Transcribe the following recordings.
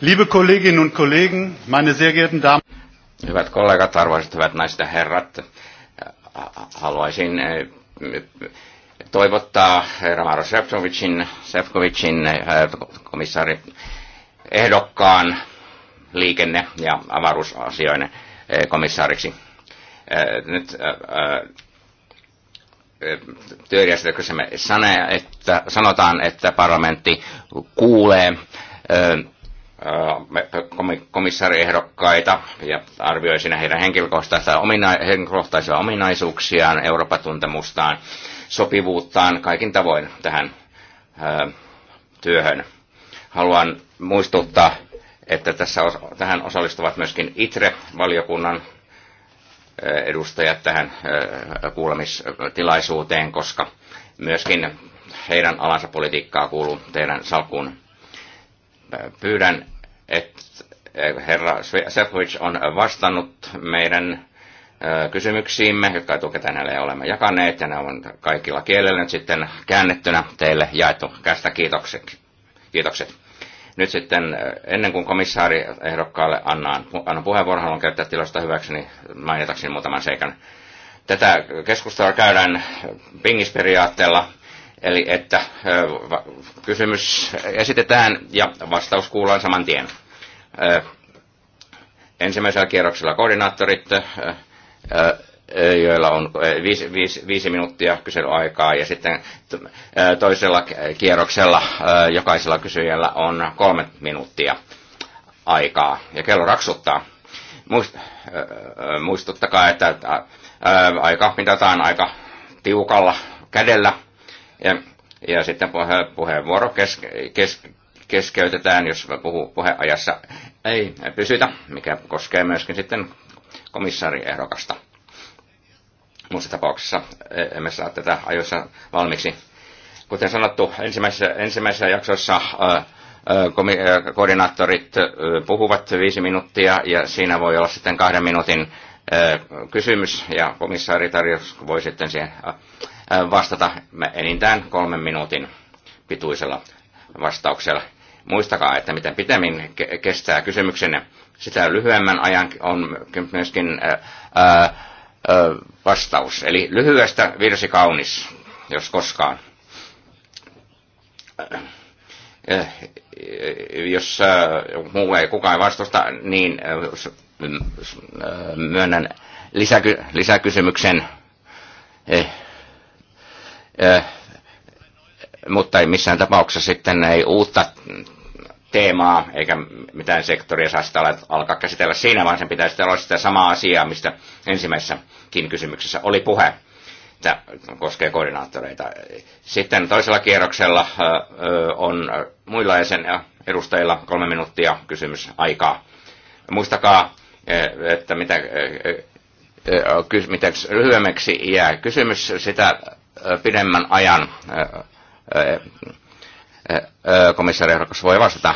Liebe Kolleginnen und Kollegen, meine sehr geehrten Damen. Hyvät kollegat, arvoisat hyvät naiset ja herrat, haluaisin eh, toivottaa Ramaro Sefcovicin, Sefcovicin eh, komissaari ehdokkaan liikenne- ja avaruusasioiden eh, komissaariksi. Nyt työjärjestelmässä sanotaan, että parlamentti kuulee komissaariehdokkaita ja arvioi siinä heidän henkilökohtaisia, omina, henkilökohtaisia ominaisuuksiaan, Euroopatuntemustaan, sopivuuttaan kaikin tavoin tähän ö, työhön. Haluan muistuttaa, että tässä, tähän osallistuvat myöskin ITRE-valiokunnan edustajat tähän kuulemistilaisuuteen, koska myöskin heidän alansa politiikkaa kuuluu teidän salkuun Pyydän, että eh, herra Sefcovic on vastannut meidän eh, kysymyksiimme, jotka etukäteen hänelle olemme jakaneet, ja ne on kaikilla kielillä nyt sitten käännettynä teille jaettu. Kästä kiitokset. kiitokset. Nyt sitten, eh, ennen kuin komissaari ehdokkaalle annan, annan puheenvuoron, haluan käyttää tilasta hyväkseni mainitakseni muutaman seikan. Tätä keskustelua käydään pingisperiaatteella, Eli että kysymys esitetään ja vastaus kuullaan saman tien. Ensimmäisellä kierroksella koordinaattorit, joilla on viisi, viisi, viisi minuuttia kyselyaikaa, ja sitten toisella kierroksella jokaisella kysyjällä on kolme minuuttia aikaa, ja kello raksuttaa. Muist, muistuttakaa, että aika mitataan aika tiukalla kädellä, ja, ja sitten puheenvuoro kes, kes, keskeytetään, jos puhu, puheajassa ei pysytä, mikä koskee myöskin sitten komissaariehdokasta. Muussa tapauksessa e, emme saa tätä ajoissa valmiiksi. Kuten sanottu, ensimmäisessä, ensimmäisessä jaksossa e, e, koordinaattorit puhuvat viisi minuuttia ja siinä voi olla sitten kahden minuutin kysymys ja komissaari tarjous voi sitten siihen vastata enintään kolmen minuutin pituisella vastauksella. Muistakaa, että miten pitemmin kestää kysymyksenne, sitä lyhyemmän ajan on myöskin vastaus. Eli lyhyestä virsi kaunis, jos koskaan. Jos muu ei kukaan vastusta, niin myönnän lisäky- lisäkysymyksen eh, mutta ei missään tapauksessa sitten ei uutta teemaa eikä mitään sektoria saa sitä alkaa käsitellä siinä, vaan sen pitäisi olla sitä samaa asiaa, mistä ensimmäisessäkin kysymyksessä oli puhe. Tämä koskee koordinaattoreita. Sitten toisella kierroksella on muilla jäsen edustajilla kolme minuuttia kysymysaikaa. Muistakaa, että mitä, mitä lyhyemmäksi jää kysymys, sitä pidemmän ajan komissaariehdokas voi vastata.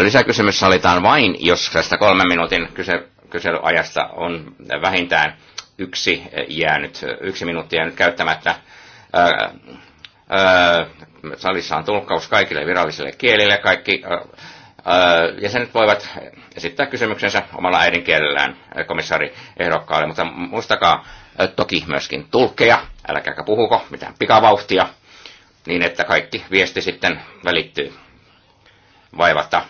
Lisäkysymys salitaan vain, jos tästä kolmen minuutin kyse, kyselyajasta on vähintään yksi, jäänyt, yksi minuutti jäänyt käyttämättä. Öö, öö, salissa on tulkkaus kaikille virallisille kielille. Kaikki jäsenet voivat esittää kysymyksensä omalla äidinkielellään komissaari ehdokkaalle, mutta muistakaa toki myöskin tulkkeja, älkääkä puhuko mitään pikavauhtia, niin että kaikki viesti sitten välittyy vaivatta.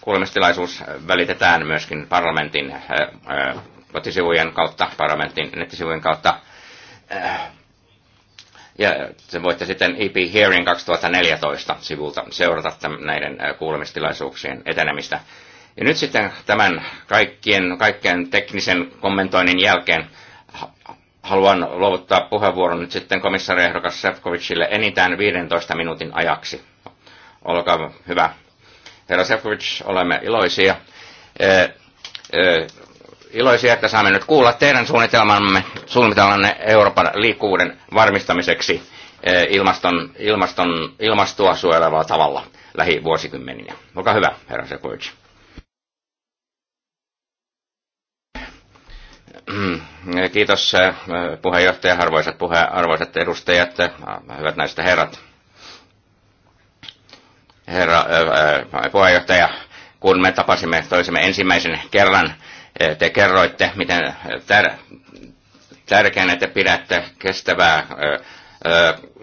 Kuulemistilaisuus välitetään myöskin parlamentin kotisivujen kautta, parlamentin nettisivujen kautta ja se voitte sitten EP Hearing 2014 sivulta seurata tämän, näiden kuulemistilaisuuksien etenemistä. Ja nyt sitten tämän kaikkien, kaikkien teknisen kommentoinnin jälkeen haluan luovuttaa puheenvuoron nyt sitten komissaariehdokas Sefcovicille enintään 15 minuutin ajaksi. Olkaa hyvä. Herra Sefcovic, olemme iloisia iloisia, että saamme nyt kuulla teidän suunnitelmanne, suunnitelmanne Euroopan liikkuvuuden varmistamiseksi eh, ilmaston, ilmaston, ilmastoa suojelevalla tavalla lähivuosikymmeninä. Olkaa hyvä, herra Sekovic. Mm, kiitos eh, puheenjohtaja, arvoisat, puhe, arvoisat edustajat, eh, hyvät naiset ja herrat. Herra puheenjohtaja, kun me tapasimme toisemme ensimmäisen kerran te kerroitte, miten tär- tärkeänä te pidätte kestävää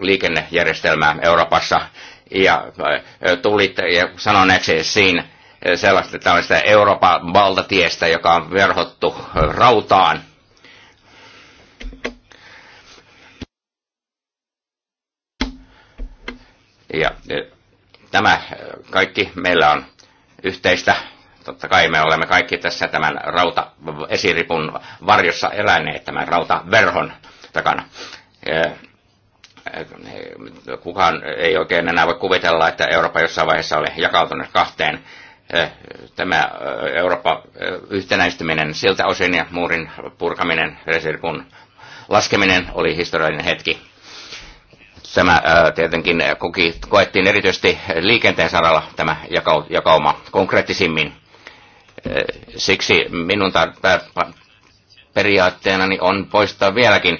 liikennejärjestelmää Euroopassa ja tulitte ja sanoneeksi siinä sellaista tällaista Euroopan valtatiestä, joka on verhottu rautaan. Ja tämä kaikki meillä on yhteistä Totta kai me olemme kaikki tässä tämän rauta esiripun varjossa eläneet tämän rautaverhon takana. Kukaan ei oikein enää voi kuvitella, että Eurooppa jossain vaiheessa oli jakautunut kahteen. Tämä Eurooppa yhtenäistyminen siltä osin ja muurin purkaminen, esiripun laskeminen oli historiallinen hetki tämä tietenkin koki, koettiin erityisesti liikenteen saralla tämä jakauma konkreettisimmin. Siksi minun periaatteena niin on poistaa vieläkin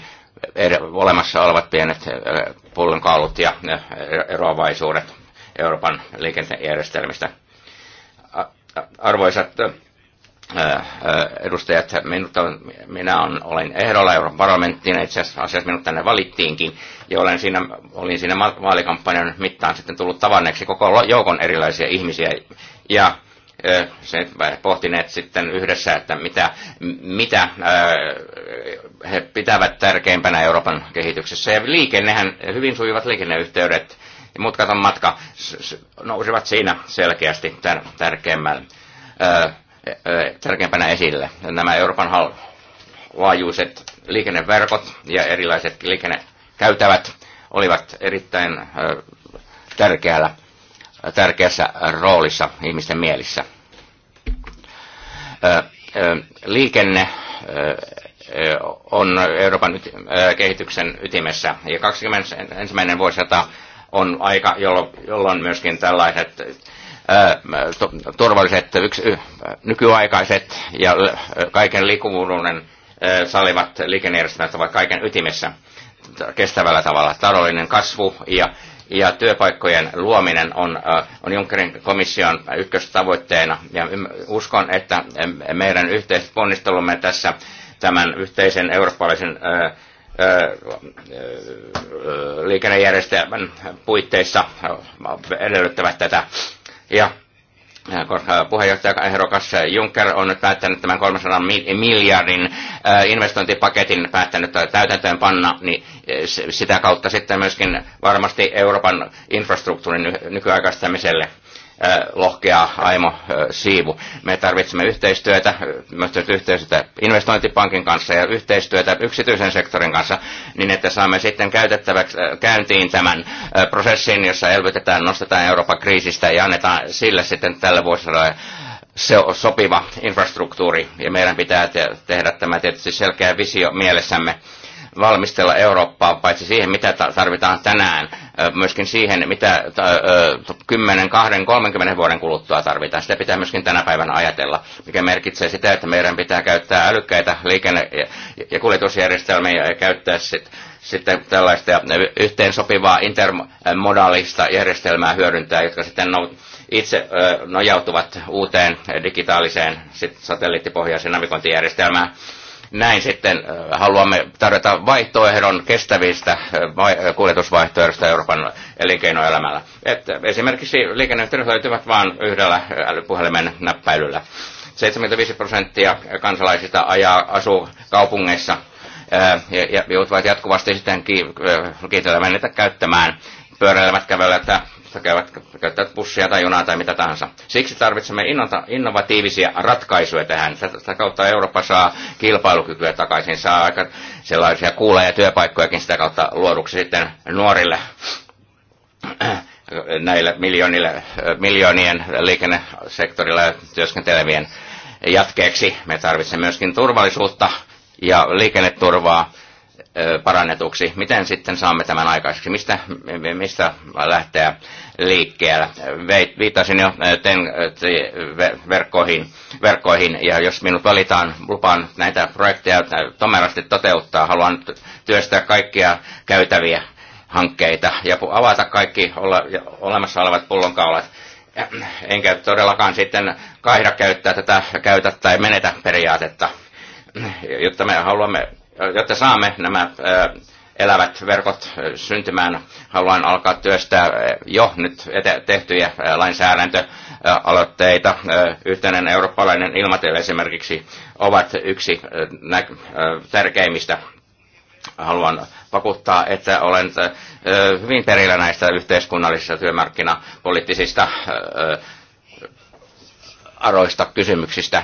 er- olemassa olevat pienet äh, pullonkaulut ja äh, eroavaisuudet Euroopan liikennejärjestelmistä. Arvoisat äh, edustajat, minut on, minä on, olen ehdolla Euroopan parlamenttiin, itse asiassa minut tänne valittiinkin, ja olen siinä, olin siinä vaalikampanjan mittaan sitten tullut tavanneeksi koko joukon erilaisia ihmisiä, ja se, pohtineet sitten yhdessä, että mitä, mitä he pitävät tärkeimpänä Euroopan kehityksessä. Ja liikennehän, hyvin sujuvat liikenneyhteydet ja mutkaton matka nousivat siinä selkeästi tärkeimmän, tärkeimpänä esille. Nämä Euroopan laajuiset liikenneverkot ja erilaiset liikennekäytävät olivat erittäin tärkeällä tärkeässä roolissa ihmisten mielissä. Liikenne on Euroopan kehityksen ytimessä ja 21. vuosisata on aika, jolloin myöskin tällaiset turvalliset nykyaikaiset ja kaiken liikkuvuuden salivat liikennejärjestelmät ovat kaiken ytimessä kestävällä tavalla. Taloudellinen kasvu ja ja työpaikkojen luominen on, on Junckerin komission ykköstavoitteena. Ja uskon, että meidän yhteiset ponnistelumme tässä tämän yhteisen eurooppalaisen liikennejärjestelmän puitteissa edellyttävät tätä. Ja Äh, koska puheenjohtajaehdokas äh, Juncker on nyt päättänyt tämän 300 miljardin äh, investointipaketin päättänyt täytäntöön panna, niin sitä kautta sitten myöskin varmasti Euroopan infrastruktuurin nykyaikaistamiselle lohkea aimo siivu. Me tarvitsemme yhteistyötä, myös yhteistyötä investointipankin kanssa ja yhteistyötä yksityisen sektorin kanssa, niin että saamme sitten käytettäväksi käyntiin tämän prosessin, jossa elvytetään, nostetaan Euroopan kriisistä ja annetaan sille sitten tällä vuosisadalla se on sopiva infrastruktuuri, ja meidän pitää te- tehdä tämä tietysti selkeä visio mielessämme valmistella Eurooppaa paitsi siihen, mitä tarvitaan tänään, myöskin siihen, mitä 10, 20, 30 vuoden kuluttua tarvitaan. Sitä pitää myöskin tänä päivänä ajatella, mikä merkitsee sitä, että meidän pitää käyttää älykkäitä liikenne- ja kuljetusjärjestelmiä ja käyttää sitten sitten tällaista yhteensopivaa intermodaalista järjestelmää hyödyntää, jotka sitten itse nojautuvat uuteen digitaaliseen satelliittipohjaiseen navigointijärjestelmään näin sitten äh, haluamme tarjota vaihtoehdon kestävistä äh, äh, kuljetusvaihtoehdosta Euroopan elinkeinoelämällä. Et esimerkiksi liikenneyhteydet löytyvät vain yhdellä älypuhelimen näppäilyllä. 75 prosenttia kansalaisista ajaa, asuu kaupungeissa ja, ja joutuvat jatkuvasti sitten kiitellä menneitä käyttämään pyöräilevät, kävelevät käyvät, käyttävät bussia tai junaa tai mitä tahansa. Siksi tarvitsemme innovatiivisia ratkaisuja tähän. Sitä kautta Eurooppa saa kilpailukykyä takaisin, saa aika sellaisia kuuleja ja työpaikkojakin sitä kautta luoduksi sitten nuorille näille miljoonille, miljoonien liikennesektorilla työskentelevien jatkeeksi. Me tarvitsemme myöskin turvallisuutta ja liikenneturvaa parannetuksi. Miten sitten saamme tämän aikaiseksi? Mistä, mistä lähteä liikkeelle? Viittasin jo ten, te, verkkoihin, verkkoihin, ja jos minut valitaan, lupaan näitä projekteja tomerasti toteuttaa. Haluan työstää kaikkia käytäviä hankkeita ja avata kaikki olemassa olevat pullonkaulat enkä todellakaan sitten kaihda käyttää tätä käytä tai menetä periaatetta, jotta me haluamme jotta saamme nämä elävät verkot syntymään. Haluan alkaa työstää jo nyt tehtyjä lainsäädäntöaloitteita. Yhtenäinen eurooppalainen ilmatila esimerkiksi ovat yksi tärkeimmistä. Haluan vakuuttaa, että olen hyvin perillä näistä yhteiskunnallisista työmarkkinapoliittisista aroista kysymyksistä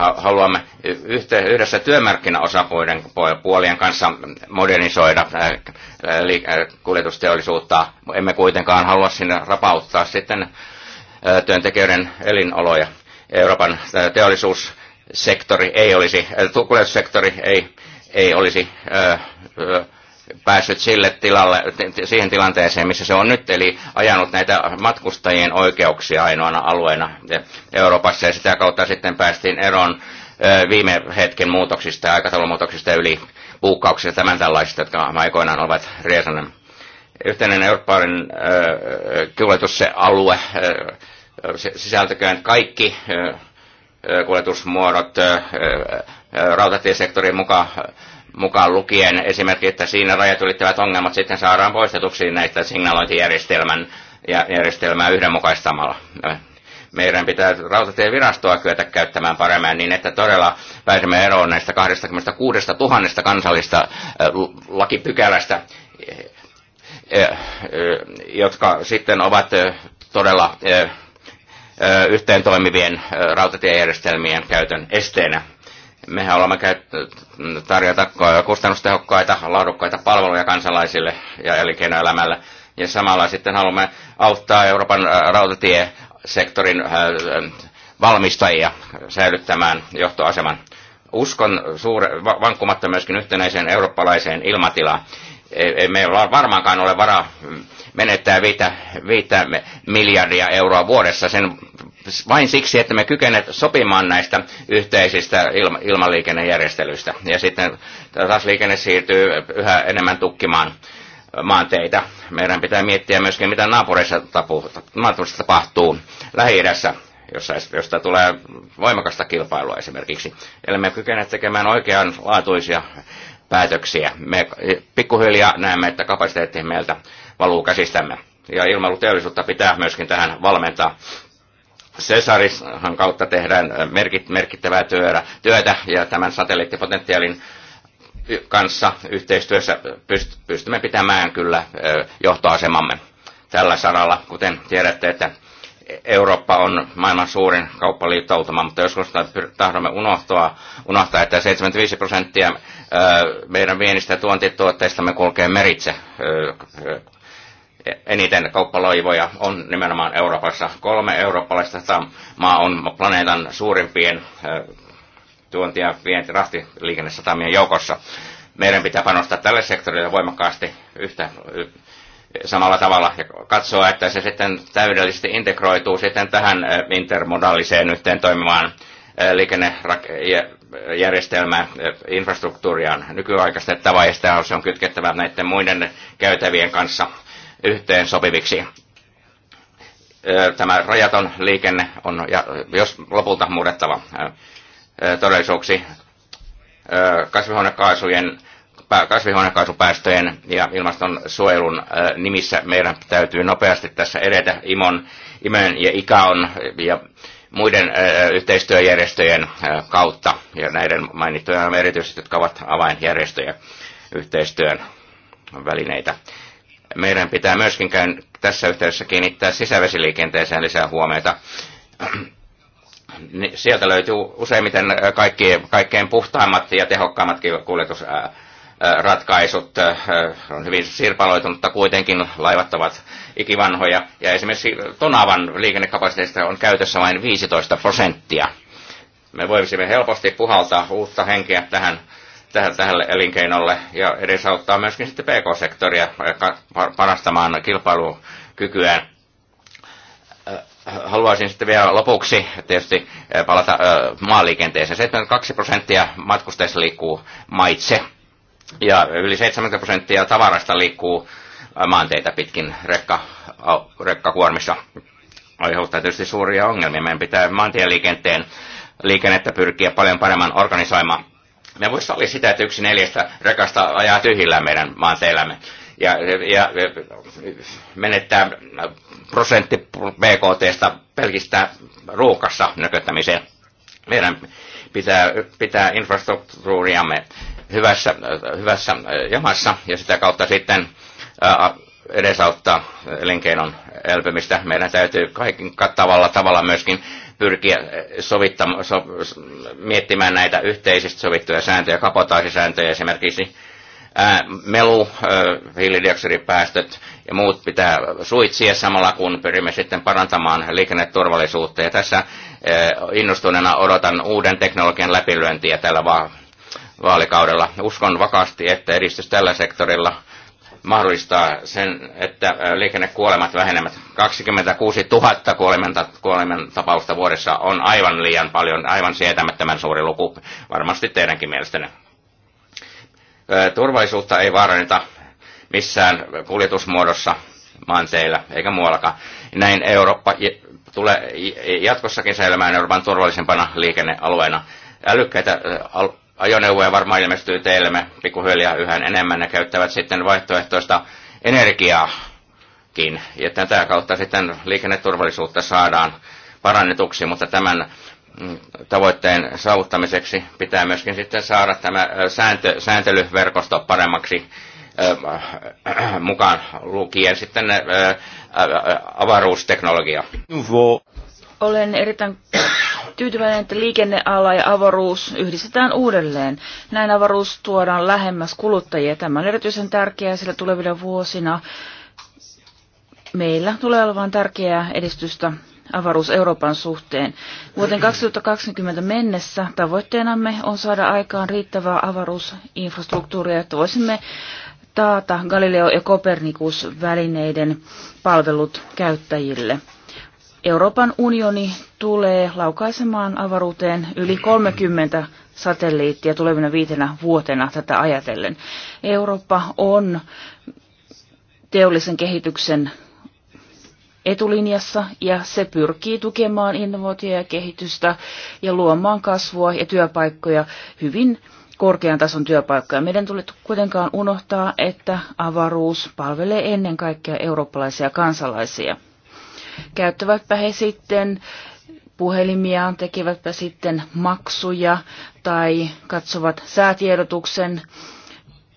haluamme yhdessä työmarkkinaosapuolien puolien kanssa modernisoida äh, äh, äh, kuljetusteollisuutta. Emme kuitenkaan halua sinne rapauttaa sitten työntekijöiden elinoloja. Euroopan teollisuussektori ei olisi, kuljetussektori ei, ei olisi päässyt sille tilalle, siihen tilanteeseen, missä se on nyt, eli ajanut näitä matkustajien oikeuksia ainoana alueena Euroopassa, ja sitä kautta sitten päästiin eron viime hetken muutoksista ja aikataulumuutoksista yli puukkauksista tämän tällaisista, jotka aikoinaan ovat riesanen. Yhteinen Euroopan kuljetusalue sisältäköön kaikki kuljetusmuodot rautatiesektorin mukaan mukaan lukien esimerkiksi, että siinä rajat ylittävät ongelmat sitten saadaan poistetuksi näitä signalointijärjestelmän ja järjestelmää yhdenmukaistamalla. Meidän pitää rautatievirastoa kyetä käyttämään paremmin niin, että todella pääsemme eroon näistä 26 000 kansallista lakipykälästä, jotka sitten ovat todella yhteen toimivien rautatiejärjestelmien käytön esteenä Mehän olemme tarjota kustannustehokkaita, laadukkaita palveluja kansalaisille ja elinkeinoelämällä. Ja samalla sitten haluamme auttaa Euroopan äh, rautatiesektorin äh, valmistajia säilyttämään johtoaseman. Uskon suure, vankkumatta myöskin yhtenäiseen eurooppalaiseen ilmatilaan. Ei, meillä varmaankaan ole varaa menettää viitä viitä miljardia euroa vuodessa sen vain siksi, että me kykenet sopimaan näistä yhteisistä ilma- ilmaliikennejärjestelyistä. Ja sitten taas liikenne siirtyy yhä enemmän tukkimaan maanteitä. Meidän pitää miettiä myöskin, mitä naapureissa tapahtuu lähi jossa, josta tulee voimakasta kilpailua esimerkiksi. Eli me kykenemme tekemään oikeanlaatuisia päätöksiä. Me pikkuhiljaa näemme, että kapasiteetti meiltä valuu käsistämme. Ja ilmailuteollisuutta pitää myöskin tähän valmentaa Cesarishan kautta tehdään merkittävää työtä ja tämän satelliittipotentiaalin kanssa yhteistyössä pystymme pitämään kyllä johtoasemamme tällä saralla. Kuten tiedätte, että Eurooppa on maailman suurin kauppaliittoutuma, mutta joskus tahdomme unohtaa, unohtaa, että 75 prosenttia meidän viennistä tuontituotteistamme kulkee meritse eniten kauppalaivoja on nimenomaan Euroopassa. Kolme eurooppalaista maa on planeetan suurimpien tuonti- ja vienti- rahtiliikennesatamien joukossa. Meidän pitää panostaa tälle sektorille voimakkaasti yhtä samalla tavalla ja katsoa, että se sitten täydellisesti integroituu sitten tähän intermodaaliseen yhteen toimimaan liikennejärjestelmään, infrastruktuuriaan nykyaikaistettava ja sitä on, se on kytkettävä näiden muiden käytävien kanssa – yhteen sopiviksi. Tämä rajaton liikenne on jos lopulta muudettava todellisuuksi kasvihuonekaasujen kasvihuonekaasupäästöjen ja ilmastonsuojelun nimissä meidän täytyy nopeasti tässä edetä IMON, IMEN ja ICAON ja muiden yhteistyöjärjestöjen kautta ja näiden mainittujen erityisesti, jotka ovat avainjärjestöjä yhteistyön välineitä meidän pitää myöskin käyn tässä yhteydessä kiinnittää sisävesiliikenteeseen lisää huomiota. Niin sieltä löytyy useimmiten äh, kaikki, kaikkein puhtaimmat ja tehokkaimmatkin kuljetusratkaisut. Äh, äh, on hyvin sirpaloitunutta kuitenkin, laivat ovat ikivanhoja. Ja esimerkiksi Tonavan liikennekapasiteetista on käytössä vain 15 prosenttia. Me voisimme helposti puhaltaa uutta henkeä tähän tähän tähän elinkeinolle ja edesauttaa myöskin sitten PK-sektoria parastamaan kilpailukykyään. Äh, äh, haluaisin sitten vielä lopuksi tietysti äh, palata maaliikenteeseen. 72 prosenttia matkustajista liikkuu maitse ja yli 70 prosenttia tavarasta liikkuu maanteita pitkin rekka, rekkakuormissa. Aiheuttaa tietysti suuria ongelmia. Meidän pitää maantieliikenteen liikennettä pyrkiä paljon paremman organisoimaan me voi sallia sitä, että yksi neljästä rekasta ajaa tyhjillään meidän maanteillämme ja, ja menettää prosentti BKTstä pelkistä ruukassa nököttämiseen. Meidän pitää, pitää infrastruktuuriamme hyvässä, hyvässä jamassa ja sitä kautta sitten edesauttaa elinkeinon elpymistä. Meidän täytyy kaikin kattavalla tavalla myöskin pyrkiä eh, sovittama, so, miettimään näitä yhteisesti sovittuja sääntöjä, kapotaasisääntöjä esimerkiksi, ää, melu, ää, hiilidioksidipäästöt ja muut pitää suitsia samalla, kun pyrimme sitten parantamaan liikenneturvallisuutta. Ja tässä ää, innostuneena odotan uuden teknologian läpilyöntiä tällä va- vaalikaudella. Uskon vakaasti, että edistys tällä sektorilla – mahdollistaa sen, että liikennekuolemat vähenevät 26 000 kuoleman tapausta vuodessa on aivan liian paljon, aivan sietämättömän suuri luku, varmasti teidänkin mielestänne. Turvallisuutta ei vaaranneta missään kuljetusmuodossa maanteillä eikä muuallakaan. Näin Eurooppa tulee jatkossakin säilymään Euroopan turvallisempana liikennealueena. Älykkäitä ajoneuvoja varmaan ilmestyy me pikkuhiljaa yhä enemmän. Ne käyttävät sitten vaihtoehtoista energiaakin. Ja tätä kautta sitten liikenneturvallisuutta saadaan parannetuksi, mutta tämän mm, tavoitteen saavuttamiseksi pitää myöskin sitten saada tämä sääntö, sääntelyverkosto paremmaksi mukaan lukien sitten avaruusteknologia. Olen erittäin tyytyväinen, että liikenneala ja avaruus yhdistetään uudelleen. Näin avaruus tuodaan lähemmäs kuluttajia. Tämä on erityisen tärkeää, sillä tulevina vuosina meillä tulee olemaan tärkeää edistystä avaruus Euroopan suhteen. Vuoteen 2020 mennessä tavoitteenamme on saada aikaan riittävää avaruusinfrastruktuuria, että voisimme taata Galileo- ja Copernicus-välineiden palvelut käyttäjille. Euroopan unioni tulee laukaisemaan avaruuteen yli 30 satelliittia tulevina viitenä vuotena tätä ajatellen. Eurooppa on teollisen kehityksen etulinjassa ja se pyrkii tukemaan innovaatioja ja kehitystä ja luomaan kasvua ja työpaikkoja hyvin korkean tason työpaikkoja. Meidän tulee kuitenkaan unohtaa, että avaruus palvelee ennen kaikkea eurooppalaisia kansalaisia. Käyttävätpä he sitten puhelimia, tekevätpä sitten maksuja tai katsovat säätiedotuksen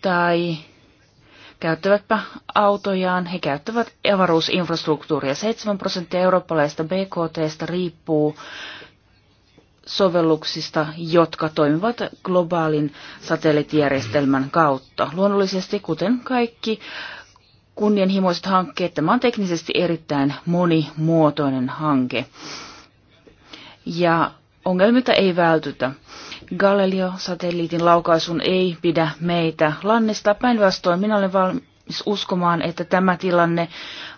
tai käyttävätpä autojaan, he käyttävät avaruusinfrastruktuuria. 7 prosenttia eurooppalaista BKTstä riippuu sovelluksista, jotka toimivat globaalin satelliittijärjestelmän kautta. Luonnollisesti, kuten kaikki kunnianhimoiset hankkeet. Tämä on teknisesti erittäin monimuotoinen hanke. Ja ongelmilta ei vältytä. Galileo-satelliitin laukaisun ei pidä meitä lannesta. Päinvastoin minä olen valmis uskomaan, että tämä tilanne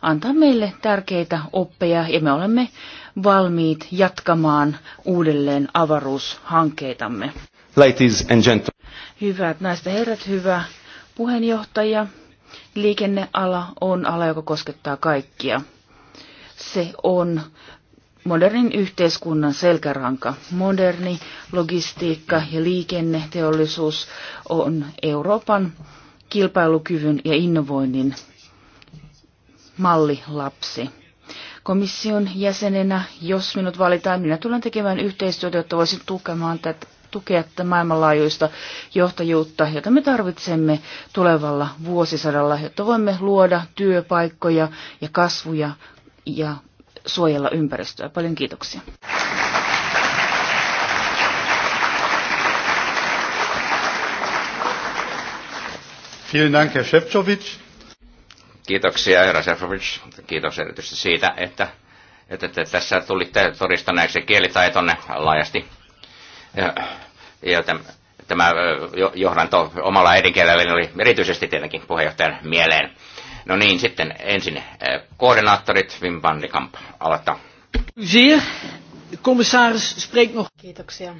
antaa meille tärkeitä oppeja ja me olemme valmiit jatkamaan uudelleen avaruushankkeitamme. Ladies and gentlemen. Hyvät naiset herrat, hyvä puheenjohtaja, Liikenneala on ala, joka koskettaa kaikkia. Se on modernin yhteiskunnan selkäranka. Moderni logistiikka ja liikenneteollisuus on Euroopan kilpailukyvyn ja innovoinnin mallilapsi. Komission jäsenenä, jos minut valitaan, minä tulen tekemään yhteistyötä, jotta voisin tukemaan tätä tukea tätä maailmanlaajuista johtajuutta, jota me tarvitsemme tulevalla vuosisadalla, jotta voimme luoda työpaikkoja ja kasvuja ja suojella ympäristöä. Paljon kiitoksia. Vielen Dank, Herr Kiitoksia, herra Shevchovic. Kiitos erityisesti siitä, että, että että tässä tulitte todistaneeksi kielitaitonne laajasti. Ja ja tämä johdanto omalla äidinkielelläni oli erityisesti tietenkin puheenjohtajan mieleen. No niin, sitten ensin koordinaattorit Wim van de Kamp aloittaa. Zeer. Commissaris, spreek nog. Kiitoksia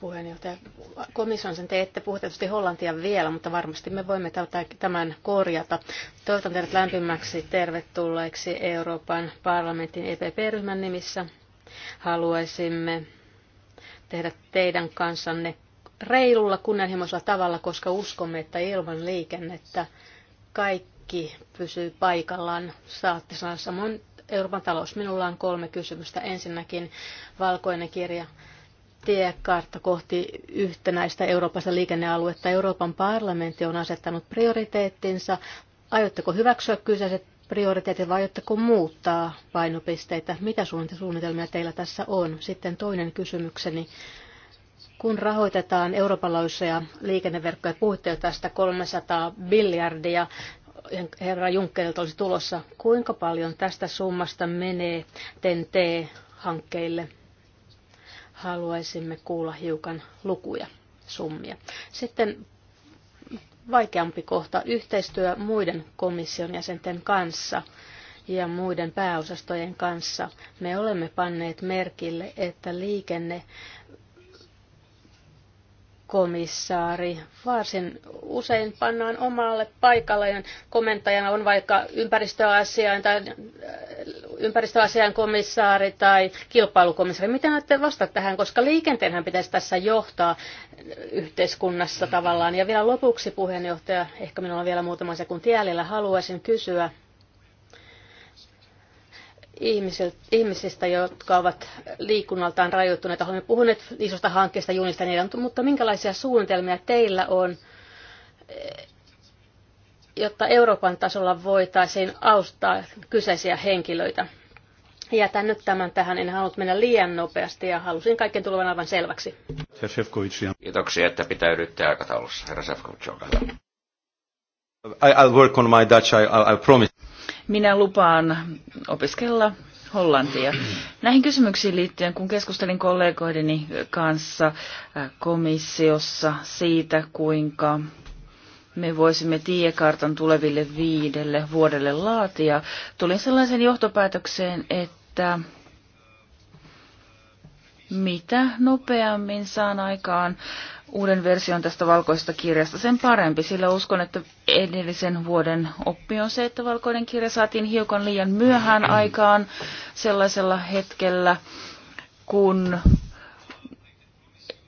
puheenjohtaja. Komission sen te ette puhu tietysti hollantia vielä, mutta varmasti me voimme tämän korjata. Toivotan teidät lämpimäksi tervetulleeksi Euroopan parlamentin EPP-ryhmän nimissä. Haluaisimme tehdä teidän kansanne reilulla kunnianhimoisella tavalla, koska uskomme, että ilman liikennettä kaikki pysyy paikallaan. Saatte sanoa samoin Euroopan talous. Minulla on kolme kysymystä. Ensinnäkin valkoinen kirja tiekartta kohti yhtenäistä Euroopassa liikennealuetta. Euroopan parlamentti on asettanut prioriteettinsa. Aiotteko hyväksyä kyseiset Prioriteetit vai aiotteko muuttaa painopisteitä? Mitä suunnitelmia teillä tässä on? Sitten toinen kysymykseni. Kun rahoitetaan Euroopan laajuisia liikenneverkkoja, puhutte jo tästä 300 miljardia, herra Junckerilta olisi tulossa. Kuinka paljon tästä summasta menee TEN-T-hankkeille? Haluaisimme kuulla hiukan lukuja, summia. Sitten vaikeampi kohta yhteistyö muiden komission jäsenten kanssa ja muiden pääosastojen kanssa. Me olemme panneet merkille, että liikenne komissaari. Varsin usein pannaan omalle ja Komentajana on vaikka ympäristöasiain tai äh, ympäristöasian komissaari tai kilpailukomissaari. Miten olette vastata tähän, koska liikenteenhän pitäisi tässä johtaa yhteiskunnassa tavallaan. Ja vielä lopuksi puheenjohtaja, ehkä minulla on vielä muutama sekunti jäljellä, haluaisin kysyä ihmisistä, jotka ovat liikunnaltaan rajoittuneita. Olemme puhuneet isosta hankkeesta junista niillä, mutta minkälaisia suunnitelmia teillä on, eh, jotta Euroopan tasolla voitaisiin auttaa kyseisiä henkilöitä? Jätän nyt tämän tähän, en halunnut mennä liian nopeasti ja halusin kaiken tulevan aivan selväksi. Kiitoksia, että pitäydytte aikataulussa. Herra Sefkovic, olkaa hyvä. I'll work on my Dutch, I, I, I promise. Minä lupaan opiskella Hollantia. Näihin kysymyksiin liittyen, kun keskustelin kollegoideni kanssa äh, komissiossa siitä, kuinka me voisimme tiekartan tuleville viidelle vuodelle laatia, tulin sellaisen johtopäätökseen, että mitä nopeammin saan aikaan uuden version tästä valkoisesta kirjasta, sen parempi, sillä uskon, että edellisen vuoden oppi on se, että valkoinen kirja saatiin hiukan liian myöhään aikaan sellaisella hetkellä, kun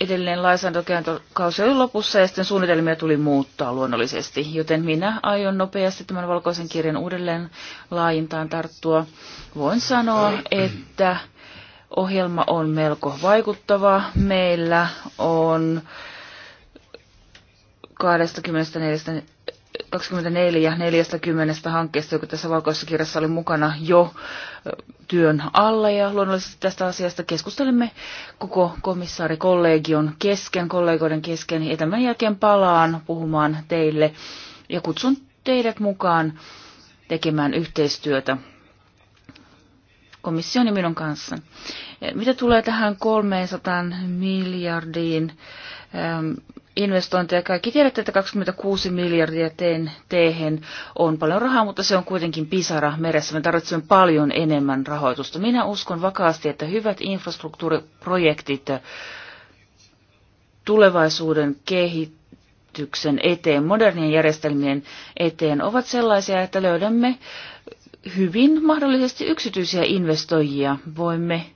edellinen lainsäädäntökausi oli lopussa ja sitten suunnitelmia tuli muuttaa luonnollisesti, joten minä aion nopeasti tämän valkoisen kirjan uudelleen laajintaan tarttua. Voin sanoa, että ohjelma on melko vaikuttava. Meillä on äh, 24, 24 40 hankkeesta, joka tässä valkoisessa kirjassa oli mukana jo työn alla. Ja luonnollisesti tästä asiasta keskustelemme koko komissaarikollegion kesken, kollegoiden kesken. Ja tämän jälkeen palaan puhumaan teille ja kutsun teidät mukaan tekemään yhteistyötä komission ja minun kanssa. Mitä tulee tähän 300 miljardiin, investointeja. Kaikki tiedätte, että 26 miljardia teen tehen on paljon rahaa, mutta se on kuitenkin pisara meressä. Me tarvitsemme paljon enemmän rahoitusta. Minä uskon vakaasti, että hyvät infrastruktuuriprojektit tulevaisuuden kehityksen eteen, modernien järjestelmien eteen ovat sellaisia, että löydämme hyvin mahdollisesti yksityisiä investoijia. Voimme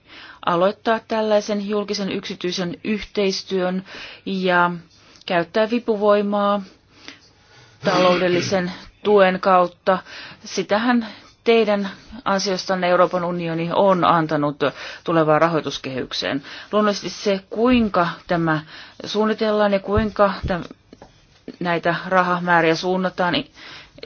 aloittaa tällaisen julkisen yksityisen yhteistyön ja käyttää vipuvoimaa taloudellisen tuen kautta. Sitähän teidän ansiostanne Euroopan unioni on antanut tulevaan rahoituskehykseen. Luonnollisesti se, kuinka tämä suunnitellaan ja kuinka näitä rahamääriä suunnataan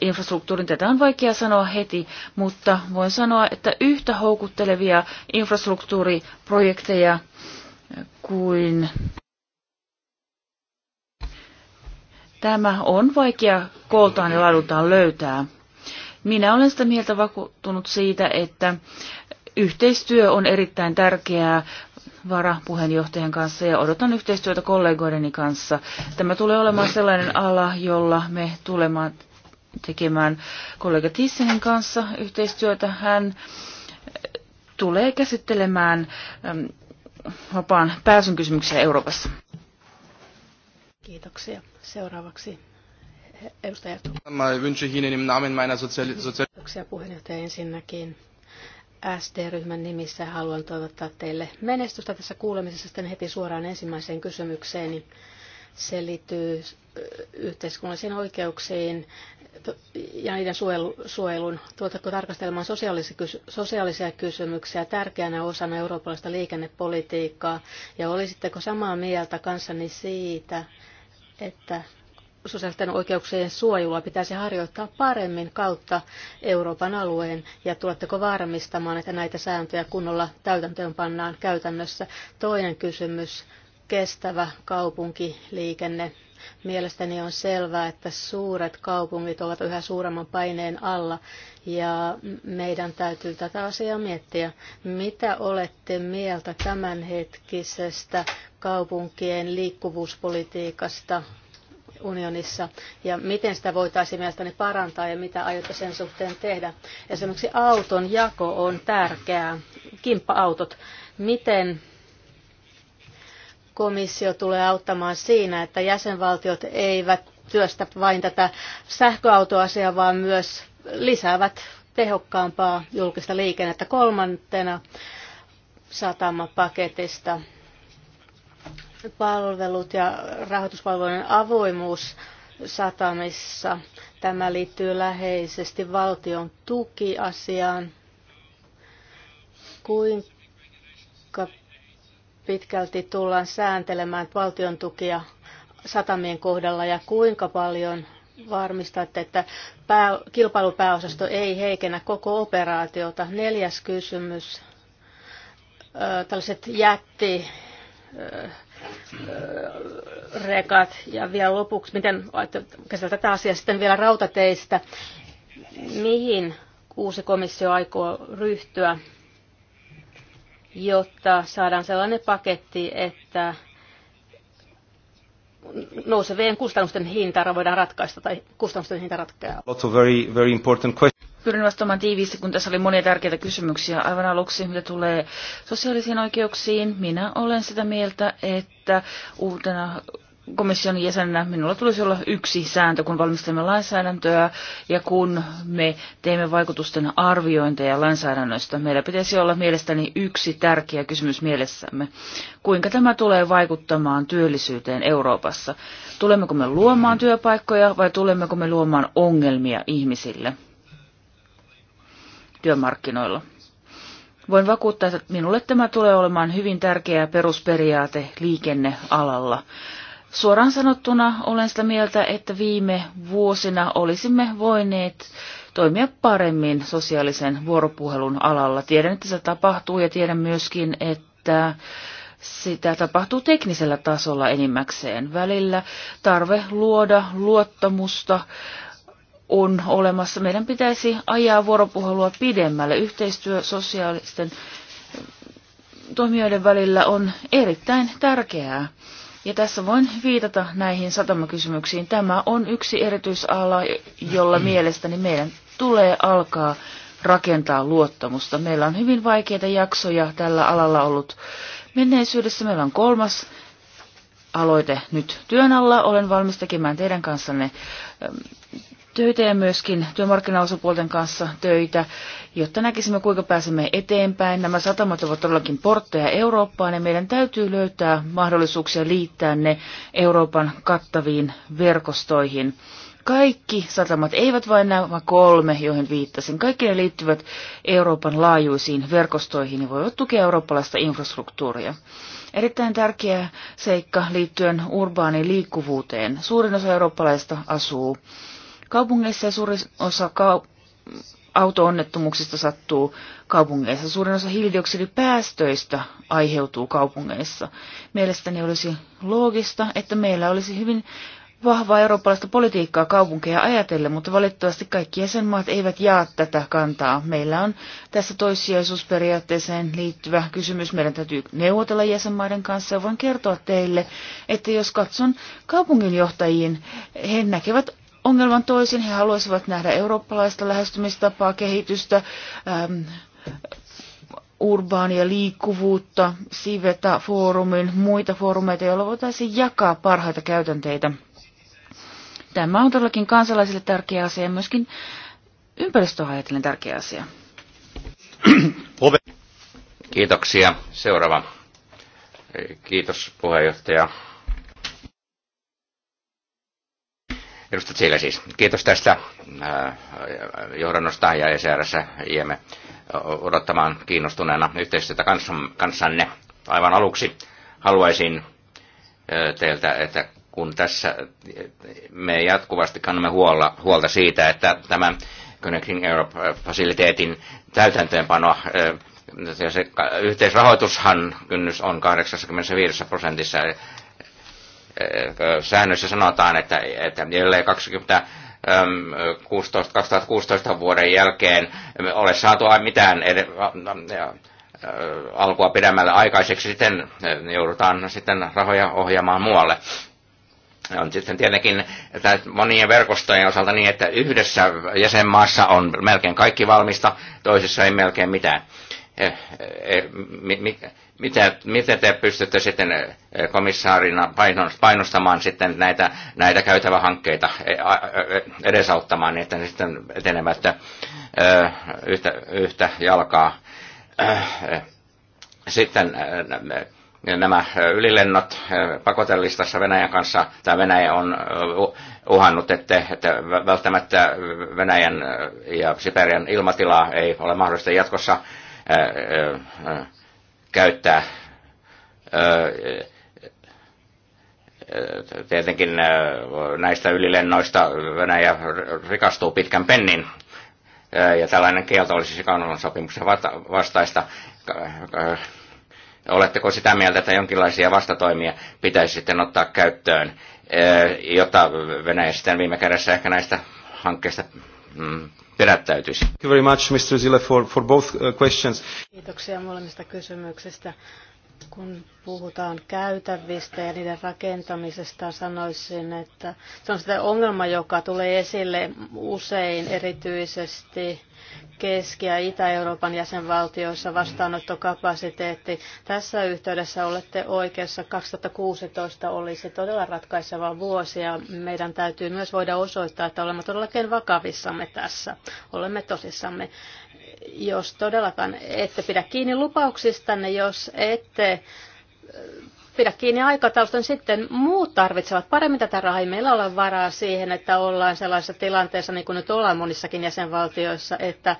infrastruktuurin, tätä on vaikea sanoa heti, mutta voin sanoa, että yhtä houkuttelevia infrastruktuuriprojekteja kuin Tämä on vaikea kooltaan ja laadultaan löytää. Minä olen sitä mieltä vakuuttunut siitä, että yhteistyö on erittäin tärkeää varapuheenjohtajan kanssa ja odotan yhteistyötä kollegoideni kanssa. Tämä tulee olemaan sellainen ala, jolla me tulemme tekemään kollega Tissenin kanssa yhteistyötä. Hän tulee käsittelemään vapaan pääsyn kysymyksiä Euroopassa. Kiitoksia. Seuraavaksi edustaja Mä wünsche Ihnen im Namen meiner Kiitoksia puheenjohtaja ensinnäkin. SD-ryhmän nimissä haluan toivottaa teille menestystä tässä kuulemisessa sitten heti suoraan ensimmäiseen kysymykseeni. Se liittyy yhteiskunnallisiin oikeuksiin ja niiden suojelun. Tuotatko tarkastelemaan sosiaalisia kysymyksiä tärkeänä osana eurooppalaista liikennepolitiikkaa? Ja olisitteko samaa mieltä kanssani siitä, että sosiaalisten oikeuksien suojelua pitäisi harjoittaa paremmin kautta Euroopan alueen ja tuletteko varmistamaan, että näitä sääntöjä kunnolla täytäntöön pannaan käytännössä? Toinen kysymys, kestävä kaupunkiliikenne. Mielestäni on selvää, että suuret kaupungit ovat yhä suuremman paineen alla ja meidän täytyy tätä asiaa miettiä. Mitä olette mieltä tämänhetkisestä kaupunkien liikkuvuuspolitiikasta unionissa ja miten sitä voitaisiin mielestäni parantaa ja mitä aiotte sen suhteen tehdä. Esimerkiksi auton jako on tärkeää, kimppa-autot. Miten komissio tulee auttamaan siinä, että jäsenvaltiot eivät työstä vain tätä sähköautoasiaa, vaan myös lisäävät tehokkaampaa julkista liikennettä kolmantena satamapaketista palvelut ja rahoituspalvelujen avoimuus satamissa. Tämä liittyy läheisesti valtion tukiasiaan. Kuinka pitkälti tullaan sääntelemään valtion tukia satamien kohdalla ja kuinka paljon varmistatte, että pää, kilpailupääosasto ei heikennä koko operaatiota? Neljäs kysymys. Tällaiset jätti rekat. Ja vielä lopuksi, miten käsitellä tätä asiaa sitten vielä rautateistä. Mihin uusi komissio aikoo ryhtyä, jotta saadaan sellainen paketti, että nousevien kustannusten hinta voidaan ratkaista tai kustannusten hinta ratkeaa? Lots of very, very important questions pyrin vastaamaan tiiviisti, kun tässä oli monia tärkeitä kysymyksiä. Aivan aluksi, mitä tulee sosiaalisiin oikeuksiin, minä olen sitä mieltä, että uutena komission jäsenenä minulla tulisi olla yksi sääntö, kun valmistelemme lainsäädäntöä ja kun me teemme vaikutusten arviointeja lainsäädännöstä. Meillä pitäisi olla mielestäni yksi tärkeä kysymys mielessämme. Kuinka tämä tulee vaikuttamaan työllisyyteen Euroopassa? Tulemmeko me luomaan työpaikkoja vai tulemmeko me luomaan ongelmia ihmisille? työmarkkinoilla. Voin vakuuttaa, että minulle tämä tulee olemaan hyvin tärkeä perusperiaate liikennealalla. Suoraan sanottuna olen sitä mieltä, että viime vuosina olisimme voineet toimia paremmin sosiaalisen vuoropuhelun alalla. Tiedän, että se tapahtuu ja tiedän myöskin, että sitä tapahtuu teknisellä tasolla enimmäkseen. Välillä tarve luoda luottamusta on olemassa. Meidän pitäisi ajaa vuoropuhelua pidemmälle. Yhteistyö sosiaalisten toimijoiden välillä on erittäin tärkeää. Ja tässä voin viitata näihin satamakysymyksiin. Tämä on yksi erityisala, jolla mielestäni meidän tulee alkaa rakentaa luottamusta. Meillä on hyvin vaikeita jaksoja tällä alalla ollut menneisyydessä. Meillä on kolmas aloite nyt työn alla. Olen valmis tekemään teidän kanssanne töitä ja myöskin työmarkkinaosapuolten kanssa töitä, jotta näkisimme, kuinka pääsemme eteenpäin. Nämä satamat ovat todellakin portteja Eurooppaan ja meidän täytyy löytää mahdollisuuksia liittää ne Euroopan kattaviin verkostoihin. Kaikki satamat, eivät vain nämä kolme, joihin viittasin, kaikki ne liittyvät Euroopan laajuisiin verkostoihin ja voivat tukea eurooppalaista infrastruktuuria. Erittäin tärkeä seikka liittyen urbaaniin liikkuvuuteen. Suurin osa eurooppalaista asuu kaupungeissa ja suurin osa kaup- autoonnettomuuksista sattuu kaupungeissa. Suurin osa hiilidioksidipäästöistä aiheutuu kaupungeissa. Mielestäni olisi loogista, että meillä olisi hyvin vahvaa eurooppalaista politiikkaa kaupunkeja ajatellen, mutta valitettavasti kaikki jäsenmaat eivät jaa tätä kantaa. Meillä on tässä toissijaisuusperiaatteeseen liittyvä kysymys. Meidän täytyy neuvotella jäsenmaiden kanssa ja voin kertoa teille, että jos katson kaupunginjohtajiin, he näkevät ongelman toisin. He haluaisivat nähdä eurooppalaista lähestymistapaa, kehitystä, äm, urbaania liikkuvuutta, Siveta foorumin, muita foorumeita, joilla voitaisiin jakaa parhaita käytänteitä. Tämä on todellakin kansalaisille tärkeä asia ja myöskin ympäristöhajatellen tärkeä asia. Kiitoksia. Seuraava. Kiitos puheenjohtaja. Edustat siellä siis. Kiitos tästä äh, johdannosta ja ECRS jäämme odottamaan kiinnostuneena yhteistyötä kanssanne. Aivan aluksi haluaisin teiltä, että kun tässä me jatkuvasti kannamme huolta, huolta siitä, että tämä Connecting Europe-fasiliteetin täytäntöönpano, se yhteisrahoitushan kynnys on 85 prosentissa, Äh, säännössä sanotaan, että, että jollei 20 16, 2016 vuoden jälkeen ole saatu mitään alkua pidemmälle aikaiseksi, sitten äh, joudutaan sitten rahoja ohjaamaan muualle. On sitten tietenkin että monien verkostojen osalta niin, että yhdessä jäsenmaassa on melkein kaikki valmista, toisessa ei melkein mitään. Eh, eh, mitä, mitä te pystytte sitten eh, komissaarina painostamaan sitten näitä, näitä käytävähankkeita edesauttamaan, niin että ne sitten etenevät yhtä, yhtä jalkaa. Sitten nämä ylilennot pakotellistassa Venäjän kanssa, tämä Venäjä on uhannut, että, että välttämättä Venäjän ja Siperian ilmatilaa ei ole mahdollista jatkossa käyttää tietenkin näistä ylilennoista Venäjä rikastuu pitkän pennin, ja tällainen kielto olisi Chicagon sopimuksen vastaista. Oletteko sitä mieltä, että jonkinlaisia vastatoimia pitäisi sitten ottaa käyttöön, jotta Venäjä sitten viime kädessä ehkä näistä hankkeista mm, pidättäytyisi. Thank you very much, Mr. Zille, for, for both uh, questions. Kiitoksia molemmista kysymyksistä. Kun puhutaan käytävistä ja niiden rakentamisesta, sanoisin, että se on sitä ongelma, joka tulee esille usein erityisesti Keski- ja Itä-Euroopan jäsenvaltioissa vastaanottokapasiteetti. Tässä yhteydessä olette oikeassa. 2016 olisi todella ratkaiseva vuosi ja meidän täytyy myös voida osoittaa, että olemme todellakin vakavissamme tässä. Olemme tosissamme jos todellakaan ette pidä kiinni lupauksistanne, jos ette äh, pidä kiinni aikataulusta, niin sitten muut tarvitsevat paremmin tätä rahaa. Ei meillä ole varaa siihen, että ollaan sellaisessa tilanteessa, niin kuin nyt ollaan monissakin jäsenvaltioissa, että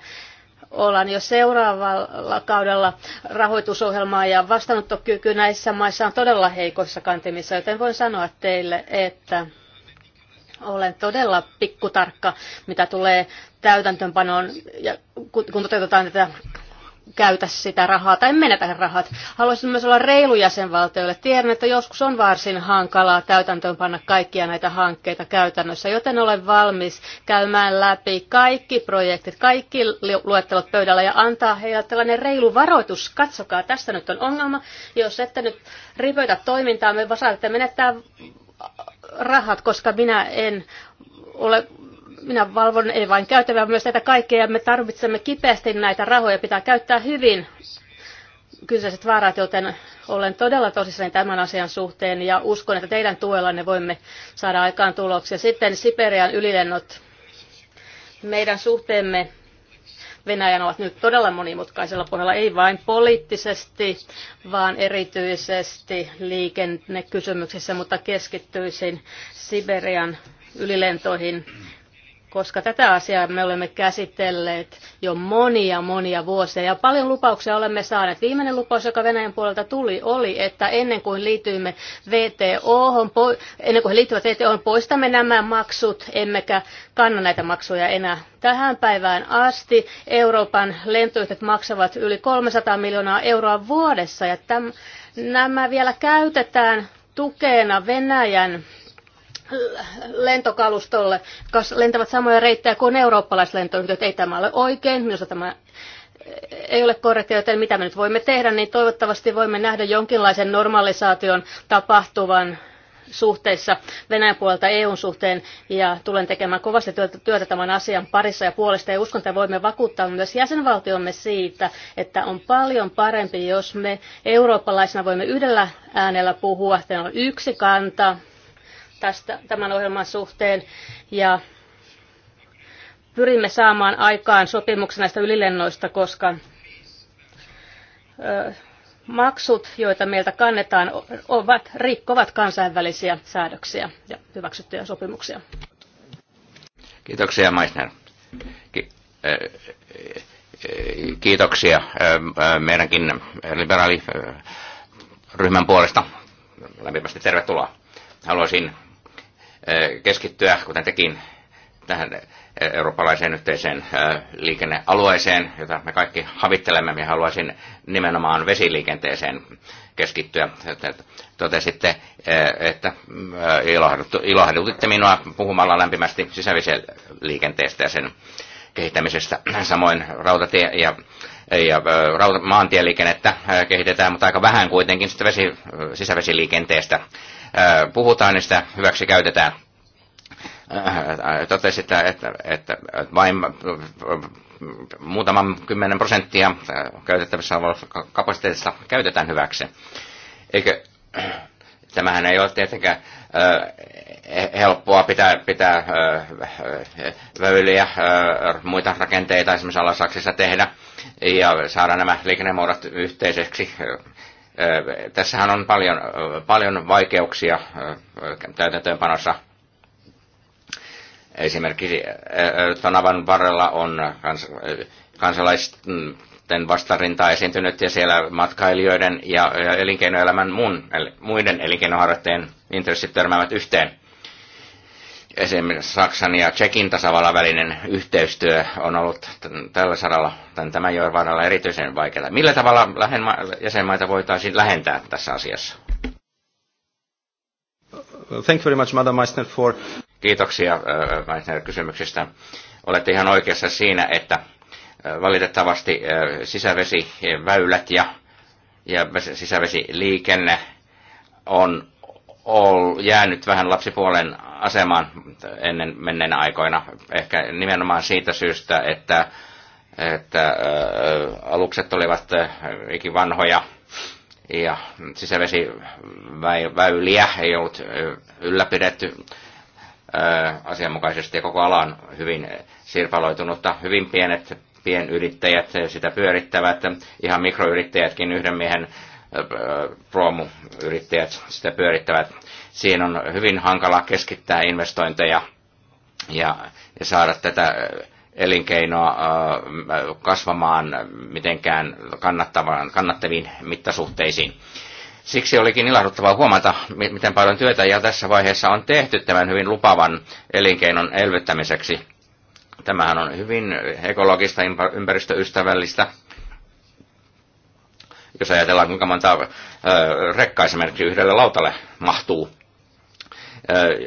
ollaan jo seuraavalla kaudella rahoitusohjelmaa ja vastaanottokyky näissä maissa on todella heikoissa kantimissa, joten voin sanoa teille, että olen todella pikkutarkka, mitä tulee täytäntöönpanoon, ja kun toteutetaan tätä käytä sitä rahaa tai menetä rahat. Haluaisin myös olla reilu jäsenvaltioille. Tiedän, että joskus on varsin hankalaa täytäntöönpanna kaikkia näitä hankkeita käytännössä, joten olen valmis käymään läpi kaikki projektit, kaikki luettelot pöydällä ja antaa heille tällainen reilu varoitus. Katsokaa, tässä nyt on ongelma. Jos ette nyt ripöitä toimintaa, me saatte menettää rahat, koska minä en ole minä valvon ei vain käytävää myös näitä kaikkea ja me tarvitsemme kipeästi näitä rahoja, pitää käyttää hyvin kyseiset vaarat, joten olen todella tosissani tämän asian suhteen ja uskon, että teidän tuellanne voimme saada aikaan tuloksia. Sitten Siperian ylilennot. Meidän suhteemme Venäjän ovat nyt todella monimutkaisella pohjalla, ei vain poliittisesti, vaan erityisesti liikennekysymyksissä, mutta keskittyisin Siberian ylilentoihin koska tätä asiaa me olemme käsitelleet jo monia monia vuosia ja paljon lupauksia olemme saaneet. Viimeinen lupaus, joka Venäjän puolelta tuli, oli, että ennen kuin liityimme VTO, ennen kuin liittyvät VTO, poistamme nämä maksut, emmekä kanna näitä maksuja enää. Tähän päivään asti Euroopan lentoyhtiöt maksavat yli 300 miljoonaa euroa vuodessa ja täm, nämä vielä käytetään tukena Venäjän lentokalustolle, kas lentävät samoja reittejä kuin eurooppalaiset lentoyhtiöt. Ei tämä ole oikein, minusta tämä ei ole korrektia, joten mitä me nyt voimme tehdä, niin toivottavasti voimme nähdä jonkinlaisen normalisaation tapahtuvan suhteissa Venäjän puolelta EUn suhteen ja tulen tekemään kovasti työtä, työtä tämän asian parissa ja puolesta ja uskon, että voimme vakuuttaa myös jäsenvaltiomme siitä, että on paljon parempi, jos me eurooppalaisina voimme yhdellä äänellä puhua, että on yksi kanta, tästä, tämän ohjelman suhteen ja pyrimme saamaan aikaan sopimuksen näistä ylilennoista, koska ö, maksut, joita meiltä kannetaan, ovat, rikkovat kansainvälisiä säädöksiä ja hyväksyttyjä sopimuksia. Kiitoksia Meissner. Ki- kiitoksia meidänkin liberaaliryhmän puolesta. Lämpimästi tervetuloa. Haluaisin keskittyä, kuten tekin, tähän eurooppalaiseen yhteiseen liikennealueeseen, jota me kaikki havittelemme. Minä haluaisin nimenomaan vesiliikenteeseen keskittyä. Totesitte, että ilahdutitte minua puhumalla lämpimästi sisävisen liikenteestä ja sen kehittämisestä. Samoin rautatie ja ja maantieliikennettä kehitetään, mutta aika vähän kuitenkin sitä vesi, sisävesiliikenteestä Äh, puhutaan niin sitä hyväksi käytetään. Äh, äh, Totesitte, että, että vain muutaman kymmenen prosenttia käytettävissä olevasta kapasiteetista käytetään hyväksi. Eikö, tämähän ei ole tietenkään helppoa pitää, pitää väyliä, muita rakenteita esimerkiksi Alasaksissa tehdä ja saada nämä liikennemuodot yhteiseksi Tässähän on paljon, paljon vaikeuksia täytäntöönpanossa. Esimerkiksi Tonavan varrella on kans, kansalaisten vastarintaa esiintynyt ja siellä matkailijoiden ja elinkeinoelämän mun, muiden elinkeinoharjoittajien intressit törmäävät yhteen. Esimerkiksi Saksan ja Tsekin tasavallan välinen yhteistyö on ollut tällä saralla, tämän, tämän joen varrella erityisen vaikeaa. Millä tavalla jäsenmaita voitaisiin lähentää tässä asiassa? Thank you very much, Madam Meissner, for... Kiitoksia äh, Meissner kysymyksistä. Olette ihan oikeassa siinä, että äh, valitettavasti äh, sisävesiväylät ja, ja sisävesiliikenne on jäänyt vähän lapsipuolen asemaan ennen menneen aikoina, ehkä nimenomaan siitä syystä, että, että äh, alukset olivat äh, ikivanhoja ja sisävesiväyliä ei ollut äh, ylläpidetty asianmukaisesti ja koko alan hyvin sirpaloitunutta. Hyvin pienet pienyrittäjät sitä pyörittävät, ihan mikroyrittäjätkin yhden miehen proomuyrittäjät sitä pyörittävät. Siinä on hyvin hankala keskittää investointeja ja, ja saada tätä äh, elinkeinoa äh, kasvamaan mitenkään kannattavaan, kannattaviin mittasuhteisiin. Siksi olikin ilahduttavaa huomata, miten paljon työtä ja tässä vaiheessa on tehty tämän hyvin lupavan elinkeinon elvyttämiseksi. Tämähän on hyvin ekologista, ympäristöystävällistä jos ajatellaan, kuinka monta rekkaa esimerkiksi yhdelle lautalle mahtuu,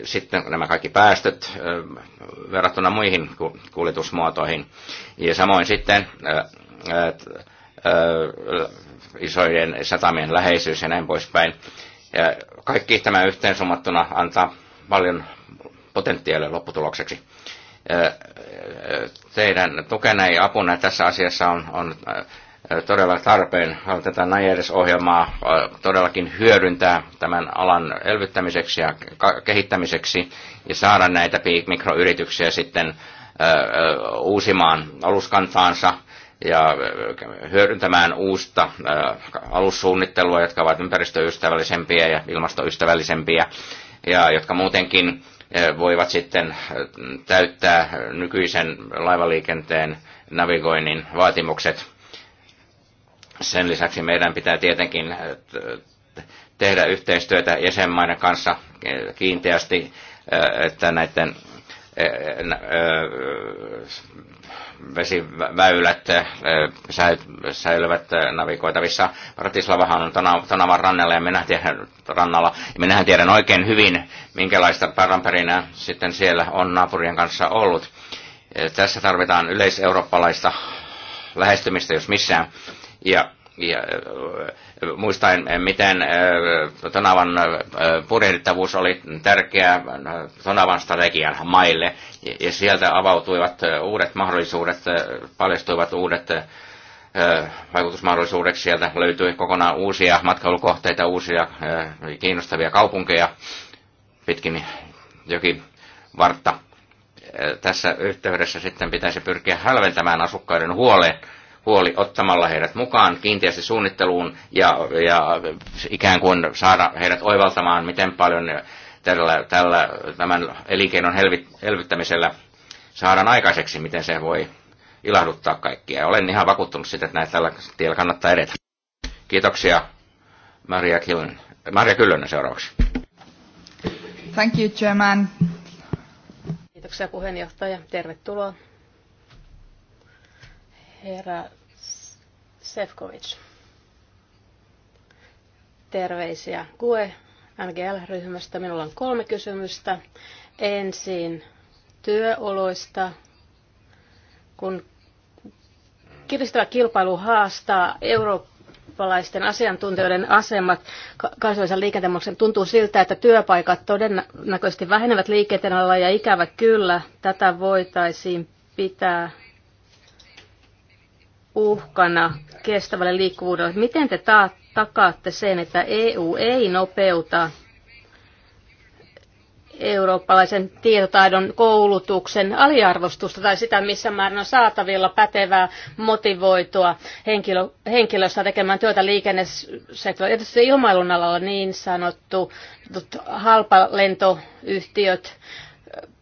sitten nämä kaikki päästöt verrattuna muihin kuljetusmuotoihin. Ja samoin sitten isojen satamien läheisyys ja näin poispäin. Ja kaikki tämä yhteensummattuna antaa paljon potentiaalia lopputulokseksi. Teidän tukena ja apuna tässä asiassa on, on todella tarpeen tätä Najeres-ohjelmaa todellakin hyödyntää tämän alan elvyttämiseksi ja kehittämiseksi ja saada näitä mikroyrityksiä sitten uusimaan aluskantaansa ja hyödyntämään uusta alussuunnittelua, jotka ovat ympäristöystävällisempiä ja ilmastoystävällisempiä ja jotka muutenkin voivat sitten täyttää nykyisen laivaliikenteen navigoinnin vaatimukset – sen lisäksi meidän pitää tietenkin äh, tehdä yhteistyötä jäsenmaiden kanssa kiinteästi, äh, että näiden äh, vesiväylät säilyvät navigoitavissa. Ratislavahan on Tonavan rannalla ja minä tiedän, rannalla. Ja minähän tiedän oikein hyvin, minkälaista paranperinää sitten siellä on naapurien kanssa ollut. Tässä tarvitaan yleiseurooppalaista lähestymistä, jos missään ja, ja äh, muistaen, äh, miten äh, Tonavan purjehdittavuus oli tärkeä Tonavan strategian maille, ja sieltä avautuivat uudet mahdollisuudet, paljastuivat uudet vaikutusmahdollisuudeksi. Sieltä löytyi kokonaan uusia matkailukohteita, uusia kiinnostavia kaupunkeja pitkin jokin vartta. Tässä yhteydessä sitten pitäisi pyrkiä hälventämään asukkaiden huoleen huoli ottamalla heidät mukaan kiinteästi suunnitteluun ja, ja ikään kuin saada heidät oivaltamaan, miten paljon tällä, tällä tämän elinkeinon elvyttämisellä saadaan aikaiseksi, miten se voi ilahduttaa kaikkia. Olen ihan vakuuttunut siitä, että näitä tällä tiellä kannattaa edetä. Kiitoksia Maria, Kyllönen, Maria Kyllönen seuraavaksi. Thank you, Chairman. Kiitoksia puheenjohtaja. Tervetuloa herra Sefkovic. Terveisiä GUE NGL-ryhmästä. Minulla on kolme kysymystä. Ensin työoloista. Kun kiristävä kilpailu haastaa eurooppalaisten asiantuntijoiden asemat kansallisen liikentemoksen, tuntuu siltä, että työpaikat todennäköisesti vähenevät liikenteen alalla ja ikävä kyllä tätä voitaisiin pitää uhkana kestävälle liikkuvuudelle. Miten te ta- takaatte sen, että EU ei nopeuta eurooppalaisen tietotaidon koulutuksen aliarvostusta tai sitä, missä määrin on saatavilla pätevää, motivoitua henkilö, henkilöstä tekemään työtä liikennesektorilla. Tietysti ilmailun alalla niin sanottu halpalentoyhtiöt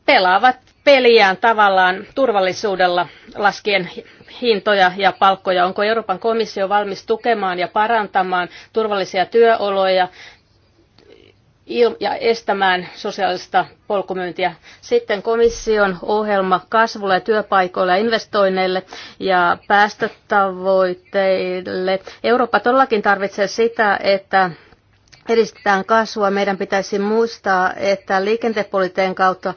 pelaavat peliään tavallaan turvallisuudella laskien hintoja ja palkkoja. Onko Euroopan komissio valmis tukemaan ja parantamaan turvallisia työoloja ja estämään sosiaalista polkumyyntiä. Sitten komission ohjelma kasvulle ja työpaikoille ja investoinneille ja päästötavoitteille. Eurooppa todellakin tarvitsee sitä, että edistetään kasvua. Meidän pitäisi muistaa, että liikentepolitiikan kautta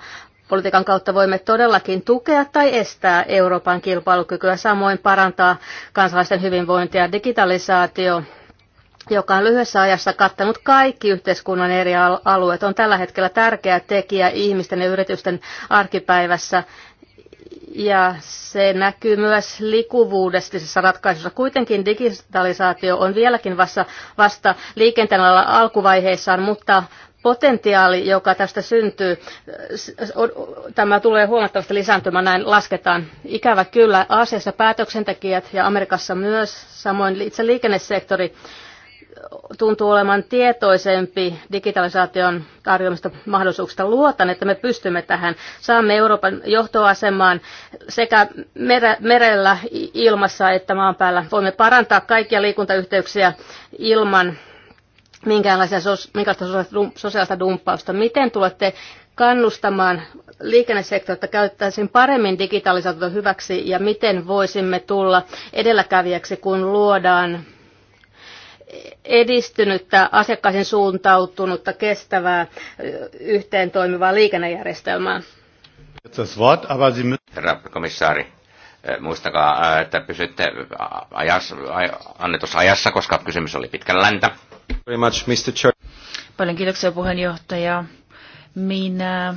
politiikan kautta voimme todellakin tukea tai estää Euroopan kilpailukykyä, samoin parantaa kansalaisten hyvinvointia. Digitalisaatio, joka on lyhyessä ajassa kattanut kaikki yhteiskunnan eri alueet, on tällä hetkellä tärkeä tekijä ihmisten ja yritysten arkipäivässä ja se näkyy myös likuvuudestisessa ratkaisussa. Kuitenkin digitalisaatio on vieläkin vasta, vasta liikenteen alkuvaiheissaan, mutta potentiaali, joka tästä syntyy, tämä tulee huomattavasti lisääntymään, näin lasketaan. Ikävä kyllä, Aasiassa päätöksentekijät ja Amerikassa myös, samoin itse liikennesektori, tuntuu olevan tietoisempi digitalisaation tarjoamista mahdollisuuksista. Luotan, että me pystymme tähän. Saamme Euroopan johtoasemaan sekä merellä, ilmassa että maan päällä. Voimme parantaa kaikkia liikuntayhteyksiä ilman minkäänlaista sosiaalista dumppausta. Miten tulette kannustamaan liikennesektorilta käyttäisiin paremmin digitalisaatiota hyväksi ja miten voisimme tulla edelläkävijäksi, kun luodaan edistynyttä, asiakkaisen suuntautunutta, kestävää, yhteen toimivaa liikennejärjestelmää. Herra komissaari, muistakaa, että pysytte ajassa, annetussa ajassa, koska kysymys oli pitkällä läntä Very much, Mr. Chair. Paljon kiitoksia puheenjohtaja. Minä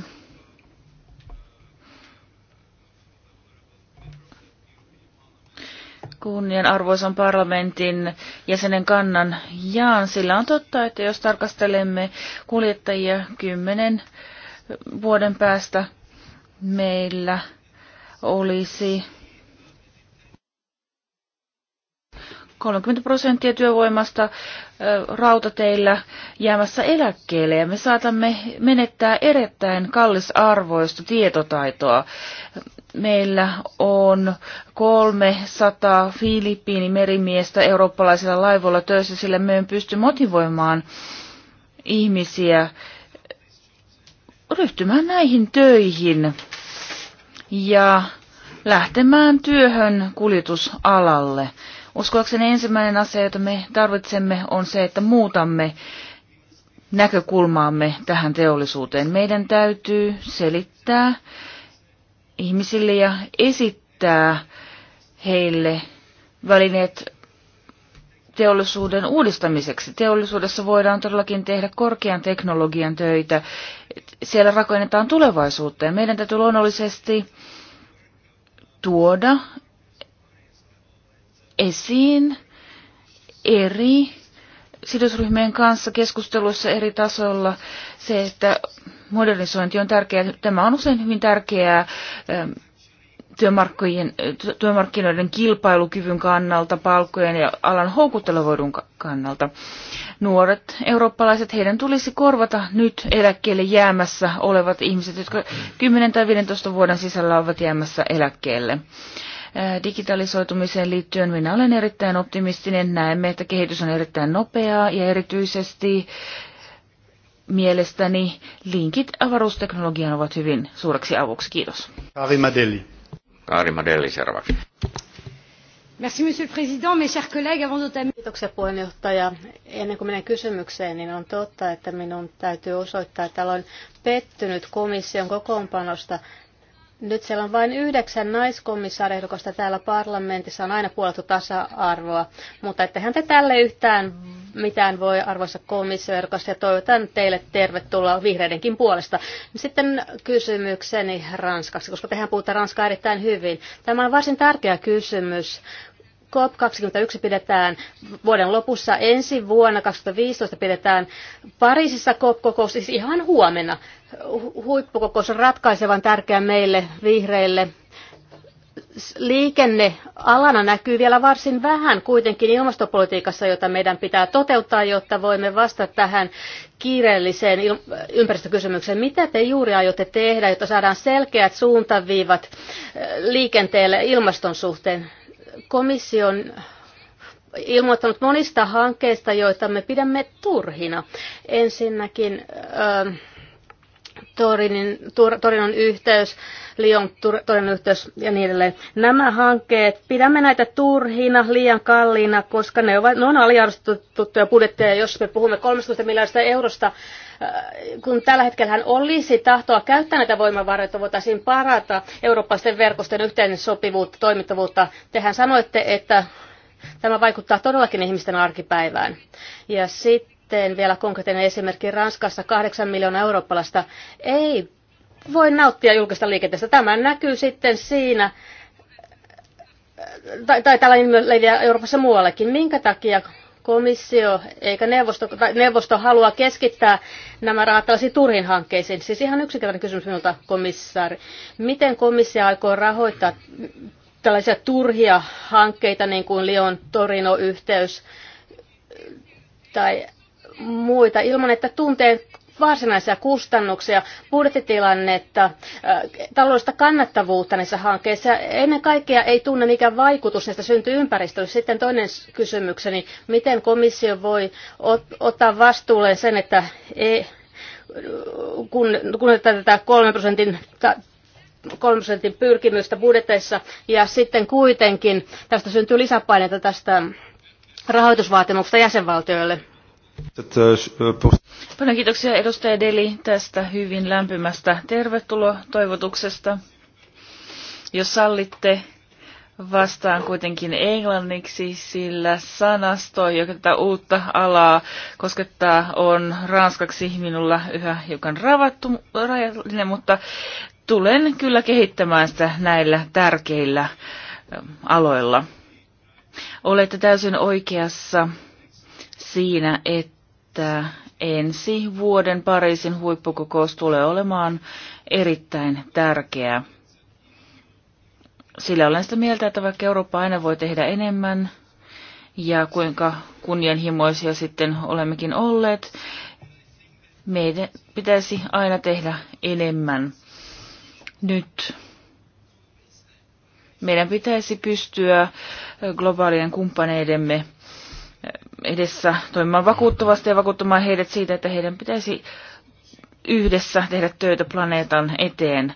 arvoisan parlamentin jäsenen kannan jaan. Sillä on totta, että jos tarkastelemme kuljettajia kymmenen vuoden päästä, meillä olisi 30 prosenttia työvoimasta rautateillä jäämässä eläkkeelle ja me saatamme menettää erittäin kallisarvoista tietotaitoa. Meillä on 300 filippiini merimiestä eurooppalaisilla laivoilla töissä, sillä me emme pysty motivoimaan ihmisiä ryhtymään näihin töihin ja lähtemään työhön kuljetusalalle. Uskoakseni ensimmäinen asia, jota me tarvitsemme, on se, että muutamme näkökulmaamme tähän teollisuuteen. Meidän täytyy selittää ihmisille ja esittää heille välineet teollisuuden uudistamiseksi. Teollisuudessa voidaan todellakin tehdä korkean teknologian töitä. Siellä rakennetaan tulevaisuutta ja meidän täytyy luonnollisesti tuoda esiin eri sidosryhmien kanssa keskusteluissa eri tasolla se, että modernisointi on tärkeää. Tämä on usein hyvin tärkeää ähm, työmarkkinoiden, kilpailukyvyn kannalta, palkkojen ja alan houkuttelevuuden kannalta. Nuoret eurooppalaiset, heidän tulisi korvata nyt eläkkeelle jäämässä olevat ihmiset, jotka 10 tai 15 vuoden sisällä ovat jäämässä eläkkeelle. Äh, digitalisoitumiseen liittyen minä olen erittäin optimistinen. Näemme, että kehitys on erittäin nopeaa ja erityisesti mielestäni linkit avaruusteknologiaan ovat hyvin suureksi avuksi. Kiitos. Kaari Madeli. Kaari Madeli seuraavaksi. Merci, monsieur le président, mes chers collègues, avant d'entamer... Kiitoksia puheenjohtaja. Ennen kuin menen kysymykseen, niin on totta, että minun täytyy osoittaa, että olen pettynyt komission kokoonpanosta nyt siellä on vain yhdeksän naiskomissaarehdokasta täällä parlamentissa, on aina puolettu tasa-arvoa, mutta ettehän te tälle yhtään mitään voi, arvoisa komissioehdokas, ja toivotan teille tervetuloa vihreidenkin puolesta. Sitten kysymykseni ranskaksi, koska tehän puhutaan ranskaa erittäin hyvin. Tämä on varsin tärkeä kysymys, COP21 pidetään vuoden lopussa. Ensi vuonna 2015 pidetään Pariisissa COP-kokous, siis ihan huomenna. Huippukokous on ratkaisevan tärkeä meille vihreille. Liikenne alana näkyy vielä varsin vähän kuitenkin ilmastopolitiikassa, jota meidän pitää toteuttaa, jotta voimme vastata tähän kiireelliseen ympäristökysymykseen. Mitä te juuri aiotte tehdä, jotta saadaan selkeät suuntaviivat eh, liikenteelle ilmaston suhteen? Komissio on ilmoittanut monista hankkeista, joita me pidämme turhina. Ensinnäkin Torinin, tur, torinon yhteys, Lyon tur, torinon yhteys ja niin edelleen. Nämä hankkeet, pidämme näitä turhina, liian kalliina, koska ne, ovat, ne on aliarvostettuja budjetteja, jos me puhumme 13 miljardista eurosta, äh, kun tällä hetkellä olisi tahtoa käyttää näitä voimavaroja, että voitaisiin parata eurooppalaisten verkosten yhteinen sopivuutta, toimittavuutta. Tehän sanoitte, että tämä vaikuttaa todellakin ihmisten arkipäivään. Ja sitten sitten vielä konkreettinen esimerkki Ranskassa. kahdeksan miljoonaa eurooppalaista ei voi nauttia julkista liikenteestä. Tämä näkyy sitten siinä, tai, tai tällainen leviää Euroopassa muuallekin. Minkä takia komissio eikä neuvosto, tai neuvosto halua keskittää nämä rahat tällaisiin turhin hankkeisiin. Siis ihan yksinkertainen kysymys minulta, komissaari. Miten komissio aikoo rahoittaa tällaisia turhia hankkeita, niin kuin Lion Torino-yhteys tai muita ilman, että tuntee varsinaisia kustannuksia, budjettitilannetta, äh, taloudellista kannattavuutta näissä hankkeissa. ennen kaikkea ei tunne, mikä vaikutus näistä syntyy ympäristölle. Sitten toinen kysymykseni, miten komissio voi ot- ottaa vastuulleen sen, että ei, kun, kun tätä 3 prosentin 3 prosentin pyrkimystä budjeteissa ja sitten kuitenkin tästä syntyy lisäpaineita tästä rahoitusvaatimuksesta jäsenvaltioille Paljon kiitoksia edustaja Deli tästä hyvin lämpimästä tervetulo toivotuksesta. Jos sallitte, vastaan kuitenkin englanniksi, sillä sanasto, joka tätä uutta alaa koskettaa, on ranskaksi minulla yhä hiukan ravattu, rajallinen, mutta tulen kyllä kehittämään sitä näillä tärkeillä aloilla. Olette täysin oikeassa siinä, että ensi vuoden Pariisin huippukokous tulee olemaan erittäin tärkeä. Sillä olen sitä mieltä, että vaikka Eurooppa aina voi tehdä enemmän ja kuinka kunnianhimoisia sitten olemmekin olleet, meidän pitäisi aina tehdä enemmän. Nyt meidän pitäisi pystyä globaalien kumppaneidemme edessä toimimaan vakuuttavasti ja vakuuttamaan heidät siitä, että heidän pitäisi yhdessä tehdä töitä planeetan eteen.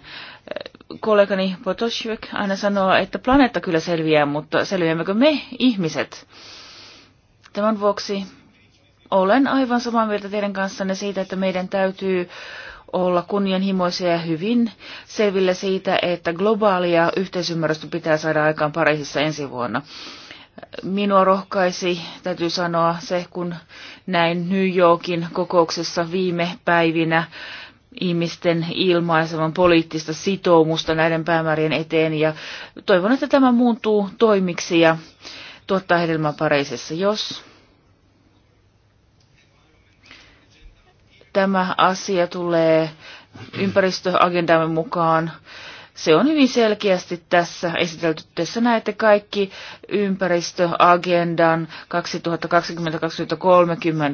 Kollegani Potosjök aina sanoo, että planeetta kyllä selviää, mutta selviämmekö me ihmiset? Tämän vuoksi olen aivan samaa mieltä teidän kanssanne siitä, että meidän täytyy olla kunnianhimoisia ja hyvin Selville siitä, että globaalia yhteisymmärrystä pitää saada aikaan Pariisissa ensi vuonna minua rohkaisi, täytyy sanoa se, kun näin New Yorkin kokouksessa viime päivinä ihmisten ilmaiseman poliittista sitoumusta näiden päämäärien eteen ja toivon, että tämä muuntuu toimiksi ja tuottaa hedelmää pareisessa, jos tämä asia tulee ympäristöagendamme mukaan se on hyvin selkeästi tässä esitelty. Tässä näette kaikki ympäristöagendan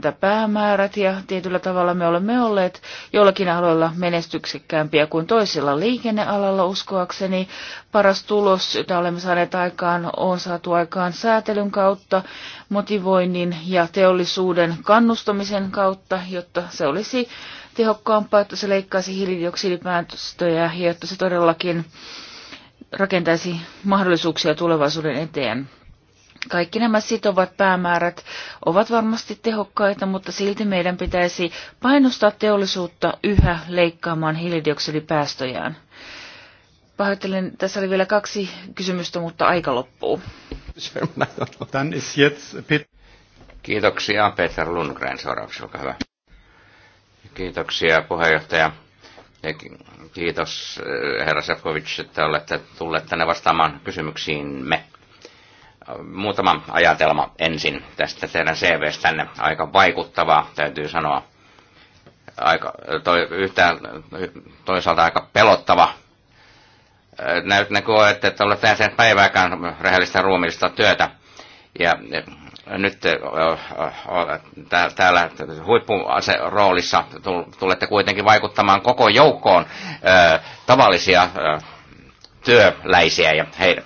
2020-2030 päämäärät ja tietyllä tavalla me olemme olleet jollakin aloilla menestyksekkäämpiä kuin toisilla liikennealalla uskoakseni. Paras tulos, jota olemme saaneet aikaan, on saatu aikaan säätelyn kautta, motivoinnin ja teollisuuden kannustamisen kautta, jotta se olisi tehokkaampaa, että se leikkaisi hiilidioksidipäätöstöjä ja että se todellakin rakentaisi mahdollisuuksia tulevaisuuden eteen. Kaikki nämä sitovat päämäärät ovat varmasti tehokkaita, mutta silti meidän pitäisi painostaa teollisuutta yhä leikkaamaan hiilidioksidipäästöjään. Pahoittelen, tässä oli vielä kaksi kysymystä, mutta aika loppuu. Kiitoksia, Peter Lundgren, seuraavaksi, olkaa hyvä. Kiitoksia puheenjohtaja. Ja kiitos eh, herra Sefkovic, että olette tulleet tänne vastaamaan kysymyksiimme. Muutama ajatelma ensin tästä teidän CV-stänne. Aika vaikuttavaa, täytyy sanoa. Aika, toi, yhtään, toisaalta aika pelottava. Eh, näyt näkyy, että olette sen päivääkään rehellistä ruumiillista työtä ja nyt täällä huippuroolissa tulette kuitenkin vaikuttamaan koko joukkoon tavallisia työläisiä ja heidän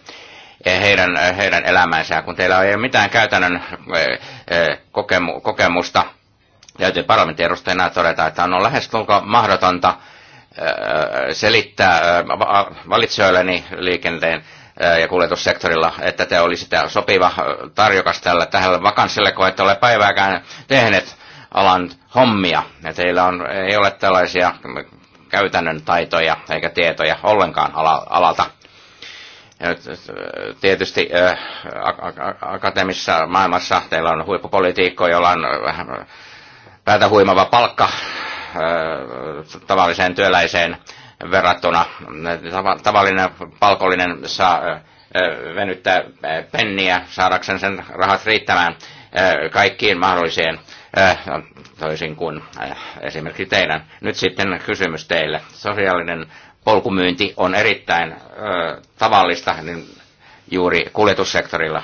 heidän, heidän elämänsä, kun teillä ei ole mitään käytännön kokemusta. Täytyy parlamentin edustajana todeta, että on lähes mahdotonta selittää valitsijoilleni liikenteen ja kuljetussektorilla, että te olisitte sopiva tarjokas tällä tähän vakanssille, kun ette ole päivääkään tehneet alan hommia. Ja teillä on, ei ole tällaisia käytännön taitoja eikä tietoja ollenkaan alalta. Ja tietysti äh, akateemisessa maailmassa teillä on huippupolitiikko, jolla on päätä huimava palkka äh, tavalliseen työläiseen verrattuna. Tavallinen palkollinen saa venyttää penniä saadakseen sen rahat riittämään kaikkiin mahdolliseen toisin kuin esimerkiksi teidän. Nyt sitten kysymys teille. Sosiaalinen polkumyynti on erittäin tavallista niin juuri kuljetussektorilla.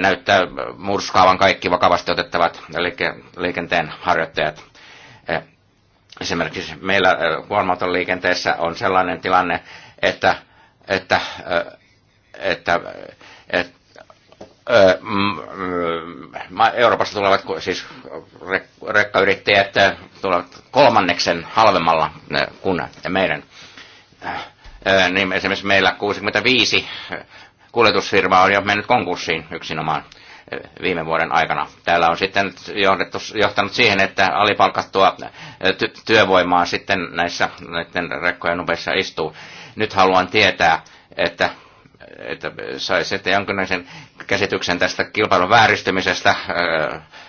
Näyttää murskaavan kaikki vakavasti otettavat liikenteen harjoittajat Esimerkiksi meillä kuormaton liikenteessä on sellainen tilanne, että, että, että, että mm, mm, Euroopassa tulevat siis rekkayrittäjät tulevat kolmanneksen halvemmalla kuin meidän. Niin esimerkiksi meillä 65 kuljetusfirmaa on jo mennyt konkurssiin yksinomaan viime vuoden aikana. Täällä on sitten johdettu, johtanut siihen, että alipalkattua ty- työvoimaa sitten näissä näiden rekkojen nubeissa istuu. Nyt haluan tietää, että että saisitte jonkinlaisen käsityksen tästä kilpailun vääristymisestä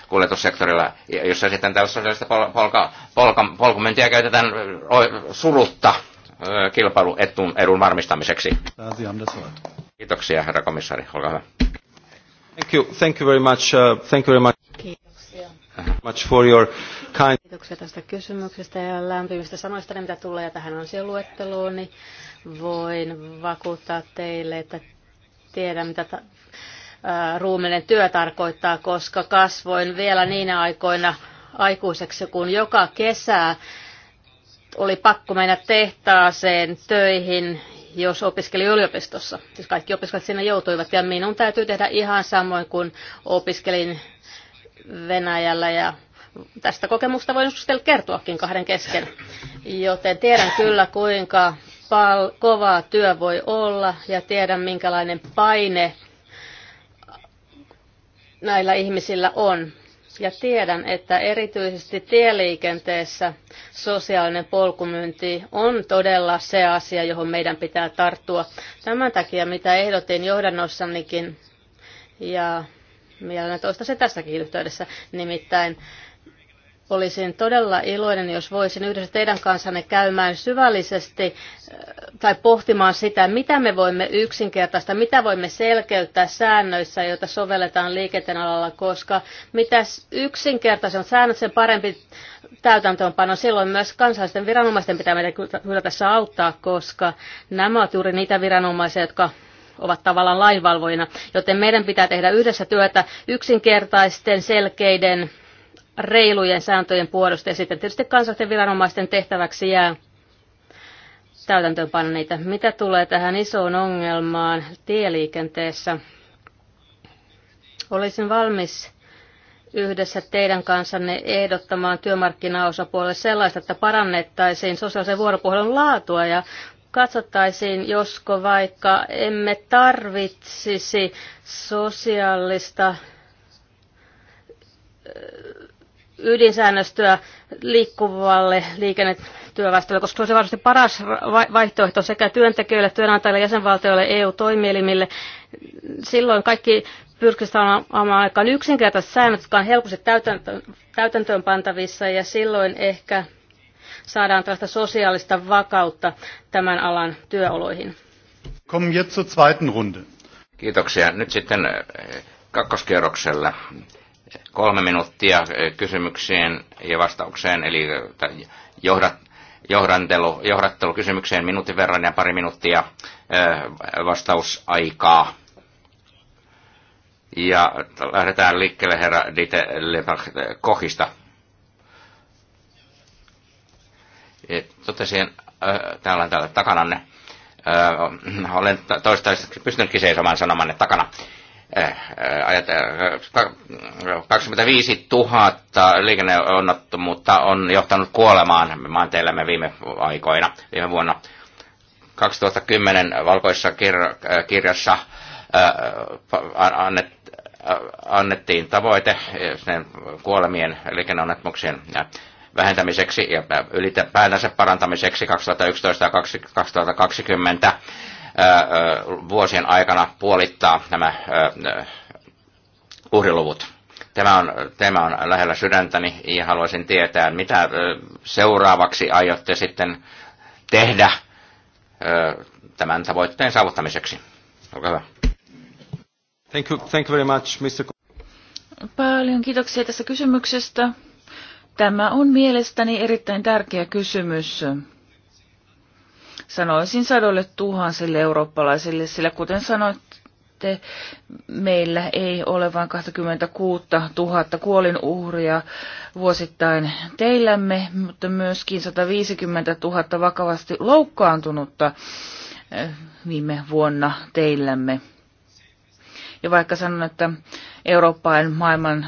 kuljetussektorilla, jossa sitten tällaista polka, polka, polkumyyntiä käytetään surutta kilpailuetun edun varmistamiseksi. Kiitoksia, herra komissaari. Olkaa hyvä. Thank you, thank you very much. Uh, thank you very much. Kiitoksia. Much for your kind... Kiitoksia tästä kysymyksestä ja lämpimistä sanoista, ne, mitä tulee tähän ansioluetteloon, niin voin vakuuttaa teille, että tiedän, mitä ta- äh, ruuminen työ tarkoittaa, koska kasvoin vielä niinä aikoina aikuiseksi, kun joka kesä oli pakko mennä tehtaaseen töihin jos opiskeli yliopistossa. Siis kaikki opiskelijat sinne joutuivat ja minun täytyy tehdä ihan samoin kuin opiskelin Venäjällä ja tästä kokemusta voin joskus teille kertoakin kahden kesken. Joten tiedän kyllä kuinka pal- kovaa työ voi olla ja tiedän minkälainen paine näillä ihmisillä on. Ja tiedän, että erityisesti tieliikenteessä sosiaalinen polkumyynti on todella se asia, johon meidän pitää tarttua. Tämän takia, mitä ehdotin johdannossanikin, ja mielelläni toista se tässäkin yhteydessä, nimittäin Olisin todella iloinen, jos voisin yhdessä teidän kanssanne käymään syvällisesti äh, tai pohtimaan sitä, mitä me voimme yksinkertaista, mitä voimme selkeyttää säännöissä, joita sovelletaan liikenteen alalla, koska mitä yksinkertaisemmat säännöt, sen parempi täytäntöönpano. Silloin myös kansallisten viranomaisten pitää meitä kyllä tässä auttaa, koska nämä ovat juuri niitä viranomaisia, jotka ovat tavallaan lainvalvoina, joten meidän pitää tehdä yhdessä työtä yksinkertaisten, selkeiden reilujen sääntöjen puolesta ja sitten tietysti kansallisten viranomaisten tehtäväksi jää täytäntöönpanna niitä. Mitä tulee tähän isoon ongelmaan tieliikenteessä? Olisin valmis yhdessä teidän kanssanne ehdottamaan työmarkkinaosapuolelle sellaista, että parannettaisiin sosiaalisen vuoropuhelun laatua ja katsottaisiin, josko vaikka emme tarvitsisi sosiaalista ydinsäännöstöä liikkuvalle liikennetyöväestölle, koska se on se varmasti paras vaihtoehto sekä työntekijöille, työnantajille, jäsenvaltioille, EU-toimielimille. Silloin kaikki pyrkivät saamaan aikaan yksinkertaiset säännöt, jotka on helposti täytäntöön pantavissa ja silloin ehkä saadaan tällaista sosiaalista vakautta tämän alan työoloihin. Kommen jetzt zur zweiten Runde. Kiitoksia. Nyt sitten äh, kakkoskierroksella kolme minuuttia eh, kysymykseen ja vastaukseen, eli eh, johdat, johdantelu, johdattelu kysymykseen minuutin verran ja pari minuuttia eh, vastausaikaa. Ja lähdetään liikkeelle herra Dite Lepach Kohista. Totesin, täällä on täällä takananne. Olen toistaiseksi pystynytkin seisomaan sanomanne takana. 25 000 liikenneonnettomuutta on johtanut kuolemaan maanteillämme viime aikoina, viime vuonna. 2010 valkoisessa äh, kirjassa äh, äh, annettiin tavoite sen kuolemien liikenneonnettomuuksien vähentämiseksi ja ylipäätänsä parantamiseksi 2011 ja 2020 vuosien aikana puolittaa nämä uhriluvut. Tämä on, tämä on lähellä sydäntäni ja haluaisin tietää, mitä seuraavaksi aiotte sitten tehdä tämän tavoitteen saavuttamiseksi. Olkaa hyvä. Thank you, thank you very much, Mr. Paljon kiitoksia tästä kysymyksestä. Tämä on mielestäni erittäin tärkeä kysymys sanoisin sadolle tuhansille eurooppalaisille, sillä kuten sanoitte, meillä ei ole vain 26 000 kuolinuhria vuosittain teillämme, mutta myöskin 150 000 vakavasti loukkaantunutta eh, viime vuonna teillämme. Ja vaikka sanon, että Eurooppaan maailman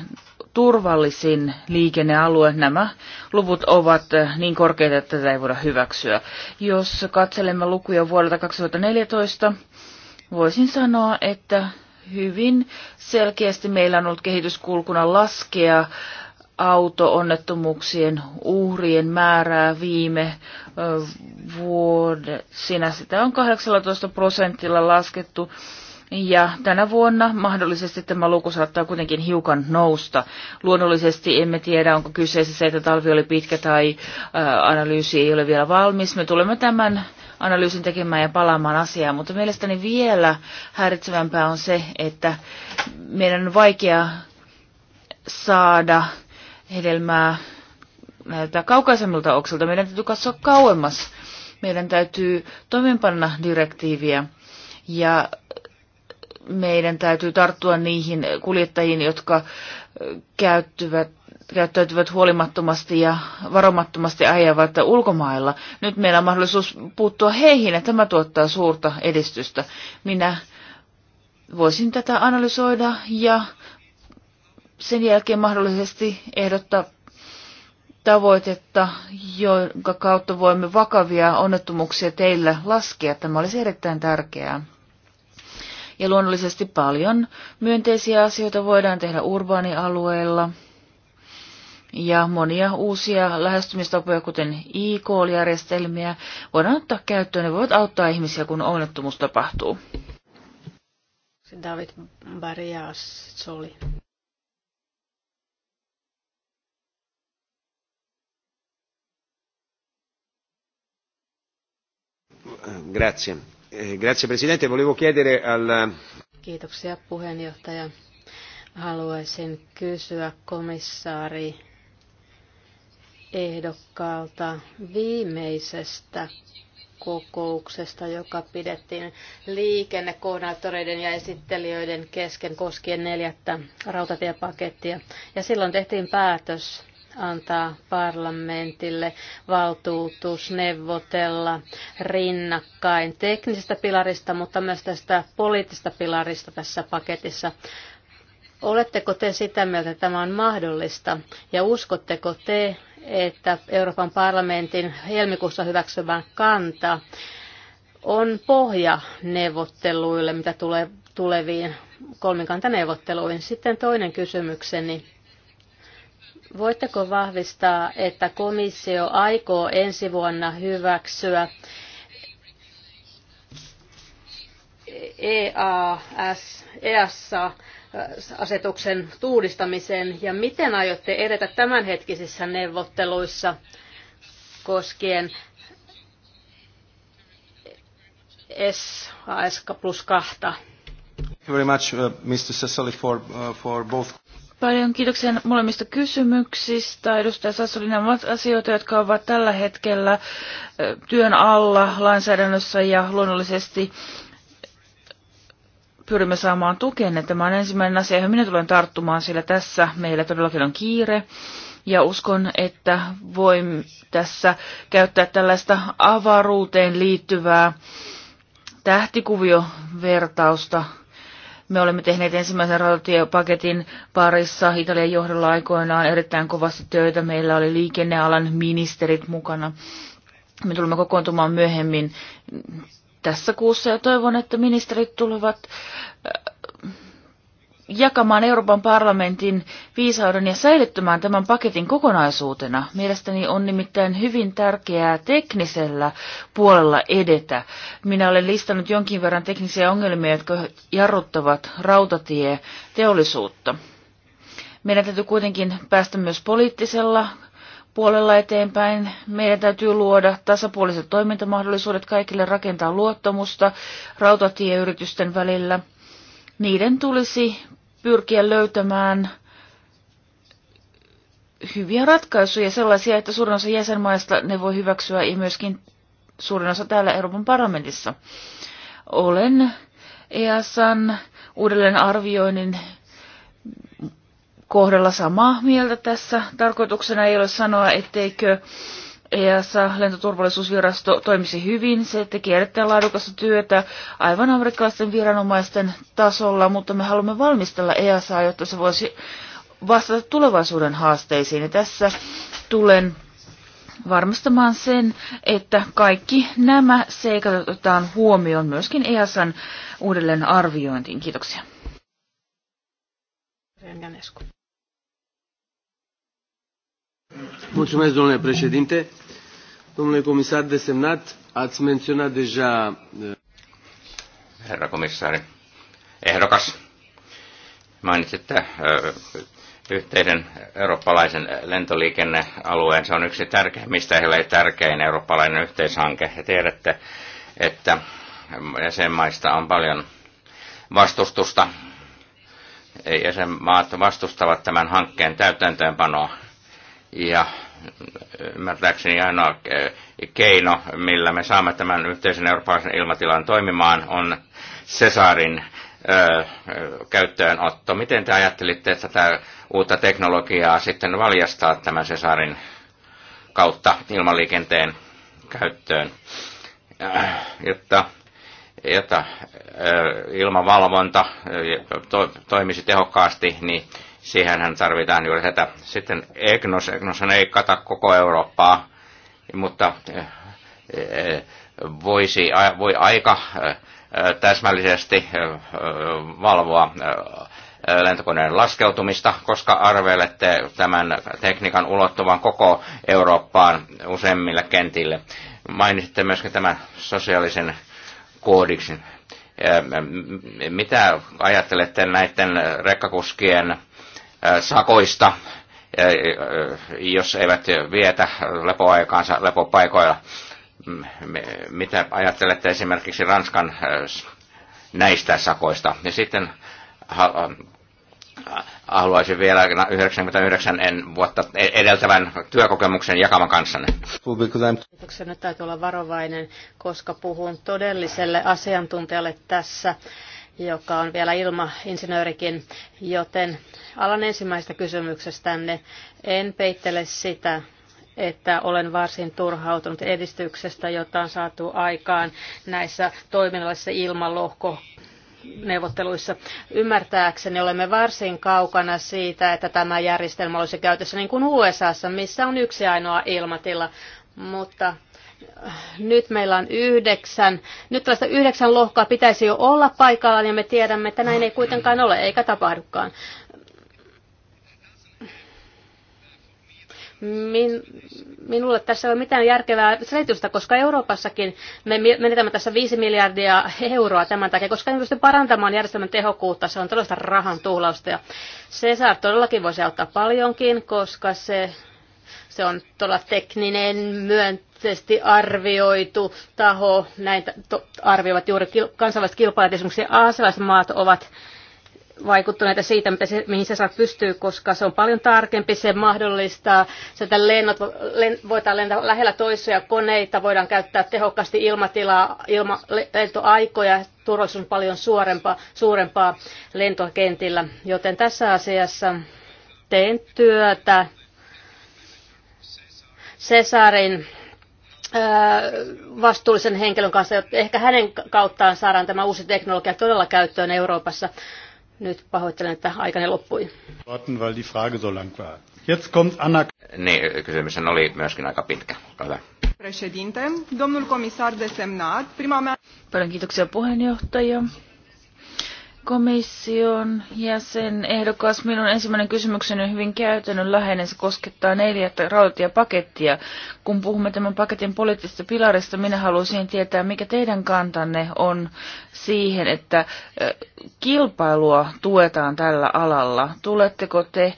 turvallisin liikennealue. Nämä luvut ovat niin korkeita, että tätä ei voida hyväksyä. Jos katselemme lukuja vuodelta 2014, voisin sanoa, että hyvin selkeästi meillä on ollut kehityskulkuna laskea auto-onnettomuuksien uhrien määrää viime vuodessa. Sitä on 18 prosentilla laskettu ja tänä vuonna mahdollisesti tämä luku saattaa kuitenkin hiukan nousta. Luonnollisesti emme tiedä, onko kyseessä se, että talvi oli pitkä tai äh, analyysi ei ole vielä valmis. Me tulemme tämän analyysin tekemään ja palaamaan asiaan, mutta mielestäni vielä häiritsevämpää on se, että meidän on vaikea saada hedelmää näiltä kaukaisemmilta oksilta. Meidän täytyy katsoa kauemmas. Meidän täytyy toimeenpanna direktiiviä ja meidän täytyy tarttua niihin kuljettajiin, jotka käyttyvät käyttäytyvät huolimattomasti ja varomattomasti ajavat ulkomailla. Nyt meillä on mahdollisuus puuttua heihin ja tämä tuottaa suurta edistystä. Minä voisin tätä analysoida ja sen jälkeen mahdollisesti ehdottaa tavoitetta, jonka kautta voimme vakavia onnettomuuksia teillä laskea. Tämä olisi erittäin tärkeää. Ja luonnollisesti paljon myönteisiä asioita voidaan tehdä urbaanialueilla. Ja monia uusia lähestymistapoja, kuten e-call-järjestelmiä, voidaan ottaa käyttöön. ja voivat auttaa ihmisiä, kun onnettomuus tapahtuu. David Barrias oli. Grazie. Eh, grazie Presidente. Volevo chiedere al... Kiitoksia puheenjohtaja. Haluaisin kysyä komissaari ehdokkaalta viimeisestä kokouksesta, joka pidettiin liikennekoordinaattoreiden ja esittelijöiden kesken koskien neljättä rautatiepakettia. Ja silloin tehtiin päätös antaa parlamentille valtuutus neuvotella rinnakkain teknisestä pilarista, mutta myös tästä poliittisesta pilarista tässä paketissa. Oletteko te sitä mieltä, että tämä on mahdollista ja uskotteko te, että Euroopan parlamentin helmikuussa hyväksymä kanta on pohja neuvotteluille, mitä tulee tuleviin kolmikantaneuvotteluihin. Sitten toinen kysymykseni Voitteko vahvistaa, että komissio aikoo ensi vuonna hyväksyä EAS, EASA äh, asetuksen uudistamisen ja miten aiotte edetä tämänhetkisissä neuvotteluissa koskien SAS plus kahta? Thank you very much, uh, Mr. Sassoli, for, uh, for both. Paljon kiitoksia molemmista kysymyksistä. Edustaja Sassoli, nämä ovat asioita, jotka ovat tällä hetkellä työn alla lainsäädännössä ja luonnollisesti pyrimme saamaan tukenne. Niin tämä on ensimmäinen asia, johon minä tulen tarttumaan, sillä tässä meillä todellakin on kiire. Ja uskon, että voin tässä käyttää tällaista avaruuteen liittyvää tähtikuviovertausta vertausta me olemme tehneet ensimmäisen rautatiepaketin parissa Italian johdolla aikoinaan erittäin kovasti töitä. Meillä oli liikennealan ministerit mukana. Me tulemme kokoontumaan myöhemmin tässä kuussa ja toivon, että ministerit tulevat jakamaan Euroopan parlamentin viisauden ja säilyttämään tämän paketin kokonaisuutena. Mielestäni on nimittäin hyvin tärkeää teknisellä puolella edetä. Minä olen listannut jonkin verran teknisiä ongelmia, jotka jarruttavat rautatieteollisuutta. Meidän täytyy kuitenkin päästä myös poliittisella puolella eteenpäin. Meidän täytyy luoda tasapuoliset toimintamahdollisuudet kaikille rakentaa luottamusta rautatieyritysten välillä. Niiden tulisi pyrkiä löytämään hyviä ratkaisuja, sellaisia, että suurin osa jäsenmaista ne voi hyväksyä ja myöskin suurin osa täällä Euroopan parlamentissa. Olen EASan uudelleen arvioinnin kohdalla samaa mieltä tässä. Tarkoituksena ei ole sanoa, etteikö EASA, lentoturvallisuusvirasto, toimisi hyvin. Se teki erittäin laadukasta työtä aivan amerikkalaisten viranomaisten tasolla, mutta me haluamme valmistella EASA, jotta se voisi vastata tulevaisuuden haasteisiin. Ja tässä tulen varmistamaan sen, että kaikki nämä seikat otetaan huomioon myöskin EASan uudelleen arviointiin. Kiitoksia. Mulțumesc, domnule președinte. Domnule comisar desemnat, ați menționat deja... Eh, herra komissaari, ehdokas, mainitsitte eh, yhteisen eurooppalaisen lentoliikennealueen. Se on yksi tärkeimmistä, ellei tärkein eurooppalainen yhteishanke. Ja tiedätte, että jäsenmaista on paljon vastustusta. Jäsenmaat vastustavat tämän hankkeen täytäntöönpanoa ja ymmärtääkseni ainoa keino, millä me saamme tämän yhteisen eurooppalaisen ilmatilan toimimaan, on Cesarin käyttöönotto. Miten te ajattelitte tätä uutta teknologiaa sitten valjastaa tämän Cesarin kautta ilmaliikenteen käyttöön, äh, jotta, jotta ilmavalvonta toimisi tehokkaasti, niin Siihenhän tarvitaan juuri tätä. Sitten EGNOS, EGNOS ei kata koko Eurooppaa, mutta eh, eh, voisi, voi aika eh, täsmällisesti valvoa lentokoneen laskeutumista, koska arvelette tämän tekniikan ulottuvan koko Eurooppaan useimmille kentille. Mainitsitte myöskin tämän sosiaalisen koodiksen. Mitä ajattelette näiden rekkakuskien Äh, sakoista, äh, äh, jos eivät vietä lepoaikaansa lepopaikoilla. Mm, mitä ajattelette esimerkiksi Ranskan näistä sakoista? Ja sitten haluaisin vielä 99 en vuotta e-, edeltävän työkokemuksen jakaman kanssanne. Kiitoksia. Nyt täytyy olla varovainen, koska puhun todelliselle asiantuntijalle tässä joka on vielä ilmainsinöörikin, joten alan ensimmäisestä kysymyksestänne. En peittele sitä, että olen varsin turhautunut edistyksestä, jota on saatu aikaan näissä toiminnallisissa ilmalohko neuvotteluissa. Ymmärtääkseni olemme varsin kaukana siitä, että tämä järjestelmä olisi käytössä niin kuin USAssa, missä on yksi ainoa ilmatila, mutta nyt meillä on yhdeksän, nyt tällaista yhdeksän lohkaa pitäisi jo olla paikallaan ja me tiedämme, että näin ei kuitenkaan ole eikä tapahdukaan. Min, minulle tässä ei ole mitään järkevää selitystä, koska Euroopassakin me menetämme tässä 5 miljardia euroa tämän takia, koska ei pysty parantamaan järjestelmän tehokkuutta. Se on todella rahan tuhlausta. Ja Cesar todellakin voisi auttaa paljonkin, koska se, se on todella tekninen, myönt poliittisesti arvioitu taho, näin arvioivat juuri kil, kansainväliset kilpailijat, esimerkiksi aasialaiset maat ovat vaikuttuneita siitä, mitä se, mihin se saa pystyä, koska se on paljon tarkempi, se mahdollistaa, että lennot, len, voidaan lentää lähellä toisia koneita, voidaan käyttää tehokkaasti ilmatilaa, ilma, lentoaikoja, turvallisuus on paljon suurempaa, suurempaa lentokentillä. Joten tässä asiassa teen työtä Cesarin vastuullisen henkilön kanssa, jotta ehkä hänen kauttaan saadaan tämä uusi teknologia todella käyttöön Euroopassa. Nyt pahoittelen, että aikani loppui. Niin, kysymys oli myöskin aika pitkä. Paljon kiitoksia puheenjohtaja. Komission jäsen ehdokas, minun ensimmäinen kysymykseni on hyvin käytännönläheinen. Se koskettaa neljättä rautatiepakettia. Kun puhumme tämän paketin poliittisesta pilarista, minä haluaisin tietää, mikä teidän kantanne on siihen, että kilpailua tuetaan tällä alalla. Tuletteko te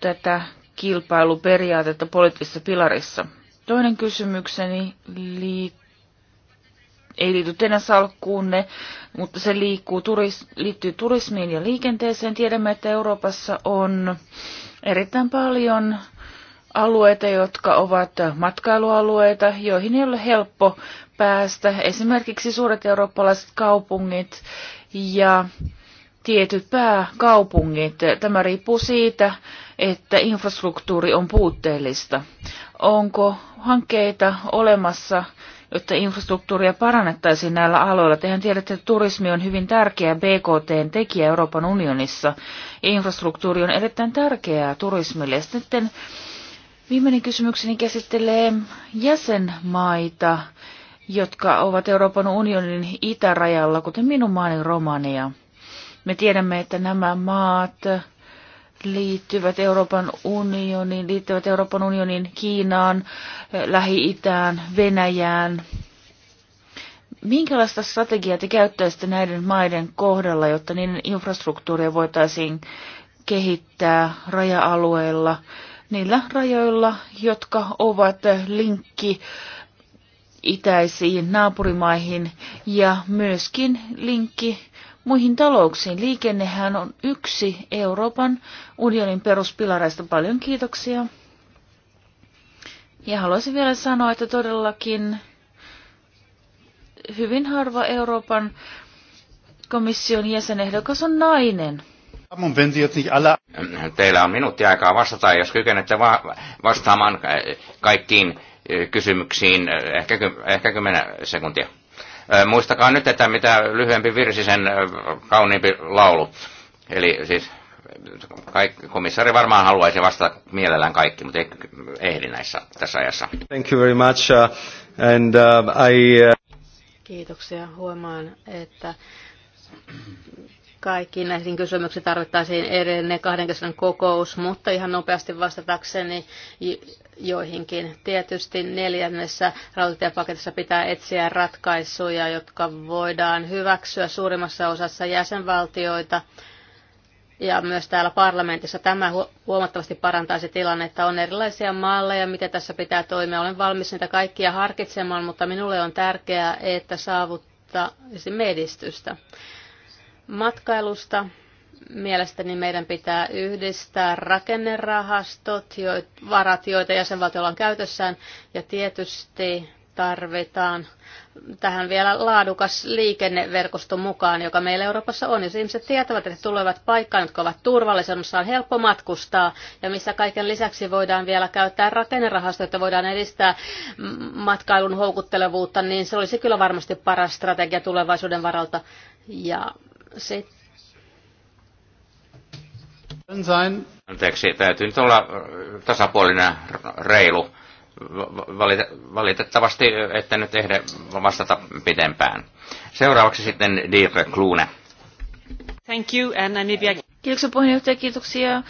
tätä kilpailuperiaatetta poliittisessa pilarissa? Toinen kysymykseni liittyy ei liity teidän salkkuunne, mutta se liikkuu, turis, liittyy turismiin ja liikenteeseen. Tiedämme, että Euroopassa on erittäin paljon alueita, jotka ovat matkailualueita, joihin ei ole helppo päästä. Esimerkiksi suuret eurooppalaiset kaupungit ja tietyt pääkaupungit. Tämä riippuu siitä, että infrastruktuuri on puutteellista. Onko hankkeita olemassa jotta infrastruktuuria parannettaisiin näillä aloilla. Tehän tiedätte, että turismi on hyvin tärkeä BKT-tekijä Euroopan unionissa. Infrastruktuuri on erittäin tärkeää turismille. Sitten viimeinen kysymykseni käsittelee jäsenmaita, jotka ovat Euroopan unionin itärajalla, kuten minun maani Romania. Me tiedämme, että nämä maat liittyvät Euroopan unioniin, liittyvät Euroopan unionin Kiinaan, Lähi-Itään, Venäjään. Minkälaista strategiaa te käyttäisitte näiden maiden kohdalla, jotta niiden infrastruktuuria voitaisiin kehittää raja-alueilla, niillä rajoilla, jotka ovat linkki itäisiin naapurimaihin ja myöskin linkki muihin talouksiin. Liikennehän on yksi Euroopan unionin peruspilareista. Paljon kiitoksia. Ja haluaisin vielä sanoa, että todellakin hyvin harva Euroopan komission jäsenehdokas on nainen. Teillä on minuutti aikaa vastata, jos kykenette va- vastaamaan kaikkiin eh, kysymyksiin, eh, ehkä, ehkä kymmenen sekuntia. Muistakaa nyt, että mitä lyhyempi virsi, sen kauniimpi laulu. Eli siis kaikki, komissaari varmaan haluaisi vastata mielellään kaikki, mutta ei ehdi näissä tässä ajassa. Thank you very much. Uh, and, uh, I, uh... Kiitoksia. Huomaan, että kaikki näihin kysymyksiin tarvittaisiin edelleen kahden kesken kokous, mutta ihan nopeasti vastatakseni joihinkin. Tietysti neljännessä rautatiepaketissa pitää etsiä ratkaisuja, jotka voidaan hyväksyä suurimmassa osassa jäsenvaltioita. Ja myös täällä parlamentissa tämä huomattavasti parantaisi tilannetta. On erilaisia malleja, miten tässä pitää toimia. Olen valmis niitä kaikkia harkitsemaan, mutta minulle on tärkeää, että saavuttaisimme edistystä. Matkailusta Mielestäni meidän pitää yhdistää rakennerahastot, joit, varat, joita jäsenvaltiolla on käytössään, ja tietysti tarvitaan tähän vielä laadukas liikenneverkosto mukaan, joka meillä Euroopassa on. Jos ihmiset tietävät, että tulevat paikkaan, jotka ovat turvallisia, missä on helppo matkustaa ja missä kaiken lisäksi voidaan vielä käyttää rakennerahastoja, että voidaan edistää matkailun houkuttelevuutta, niin se olisi kyllä varmasti paras strategia tulevaisuuden varalta. Ja sitten Anteeksi, täytyy nyt olla äh, tasapuolinen, reilu. Valitettavasti äh, ette nyt ehde vastata pitempään. Seuraavaksi sitten Dirk Kluune. Thank you, and maybe Kiitoksia puheenjohtaja, kiitoksia.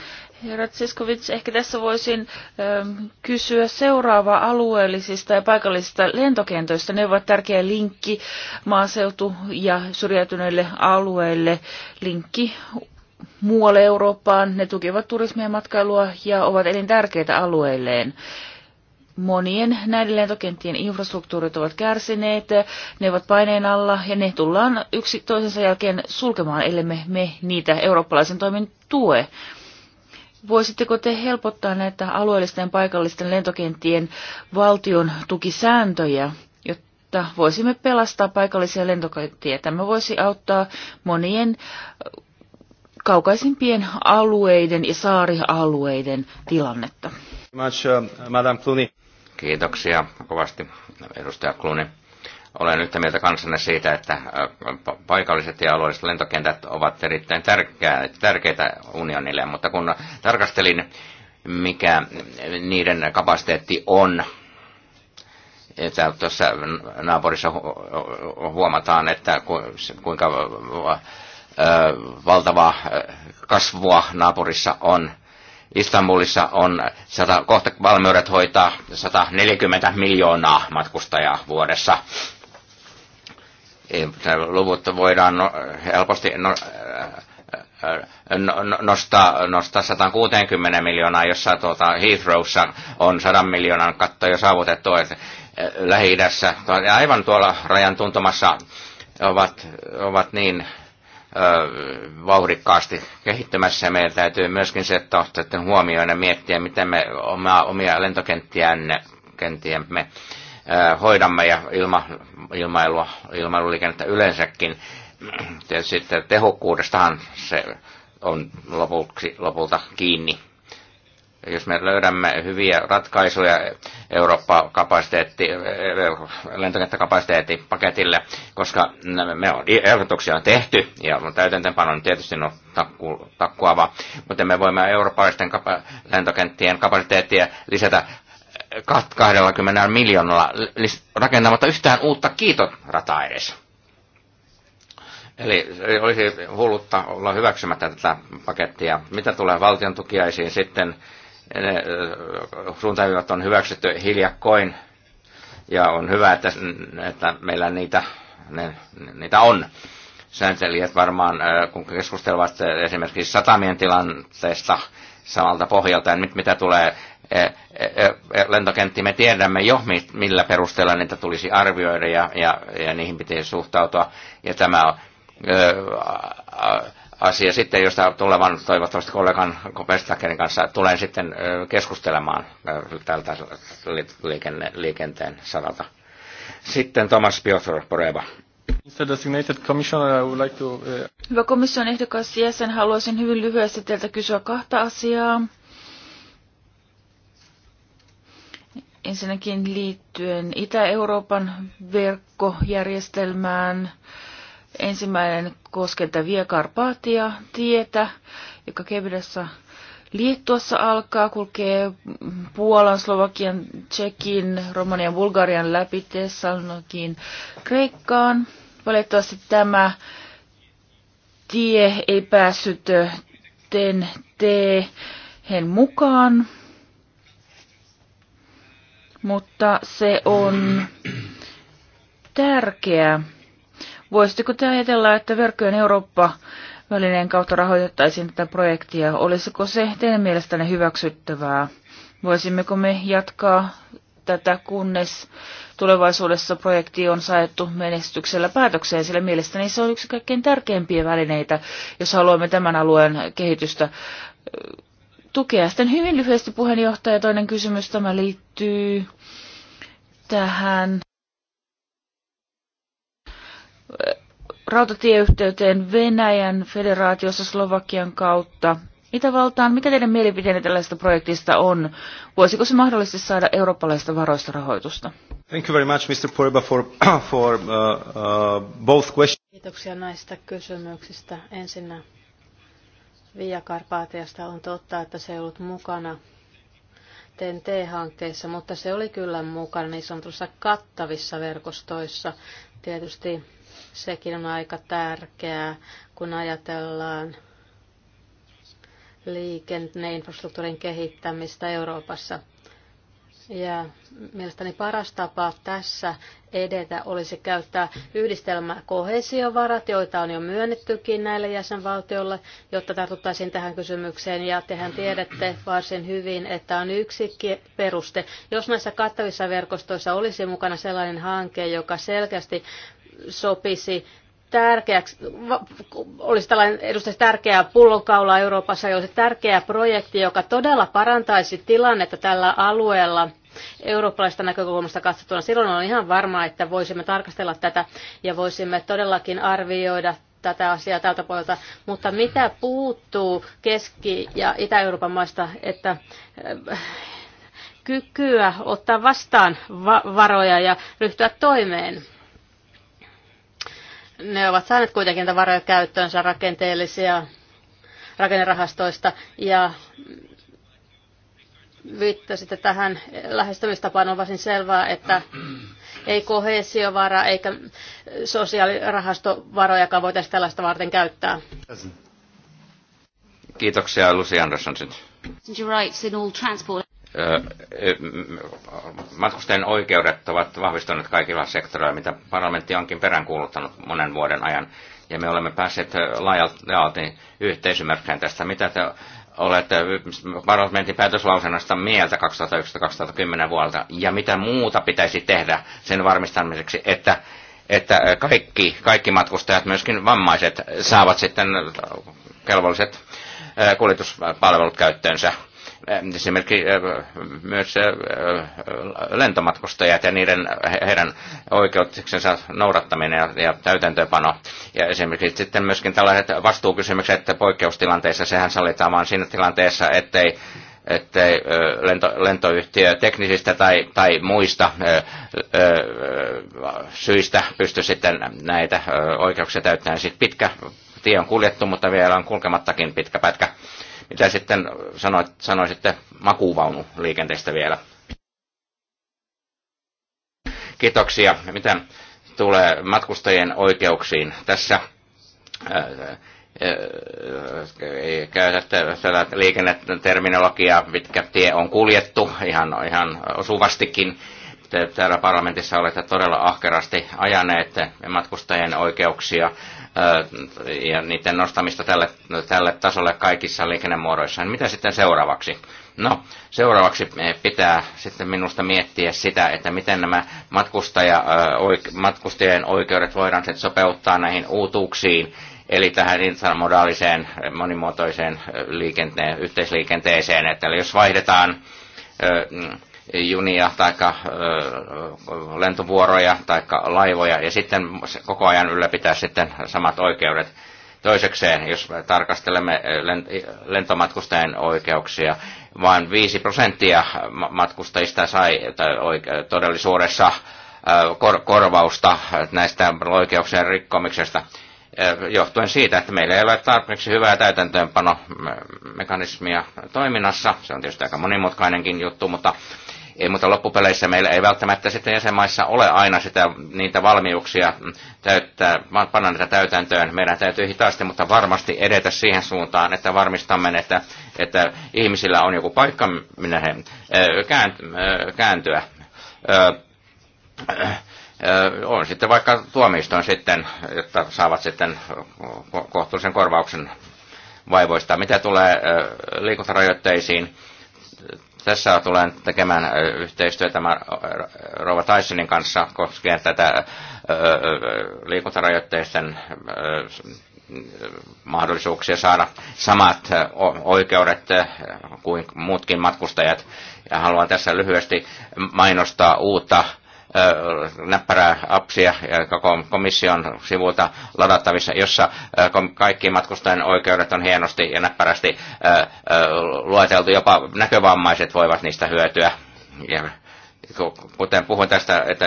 Herra Tseskovits, ehkä tässä voisin ö, ähm, kysyä seuraavaa alueellisista ja paikallisista lentokentoista. Ne ovat tärkeä linkki maaseutu- ja syrjäytyneille alueille, linkki muualle Eurooppaan. Ne tukevat turismia ja matkailua ja ovat elintärkeitä alueilleen. Monien näiden lentokenttien infrastruktuurit ovat kärsineet, ne ovat paineen alla ja ne tullaan yksi toisensa jälkeen sulkemaan, ellei me niitä eurooppalaisen toimin tue. Voisitteko te helpottaa näitä alueellisten ja paikallisten lentokenttien valtion tukisääntöjä, jotta voisimme pelastaa paikallisia lentokenttiä? Tämä voisi auttaa monien kaukaisimpien alueiden ja saarialueiden tilannetta. Much, uh, Madame Kiitoksia kovasti, edustaja Kluni. Olen yhtä mieltä kanssanne siitä, että uh, paikalliset ja alueelliset lentokentät ovat erittäin tärkeitä unionille, mutta kun tarkastelin, mikä niiden kapasiteetti on, että tuossa naapurissa huomataan, että kuinka uh, valtavaa kasvua naapurissa on. Istanbulissa on 100, kohta valmiudet hoitaa 140 miljoonaa matkustajaa vuodessa. Luvut voidaan no, helposti no, no, nostaa, nostaa 160 miljoonaa, jossa tuota Heathrowssa on 100 miljoonan katto jo saavutettu. Lähi-idässä, aivan tuolla rajan tuntumassa ovat, ovat niin vauhdikkaasti kehittymässä. meidän täytyy myöskin se että huomioida ja miettiä, miten me omaa, omia lentokenttiämme hoidamme ja ilma, ilmailua, ilmailuliikennettä yleensäkin. Tietysti sitten tehokkuudestahan se on lopulta kiinni jos me löydämme hyviä ratkaisuja Eurooppa-kapasiteetti, lentokenttäkapasiteetti paketille, koska me on, ehdotuksia on tehty ja täytäntöönpano on tietysti no, takku, takkuava, mutta me voimme eurooppalaisten kapa, lentokenttien kapasiteettia lisätä 20 miljoonalla rakentamatta yhtään uutta kiitorataa edes. Eli olisi hullutta olla hyväksymättä tätä pakettia. Mitä tulee valtion tukiaisiin sitten, ne suuntaviivat on hyväksytty hiljakkoin ja on hyvä, että, että meillä niitä, ne, niitä on. Sääntelijät varmaan, kun keskustelevat esimerkiksi satamien tilanteesta samalta pohjalta, ja niin nyt mitä tulee e, e, e, lentokentti, me tiedämme jo, millä perusteella niitä tulisi arvioida ja, ja, ja niihin pitäisi suhtautua. Ja tämä on, asia sitten, josta tulevan toivottavasti kollegan Vestakerin kanssa tulen sitten keskustelemaan tältä liikenne, liikenteen saralta. Sitten Thomas Piotr Poreva. Hyvä komission ehdokas jäsen, haluaisin hyvin lyhyesti teiltä kysyä kahta asiaa. Ensinnäkin liittyen Itä-Euroopan verkkojärjestelmään. Ensimmäinen koskee via Viekarpaatia tietä, joka kevydessä Liettuassa alkaa, kulkee Puolan, Slovakian, Tsekin, Romanian, Bulgarian läpi Tessalonikin Kreikkaan. Valitettavasti tämä tie ei päässyt ten tehen mukaan, mutta se on tärkeä Voisitteko te ajatella, että verkkojen Eurooppa välineen kautta rahoitettaisiin tätä projektia? Olisiko se teidän mielestänne hyväksyttävää? Voisimmeko me jatkaa tätä, kunnes tulevaisuudessa projekti on saettu menestyksellä päätökseen, sillä mielestäni se on yksi kaikkein tärkeimpiä välineitä, jos haluamme tämän alueen kehitystä tukea. Sitten hyvin lyhyesti puheenjohtaja, toinen kysymys tämä liittyy tähän rautatieyhteyteen Venäjän federaatiossa Slovakian kautta Itävaltaan. Mikä teidän mielipiteenne tällaista projektista on? Voisiko se mahdollisesti saada eurooppalaista varoista rahoitusta? Thank you very much, Mr. Poreba, for, for uh, uh, both questions. Kiitoksia näistä kysymyksistä. Ensinnä Via Karpaatiasta on totta, että se ei ollut mukana TNT-hankkeissa, mutta se oli kyllä mukana niin sanotussa kattavissa verkostoissa. Tietysti Sekin on aika tärkeää, kun ajatellaan liikenneinfrastruktuurin kehittämistä Euroopassa. Ja mielestäni paras tapa tässä edetä olisi käyttää yhdistelmä kohesiovarat, joita on jo myönnettykin näille jäsenvaltioille, jotta tartuttaisiin tähän kysymykseen. Ja tehän tiedätte varsin hyvin, että on yksi peruste. Jos näissä kattavissa verkostoissa olisi mukana sellainen hanke, joka selkeästi sopisi tärkeäksi, olisi tällainen edustaisi tärkeää pullonkaula Euroopassa olisi tärkeä projekti, joka todella parantaisi tilannetta tällä alueella eurooppalaisesta näkökulmasta katsottuna. Silloin on ihan varmaa, että voisimme tarkastella tätä ja voisimme todellakin arvioida tätä asiaa tältä puolelta, mutta mitä puuttuu Keski- ja Itä-Euroopan maista, että äh, kykyä ottaa vastaan varoja ja ryhtyä toimeen ne ovat saaneet kuitenkin varoja käyttöönsä rakenteellisia rakennerahastoista ja viittasitte tähän lähestymistapaan, on varsin selvää, että ei kohesiovara eikä sosiaalirahastovarojakaan voitaisiin tällaista varten käyttää. Kiitoksia Lucy Andersson matkustajien oikeudet ovat vahvistuneet kaikilla sektoreilla, mitä parlamentti onkin peräänkuuluttanut monen vuoden ajan. Ja me olemme päässeet laajalti yhteisymmärrykseen tästä. Mitä te olette parlamentin päätöslausennosta mieltä 2011-2010 vuodelta ja mitä muuta pitäisi tehdä sen varmistamiseksi, että, että kaikki, kaikki matkustajat, myöskin vammaiset, saavat sitten kelvolliset kuljetuspalvelut käyttöönsä esimerkiksi eh, myös eh, lentomatkustajat ja niiden, heidän oikeutuksensa noudattaminen ja, ja täytäntöpano. Ja esimerkiksi sitten myöskin tällaiset vastuukysymykset poikkeustilanteissa, sehän sallitaan vaan siinä tilanteessa, ettei ettei eh, lento, lentoyhtiö teknisistä tai, tai muista ö, ö, syistä pysty sitten näitä oikeuksia täyttämään. Sitten siis pitkä tie on kuljettu, mutta vielä on kulkemattakin pitkä pätkä mitä sitten sanoit, sanoisitte liikenteestä vielä? Kiitoksia. Mitä tulee matkustajien oikeuksiin? Tässä äh, äh, äh, käytätte tätä liikenneterminologiaa, mitkä tie on kuljettu ihan, ihan osuvastikin. Te täällä parlamentissa olette todella ahkerasti ajaneet matkustajien oikeuksia ja niiden nostamista tälle, tälle tasolle kaikissa liikennemuodoissa. Niin mitä sitten seuraavaksi? No, seuraavaksi eh, pitää sitten minusta miettiä sitä, että miten nämä matkustaja, matkustajien oikeudet voidaan sitten sopeuttaa näihin uutuuksiin, eli tähän intermodaaliseen monimuotoiseen liikenteen, yhteisliikenteeseen. Että jos vaihdetaan mm, junia tai lentovuoroja tai laivoja ja sitten koko ajan ylläpitää sitten samat oikeudet. Toisekseen, jos tarkastelemme lentomatkustajien oikeuksia, vain 5 prosenttia matkustajista sai todellisuudessa korvausta näistä oikeuksien rikkomisesta johtuen siitä, että meillä ei ole tarpeeksi hyvää täytäntöönpanomekanismia toiminnassa. Se on tietysti aika monimutkainenkin juttu, mutta ei, mutta loppupeleissä meillä ei välttämättä sitten jäsenmaissa ole aina sitä, niitä valmiuksia täyttää, panna niitä täytäntöön. Meidän täytyy hitaasti, mutta varmasti edetä siihen suuntaan, että varmistamme, että, että ihmisillä on joku paikka, minne he kääntyä on sitten vaikka tuomioistuin sitten, että saavat sitten kohtuullisen korvauksen vaivoista. Mitä tulee liikuntarajoitteisiin, tässä tulen tekemään yhteistyötä Rova Tysonin kanssa koskien tätä liikuntarajoitteisten mahdollisuuksia saada samat oikeudet kuin muutkin matkustajat. Ja haluan tässä lyhyesti mainostaa uutta näppärää appsia koko komission sivulta ladattavissa, jossa kaikki matkustajien oikeudet on hienosti ja näppärästi lueteltu. Jopa näkövammaiset voivat niistä hyötyä. Ja kuten puhuin tästä että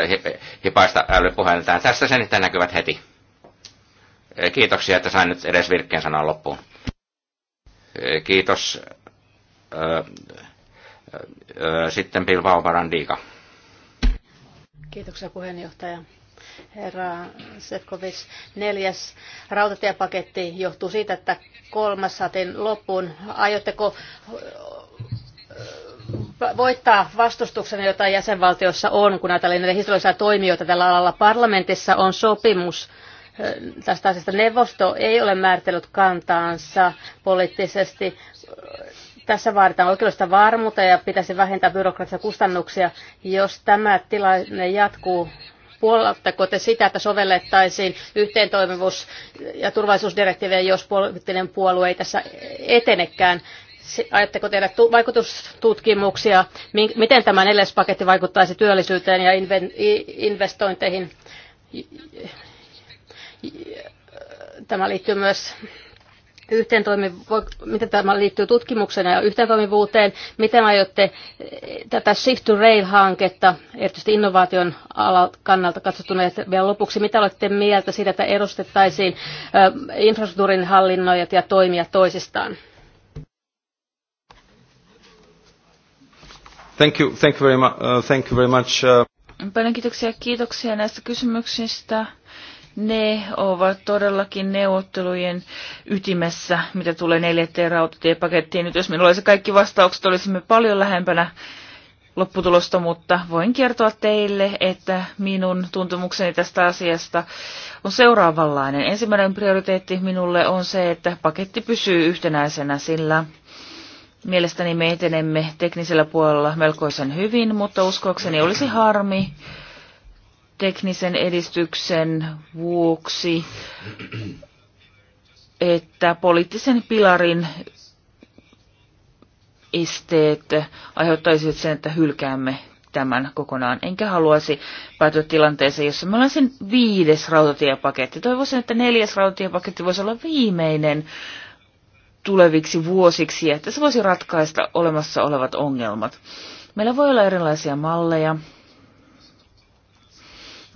hipaista älypuhelintaan, tästä sen nyt näkyvät heti. Kiitoksia, että sain nyt edes virkkeen sanan loppuun. Kiitos. Sitten Bilbao Barandiika. Kiitoksia puheenjohtaja. Herra Sefkovic, neljäs rautatiepaketti johtuu siitä, että kolmas saatiin loppuun. Aiotteko voittaa vastustuksen, jota jäsenvaltiossa on, kun ajatellaan näitä historiallisia toimijoita tällä alalla. Parlamentissa on sopimus tästä asiasta. Neuvosto ei ole määritellyt kantaansa poliittisesti tässä vaaditaan oikeudellista varmuutta ja pitäisi vähentää byrokratisia kustannuksia. Jos tämä tilanne jatkuu, puolatteko te sitä, että sovellettaisiin yhteentoimivuus- ja turvallisuusdirektiivejä, jos poliittinen puolue ei tässä etenekään? Ajatteko tehdä vaikutustutkimuksia, miten tämä neljäs paketti vaikuttaisi työllisyyteen ja investointeihin? Tämä liittyy myös yhteen miten tämä liittyy tutkimukseen ja yhteentoimivuuteen, miten aiotte eh, tätä Shift to Rail-hanketta, erityisesti innovaation kannalta katsottuna, ja vielä lopuksi, mitä olette mieltä siitä, että erostettaisiin eh, infrastruktuurin hallinnoijat ja toimijat toisistaan? Thank you, thank you very, mu- uh, thank you very much. Uh... Paljon kiitoksia, kiitoksia näistä kysymyksistä. Ne ovat todellakin neuvottelujen ytimessä, mitä tulee neljätteen rautatiepakettiin. Nyt jos minulla olisi kaikki vastaukset, olisimme paljon lähempänä lopputulosta, mutta voin kertoa teille, että minun tuntemukseni tästä asiasta on seuraavanlainen. Ensimmäinen prioriteetti minulle on se, että paketti pysyy yhtenäisenä, sillä mielestäni me etenemme teknisellä puolella melkoisen hyvin, mutta uskoakseni olisi harmi, teknisen edistyksen vuoksi, että poliittisen pilarin esteet aiheuttaisivat sen, että hylkäämme tämän kokonaan. Enkä haluaisi päätyä tilanteeseen, jossa meillä on sen viides rautatiepaketti. Toivoisin, että neljäs rautatiepaketti voisi olla viimeinen tuleviksi vuosiksi, että se voisi ratkaista olemassa olevat ongelmat. Meillä voi olla erilaisia malleja,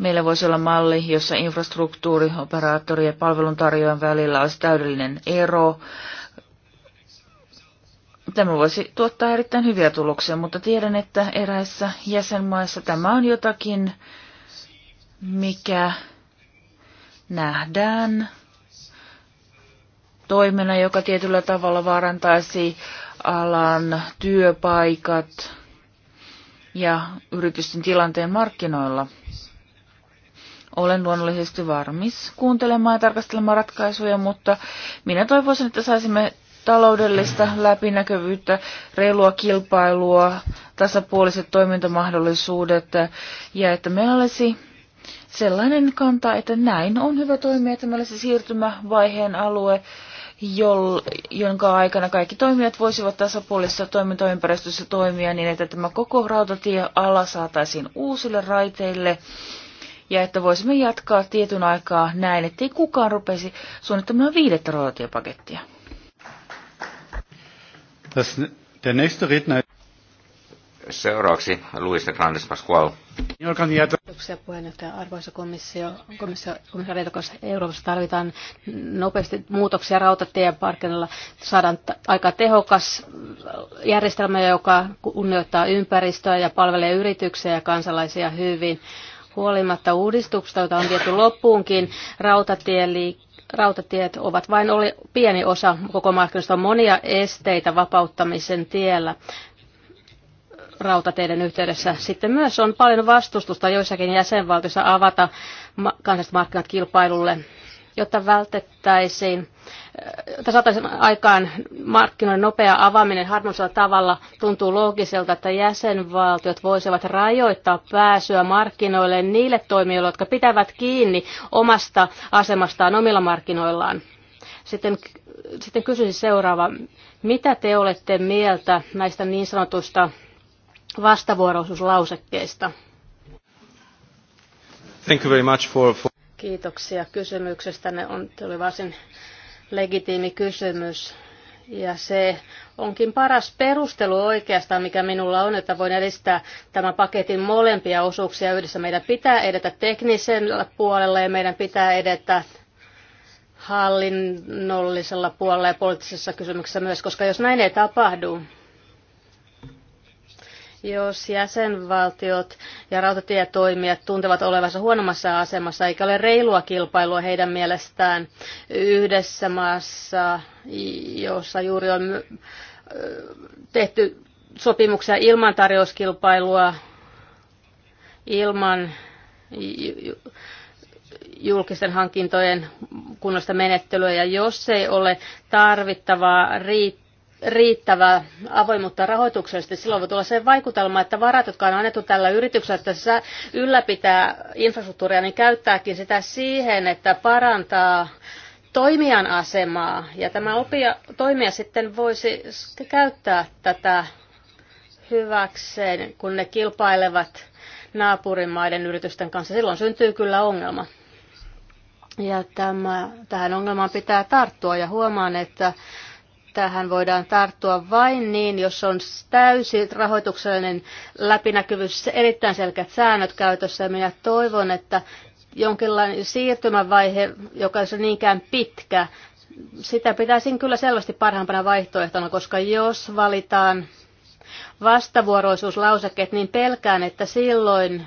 Meillä voisi olla malli, jossa infrastruktuuri, operaattori ja palveluntarjoajan välillä olisi täydellinen ero. Tämä voisi tuottaa erittäin hyviä tuloksia, mutta tiedän, että eräissä jäsenmaissa tämä on jotakin, mikä nähdään toimena, joka tietyllä tavalla vaarantaisi alan työpaikat ja yritysten tilanteen markkinoilla. Olen luonnollisesti varmis kuuntelemaan ja tarkastelemaan ratkaisuja, mutta minä toivoisin, että saisimme taloudellista läpinäkyvyyttä, reilua kilpailua, tasapuoliset toimintamahdollisuudet ja että meillä olisi sellainen kanta, että näin on hyvä toimia, että meillä olisi siirtymävaiheen alue, jonka aikana kaikki toimijat voisivat tasapuolisessa toimintaympäristössä toimia niin, että tämä koko rautatieala saataisiin uusille raiteille ja että voisimme jatkaa tietyn aikaa näin, ettei kukaan rupesi suunnittamaan viidettä rotaatiopakettia. Seuraavaksi Luis de Grandes Pascual. Kiitoksia puheenjohtaja. Arvoisa komissio, komissio, komissio Euroopassa tarvitaan nopeasti muutoksia rautatien parkkinalla. Saadaan aika tehokas järjestelmä, joka kunnioittaa ympäristöä ja palvelee yrityksiä ja kansalaisia hyvin. Huolimatta uudistuksesta, joita on viety loppuunkin, rautatiet ovat vain oli pieni osa koko markkinoista. On monia esteitä vapauttamisen tiellä rautateiden yhteydessä. Sitten myös on paljon vastustusta joissakin jäsenvaltioissa avata kansalliset markkinat kilpailulle jotta vältettäisiin, tai saataisiin aikaan markkinoiden nopea avaaminen harmonisella tavalla, tuntuu loogiselta, että jäsenvaltiot voisivat rajoittaa pääsyä markkinoille niille toimijoille, jotka pitävät kiinni omasta asemastaan omilla markkinoillaan. Sitten, sitten kysyisin seuraava. Mitä te olette mieltä näistä niin sanotusta vastavuoroisuuslausekkeista? Thank you very much for, for... Kiitoksia kysymyksestä. Ne on, tuli varsin legitiimi kysymys. Ja se onkin paras perustelu oikeastaan, mikä minulla on, että voin edistää tämän paketin molempia osuuksia yhdessä. Meidän pitää edetä teknisellä puolella ja meidän pitää edetä hallinnollisella puolella ja poliittisessa kysymyksessä myös, koska jos näin ei tapahdu, jos jäsenvaltiot ja rautatietoimijat tuntevat olevansa huonommassa asemassa, eikä ole reilua kilpailua heidän mielestään yhdessä maassa, jossa juuri on tehty sopimuksia ilman tarjouskilpailua, ilman julkisten hankintojen kunnosta menettelyä ja jos ei ole tarvittavaa riittävää riittävää avoimuutta rahoituksellisesti, silloin voi tulla se vaikutelma, että varat, jotka on annettu tällä yrityksellä, että se ylläpitää infrastruktuuria, niin käyttääkin sitä siihen, että parantaa toimijan asemaa. Ja tämä opia, toimija sitten voisi käyttää tätä hyväkseen, kun ne kilpailevat naapurimaiden yritysten kanssa. Silloin syntyy kyllä ongelma. Ja tämä, tähän ongelmaan pitää tarttua ja huomaan, että tähän voidaan tarttua vain niin, jos on täysi rahoituksellinen läpinäkyvyys, erittäin selkeät säännöt käytössä. Minä toivon, että jonkinlainen siirtymävaihe, joka ei ole niinkään pitkä, sitä pitäisin kyllä selvästi parhaimpana vaihtoehtona, koska jos valitaan vastavuoroisuuslausekkeet, niin pelkään, että silloin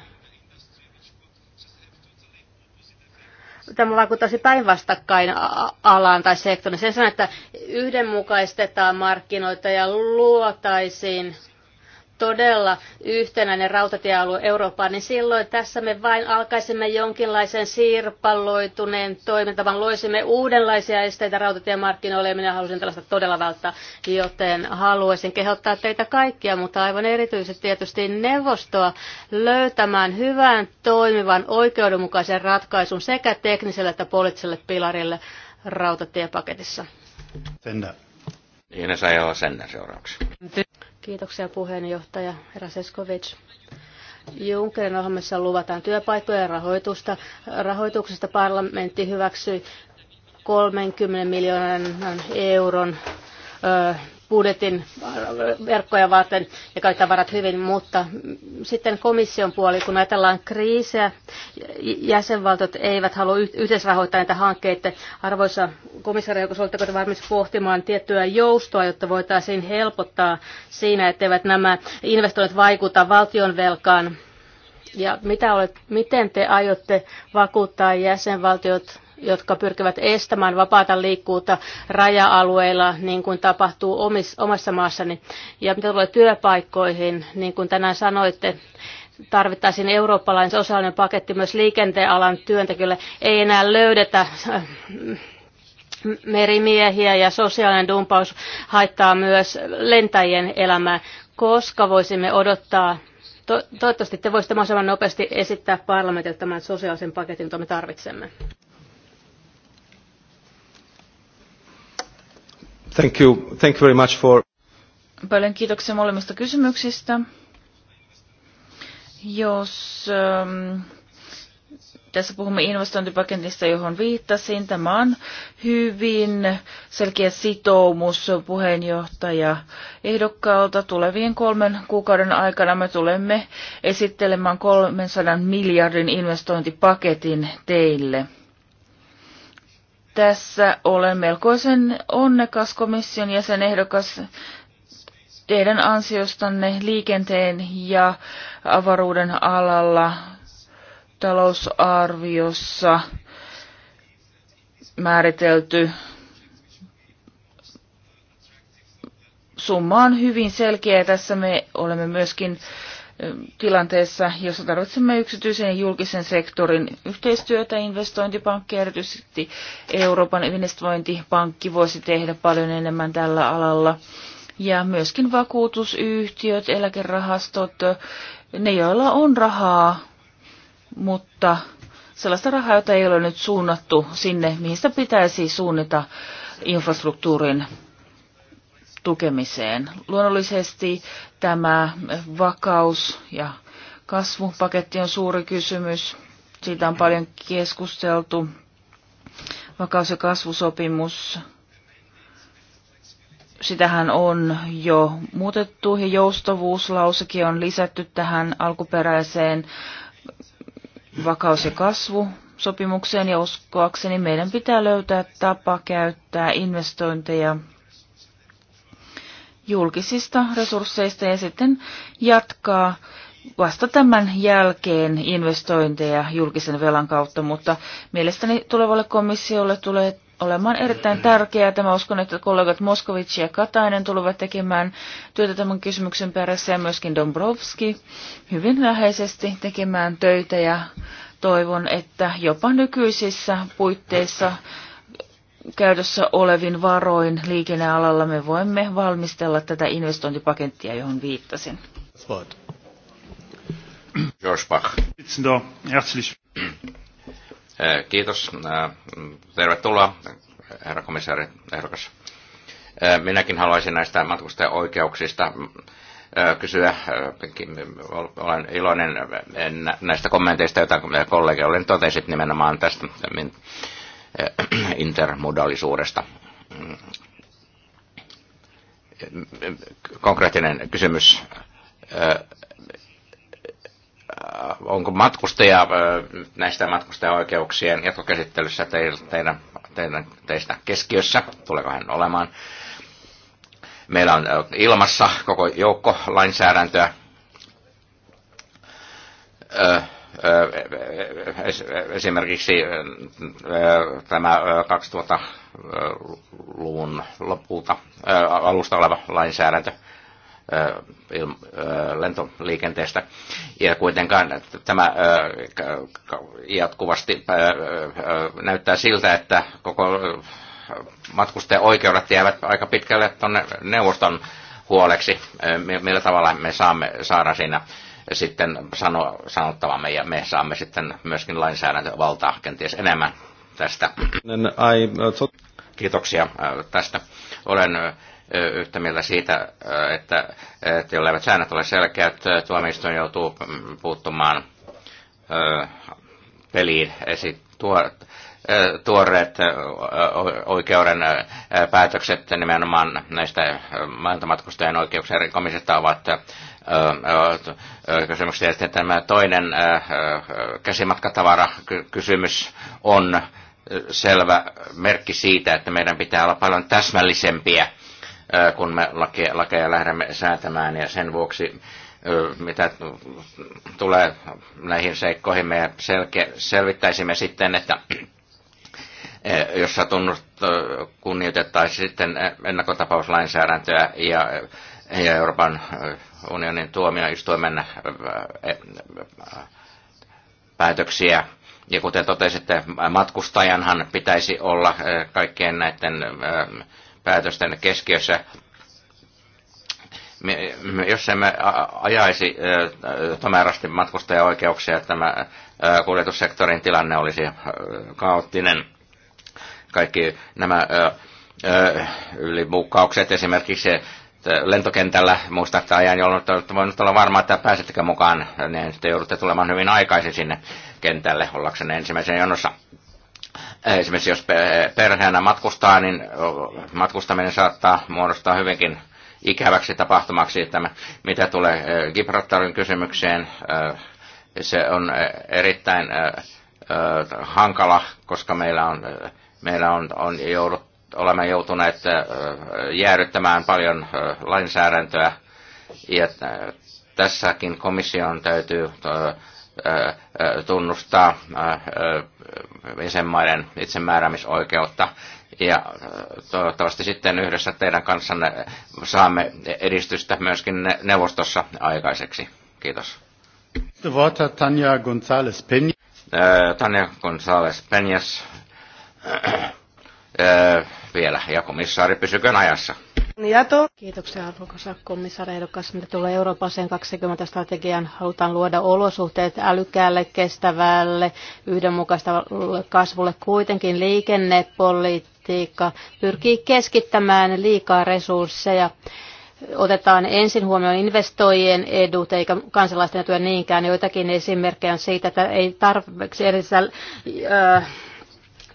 tämä vaikuttaisi päinvastakkain alaan tai sektoriin. Sen sanoo, että yhdenmukaistetaan markkinoita ja luotaisiin todella yhtenäinen rautatiealue Eurooppaan, niin silloin tässä me vain alkaisimme jonkinlaisen sirpalloituneen toimintavan, loisimme uudenlaisia esteitä rautatiemarkkinoille, ja minä halusin tällaista todella välttää, joten haluaisin kehottaa teitä kaikkia, mutta aivan erityisesti tietysti neuvostoa löytämään hyvän, toimivan, oikeudenmukaisen ratkaisun sekä tekniselle että poliittiselle pilarille rautatiepaketissa. Sennä. Ines no Ajala Sennä seuraavaksi. Kiitoksia puheenjohtaja Raseskovic. Junckerin ohjelmassa luvataan työpaikkoja ja rahoitusta. Rahoituksesta parlamentti hyväksyi 30 miljoonan euron budjetin verkkoja varten ja käyttää varat hyvin, mutta sitten komission puoli, kun ajatellaan kriisiä, jäsenvaltiot eivät halua rahoittaa näitä hankkeita. Arvoisa komissaari, oletteko te varmasti pohtimaan tiettyä joustoa, jotta voitaisiin helpottaa siinä, etteivät nämä investoinnit vaikuta valtion velkaan? Ja mitä olet, miten te aiotte vakuuttaa jäsenvaltiot jotka pyrkivät estämään vapaata liikkuutta raja-alueilla, niin kuin tapahtuu omis, omassa maassani. Ja mitä tulee työpaikkoihin, niin kuin tänään sanoitte, tarvittaisiin eurooppalainen sosiaalinen paketti myös liikenteen alan työntekijöille. Ei enää löydetä äh, merimiehiä ja sosiaalinen dumpaus haittaa myös lentäjien elämää. Koska voisimme odottaa to- toivottavasti te voisitte mahdollisimman nopeasti esittää parlamentille tämän sosiaalisen paketin, jota me tarvitsemme. Thank you. Thank you very much for... Paljon kiitoksia molemmista kysymyksistä. Jos ähm, tässä puhumme investointipaketista, johon viittasin, tämä on hyvin selkeä sitoumus puheenjohtaja ehdokkaalta. Tulevien kolmen kuukauden aikana me tulemme esittelemään 300 miljardin investointipaketin teille tässä olen melkoisen onnekas komission jäsenehdokas teidän ansiostanne liikenteen ja avaruuden alalla talousarviossa määritelty summa on hyvin selkeä. Tässä me olemme myöskin tilanteessa, jossa tarvitsemme yksityisen ja julkisen sektorin yhteistyötä, investointipankki, erityisesti Euroopan investointipankki voisi tehdä paljon enemmän tällä alalla. Ja myöskin vakuutusyhtiöt, eläkerahastot, ne joilla on rahaa, mutta sellaista rahaa, jota ei ole nyt suunnattu sinne, mihin sitä pitäisi suunnata infrastruktuurin tukemiseen. Luonnollisesti tämä vakaus- ja kasvupaketti on suuri kysymys. Siitä on paljon keskusteltu. Vakaus- ja kasvusopimus, sitähän on jo muutettu ja joustavuuslausekin on lisätty tähän alkuperäiseen vakaus- ja kasvusopimukseen ja uskoakseni meidän pitää löytää tapa käyttää investointeja – julkisista resursseista ja sitten jatkaa vasta tämän jälkeen investointeja julkisen velan kautta, mutta mielestäni tulevalle komissiolle tulee olemaan erittäin tärkeää. Tämä uskon, että kollegat Moskovic ja Katainen tulevat tekemään työtä tämän kysymyksen perässä ja myöskin Dombrovski hyvin läheisesti tekemään töitä ja toivon, että jopa nykyisissä puitteissa käytössä olevin varoin liikennealalla me voimme valmistella tätä investointipakettia, johon viittasin. George Bach. Eh, kiitos. Eh, tervetuloa, herra komissaari ehdokas. Eh, minäkin haluaisin näistä matkustajaoikeuksista kysyä. Olen iloinen näistä kommenteista, joita kollega olen totesit nimenomaan tästä Äh, intermodaalisuudesta. Konkreettinen kysymys äh, onko matkustaja äh, näistä matkustajaoikeuksien jatkokäsittelyssä teidän, teidän, teistä keskiössä? Tuleeko hän olemaan? Meillä on ilmassa koko joukko lainsäädäntöä esimerkiksi tämä 2000-luvun lopulta alusta oleva lainsäädäntö lentoliikenteestä. Ja kuitenkaan tämä jatkuvasti näyttää siltä, että koko oikeudet jäävät aika pitkälle tuonne neuvoston huoleksi, millä tavalla me saamme saada siinä sitten sano, me ja me saamme sitten myöskin lainsäädäntövaltaa kenties enemmän tästä. Kiitoksia äh, tästä. Olen äh, yhtä mieltä siitä, äh, että, että jolleivät säännöt ole selkeät, tuomioistuin joutuu mm, puuttumaan peliin. Esi- tuo, tuoreet oikeuden päätökset nimenomaan näistä maailmanmatkustajien oikeuksien rikkomisesta ovat kysymyksiä. Ja sitten tämä toinen käsimatkatavarakysymys on selvä merkki siitä, että meidän pitää olla paljon täsmällisempiä, kun me lakeja, lähdemme säätämään, ja sen vuoksi mitä tulee näihin seikkoihin, me selvittäisimme sitten, että jos tunnust, kunnioitettaisiin sitten ennakkotapauslainsäädäntöä ja ja Euroopan unionin tuomioistuimen päätöksiä. Ja kuten totesitte, matkustajanhan pitäisi olla kaikkien näiden päätösten keskiössä. Jos emme ajaisi tomerasti matkustajaoikeuksia, tämä kuljetussektorin tilanne olisi kaoottinen. Kaikki nämä ylimukkaukset esimerkiksi lentokentällä, että ajan, jolloin olette voineet olla varma, että pääsettekö mukaan, niin sitten joudutte tulemaan hyvin aikaisin sinne kentälle ollaksenne ensimmäisen jonossa. Esimerkiksi jos perheenä matkustaa, niin matkustaminen saattaa muodostaa hyvinkin ikäväksi tapahtumaksi, että mitä tulee Gibraltarin kysymykseen, se on erittäin hankala, koska meillä on, meillä on, on jouduttu olemme joutuneet jäädyttämään paljon lainsäädäntöä. Ja tässäkin komission täytyy tunnustaa jäsenmaiden itsemääräämisoikeutta. Ja toivottavasti sitten yhdessä teidän kanssanne saamme edistystä myöskin neuvostossa aikaiseksi. Kiitos. Tanja González Penjas. Tanja González Penjas vielä, ja komissaari pysykön ajassa. Jato. Kiitoksia arvokas komissaari ehdokas. Mitä tulee Euroopan sen 20 strategian, halutaan luoda olosuhteet älykkäälle, kestävälle, yhdenmukaiselle kasvulle. Kuitenkin liikennepolitiikka pyrkii keskittämään liikaa resursseja otetaan ensin huomioon investoijien edut eikä kansalaisten etuja niinkään. Joitakin esimerkkejä on siitä, että ei tarpeeksi Äh,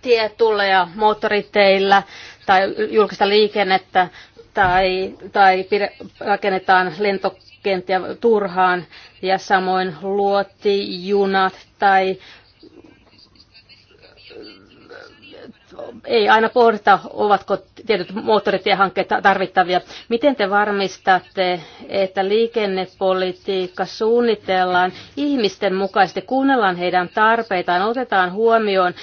tietulleja moottoriteillä tai julkista liikennettä tai, tai rakennetaan lentokenttiä turhaan ja samoin luotijunat tai ei aina pohdita, ovatko tietyt moottoritiehankkeet tarvittavia. Miten te varmistatte, että liikennepolitiikka suunnitellaan ihmisten mukaisesti, kuunnellaan heidän tarpeitaan, otetaan huomioon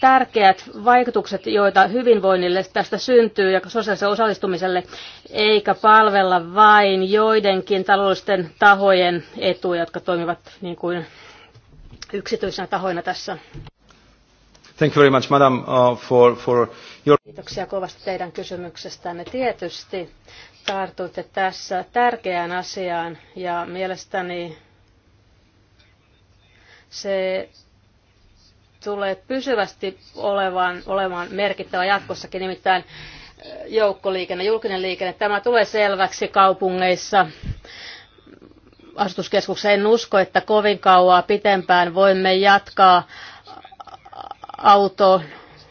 tärkeät vaikutukset, joita hyvinvoinnille tästä syntyy ja sosiaaliselle osallistumiselle, eikä palvella vain joidenkin taloudellisten tahojen etuja, jotka toimivat niin kuin yksityisenä tahoina tässä. Thank you very much, madam, uh, for, for your... Kiitoksia kovasti teidän kysymyksestänne. Tietysti tartuitte tässä tärkeään asiaan ja mielestäni se tulee pysyvästi olevan, olemaan merkittävä jatkossakin, nimittäin eh, joukkoliikenne, julkinen liikenne. Tämä tulee selväksi kaupungeissa, asutuskeskuksessa. En usko, että kovin kauan pitempään voimme jatkaa auto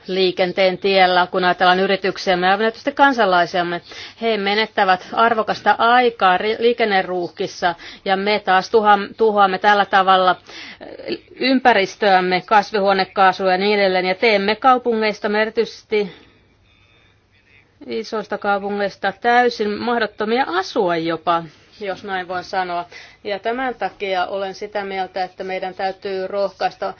liikenteen tiellä, kun ajatellaan yrityksiämme ja tietysti kansalaisiamme. He menettävät arvokasta aikaa liikenneruuhkissa ja me taas tuhoamme tällä tavalla eh, ympäristöämme, kasvihuonekaasuja ja niin edelleen ja teemme kaupungeista erityisesti isoista kaupungeista täysin mahdottomia asua jopa jos näin voin sanoa. Ja tämän takia olen sitä mieltä, että meidän täytyy rohkaista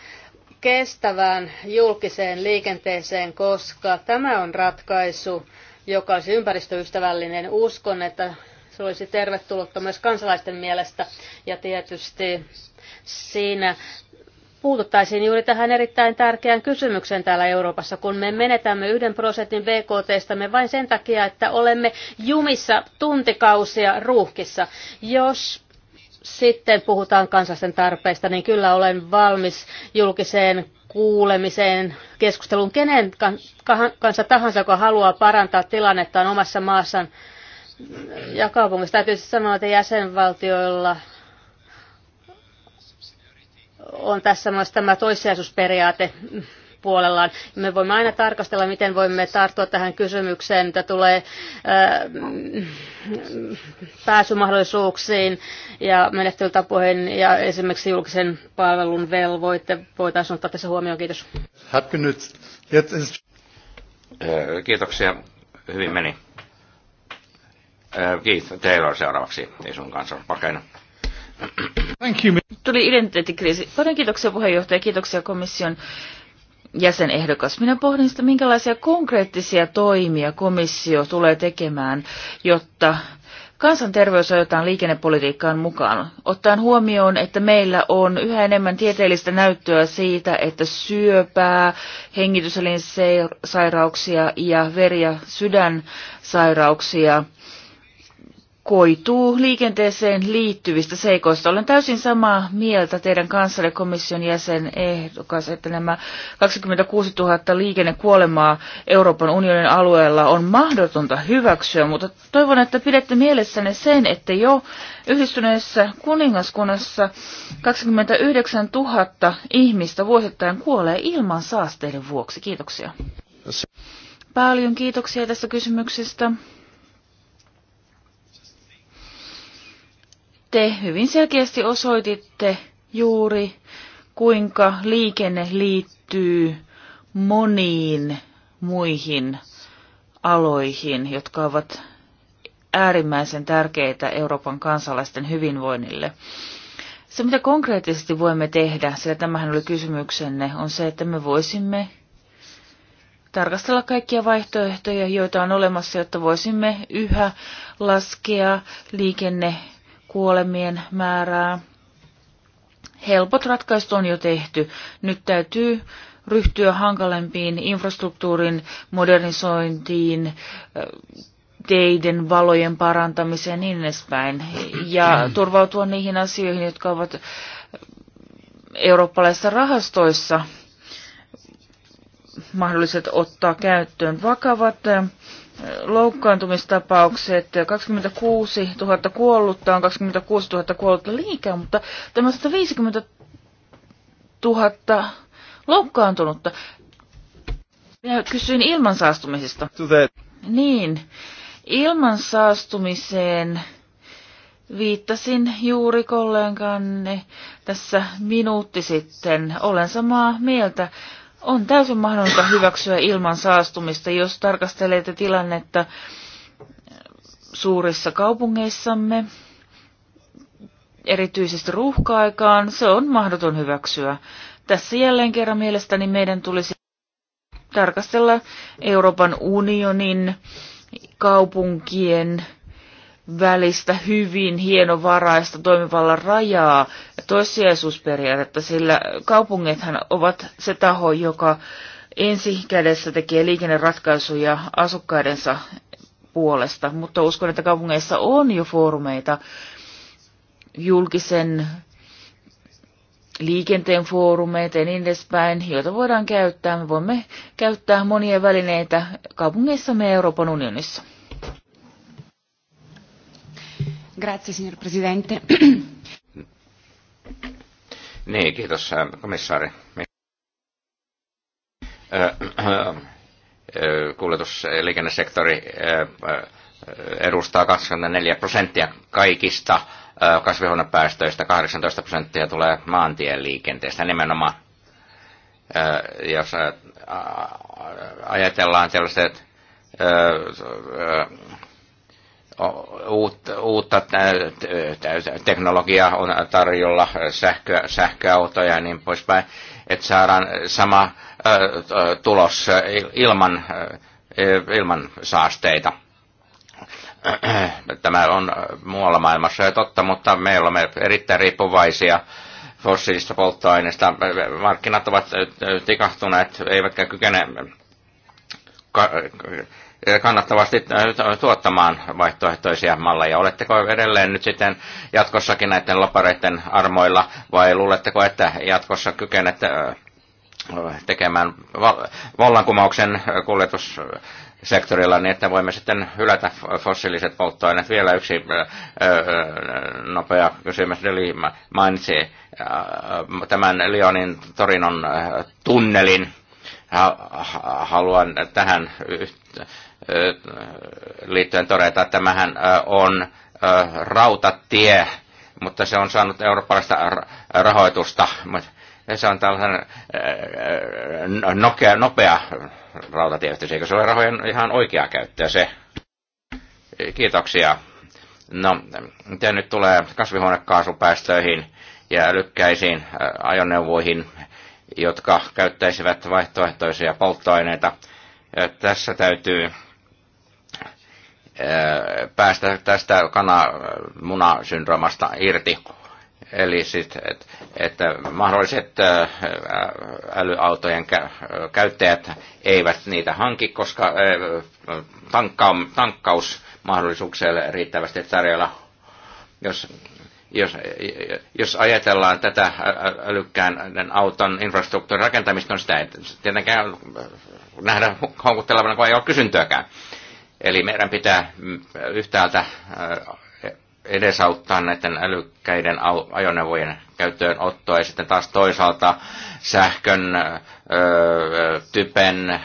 kestävään julkiseen liikenteeseen, koska tämä on ratkaisu, joka olisi ympäristöystävällinen. Uskon, että se olisi tervetullutta myös kansalaisten mielestä. Ja tietysti siinä puututtaisiin juuri tähän erittäin tärkeään kysymykseen täällä Euroopassa, kun me menetämme yhden prosentin BKTstämme vain sen takia, että olemme jumissa tuntikausia ruuhkissa. Jos sitten puhutaan kansallisten tarpeista, niin kyllä olen valmis julkiseen kuulemiseen, keskusteluun kenen kanssa tahansa, joka haluaa parantaa tilannettaan omassa maassaan ja kaupungissa. Täytyy siis sanoa, että jäsenvaltioilla on tässä myös tämä toissijaisuusperiaate puolellaan. Me voimme aina tarkastella, miten voimme tarttua tähän kysymykseen, mitä tulee ää, äh, pääsymahdollisuuksiin ja menettelytapoihin ja esimerkiksi julkisen palvelun velvoitte. Voitaisiin ottaa tässä huomioon. Kiitos. Äh, kiitoksia. Hyvin meni. Äh, Keith Taylor seuraavaksi, ei sun kanssa pakena. Thank you. Tuli identiteettikriisi. Paljon kiitoksia puheenjohtaja, kiitoksia komission jäsenehdokas. Minä pohdin sitä, minkälaisia konkreettisia toimia komissio tulee tekemään, jotta kansanterveys ajetaan liikennepolitiikkaan mukaan, ottaen huomioon, että meillä on yhä enemmän tieteellistä näyttöä siitä, että syöpää, hengityselinsairauksia ja veri- ja sydänsairauksia – koituu liikenteeseen liittyvistä seikoista. Olen täysin samaa mieltä teidän kanssanne komission jäsen ehdokas, että nämä 26 000 liikennekuolemaa Euroopan unionin alueella on mahdotonta hyväksyä, mutta toivon, että pidätte mielessänne sen, että jo yhdistyneessä kuningaskunnassa 29 000 ihmistä vuosittain kuolee ilman saasteiden vuoksi. Kiitoksia. Paljon kiitoksia tästä kysymyksestä. te hyvin selkeästi osoititte juuri, kuinka liikenne liittyy moniin muihin aloihin, jotka ovat äärimmäisen tärkeitä Euroopan kansalaisten hyvinvoinnille. Se, mitä konkreettisesti voimme tehdä, sillä tämähän oli kysymyksenne, on se, että me voisimme tarkastella kaikkia vaihtoehtoja, joita on olemassa, jotta voisimme yhä laskea liikenne kuolemien määrää. Helpot ratkaisut on jo tehty. Nyt täytyy ryhtyä hankalempiin infrastruktuurin modernisointiin, teiden valojen parantamiseen ja niin edespäin. Ja turvautua niihin asioihin, jotka ovat eurooppalaisissa rahastoissa mahdolliset ottaa käyttöön. Vakavat loukkaantumistapaukset, 26 000 kuollutta on 26 000 kuollutta liikaa, mutta tämä 150 000 loukkaantunutta. Minä kysyin ilmansaastumisesta. Niin, ilmansaastumiseen viittasin juuri kolleganne tässä minuutti sitten. Olen samaa mieltä on täysin mahdollista hyväksyä ilman saastumista, jos tarkastelee tilannetta suurissa kaupungeissamme, erityisesti ruuhka-aikaan, se on mahdoton hyväksyä. Tässä jälleen kerran mielestäni meidän tulisi tarkastella Euroopan unionin kaupunkien välistä hyvin hienovaraista toimivalla rajaa ja toissijaisuusperiaatetta, sillä kaupungethan ovat se taho, joka ensi kädessä tekee liikenneratkaisuja asukkaidensa puolesta, mutta uskon, että kaupungeissa on jo foorumeita, julkisen liikenteen foorumeita ja niin edespäin, joita voidaan käyttää. Me voimme käyttää monia välineitä kaupungeissa ja Euroopan unionissa. Grazie, signor Presidente. Niin, kiitos komissaari. Kuljetusliikennesektori edustaa 24 prosenttia kaikista kasvihuonepäästöistä, 18 prosenttia tulee maantien liikenteestä nimenomaan. Jos ajatellaan sellaiset uutta, uutta teknologiaa on tarjolla, sähkö, sähköautoja ja niin poispäin, että saadaan sama tulos ilman, ilman saasteita. Tämä on muualla maailmassa jo totta, mutta me olemme erittäin riippuvaisia fossiilista polttoaineista. Markkinat ovat tikahtuneet, eivätkä kykene kannattavasti äh, tuottamaan vaihtoehtoisia malleja. Oletteko edelleen nyt sitten jatkossakin näiden lopareiden armoilla vai luuletteko, että jatkossa kykenette äh, tekemään vallankumouksen kuljetus sektorilla, niin että voimme sitten hylätä fossiiliset polttoaineet. Vielä yksi äh, nopea kysymys. eli mainitsi tämän Lyonin Torinon tunnelin. Haluan tähän liittyen todeta, että tämähän on rautatie, mutta se on saanut eurooppalaista rahoitusta. Se on tällainen nokea, nopea rautatieyhteys, eikö se ole rahojen ihan oikeaa käyttöä se? Kiitoksia. No, miten nyt tulee kasvihuonekaasupäästöihin ja älykkäisiin ajoneuvoihin, jotka käyttäisivät vaihtoehtoisia polttoaineita. Tässä täytyy Äh, päästä tästä kananmunasyndroomasta irti. Eli sit, et, että mahdolliset äh, älyautojen käyttäjät eivät niitä hanki, koska äh, tankka, tankkausmahdollisuuksille ei ole riittävästi tarjolla. Jos, jos, jos ajatellaan tätä älykkään auton infrastruktuurin rakentamista, on niin sitä ei tietenkään nähdä houkuttelevana, kun ei ole kysyntöäkään Eli meidän pitää mm, yhtäältä äh, edesauttaa näiden älykkäiden ajoneuvojen käyttöönottoa ja sitten taas toisaalta sähkön, äh, typen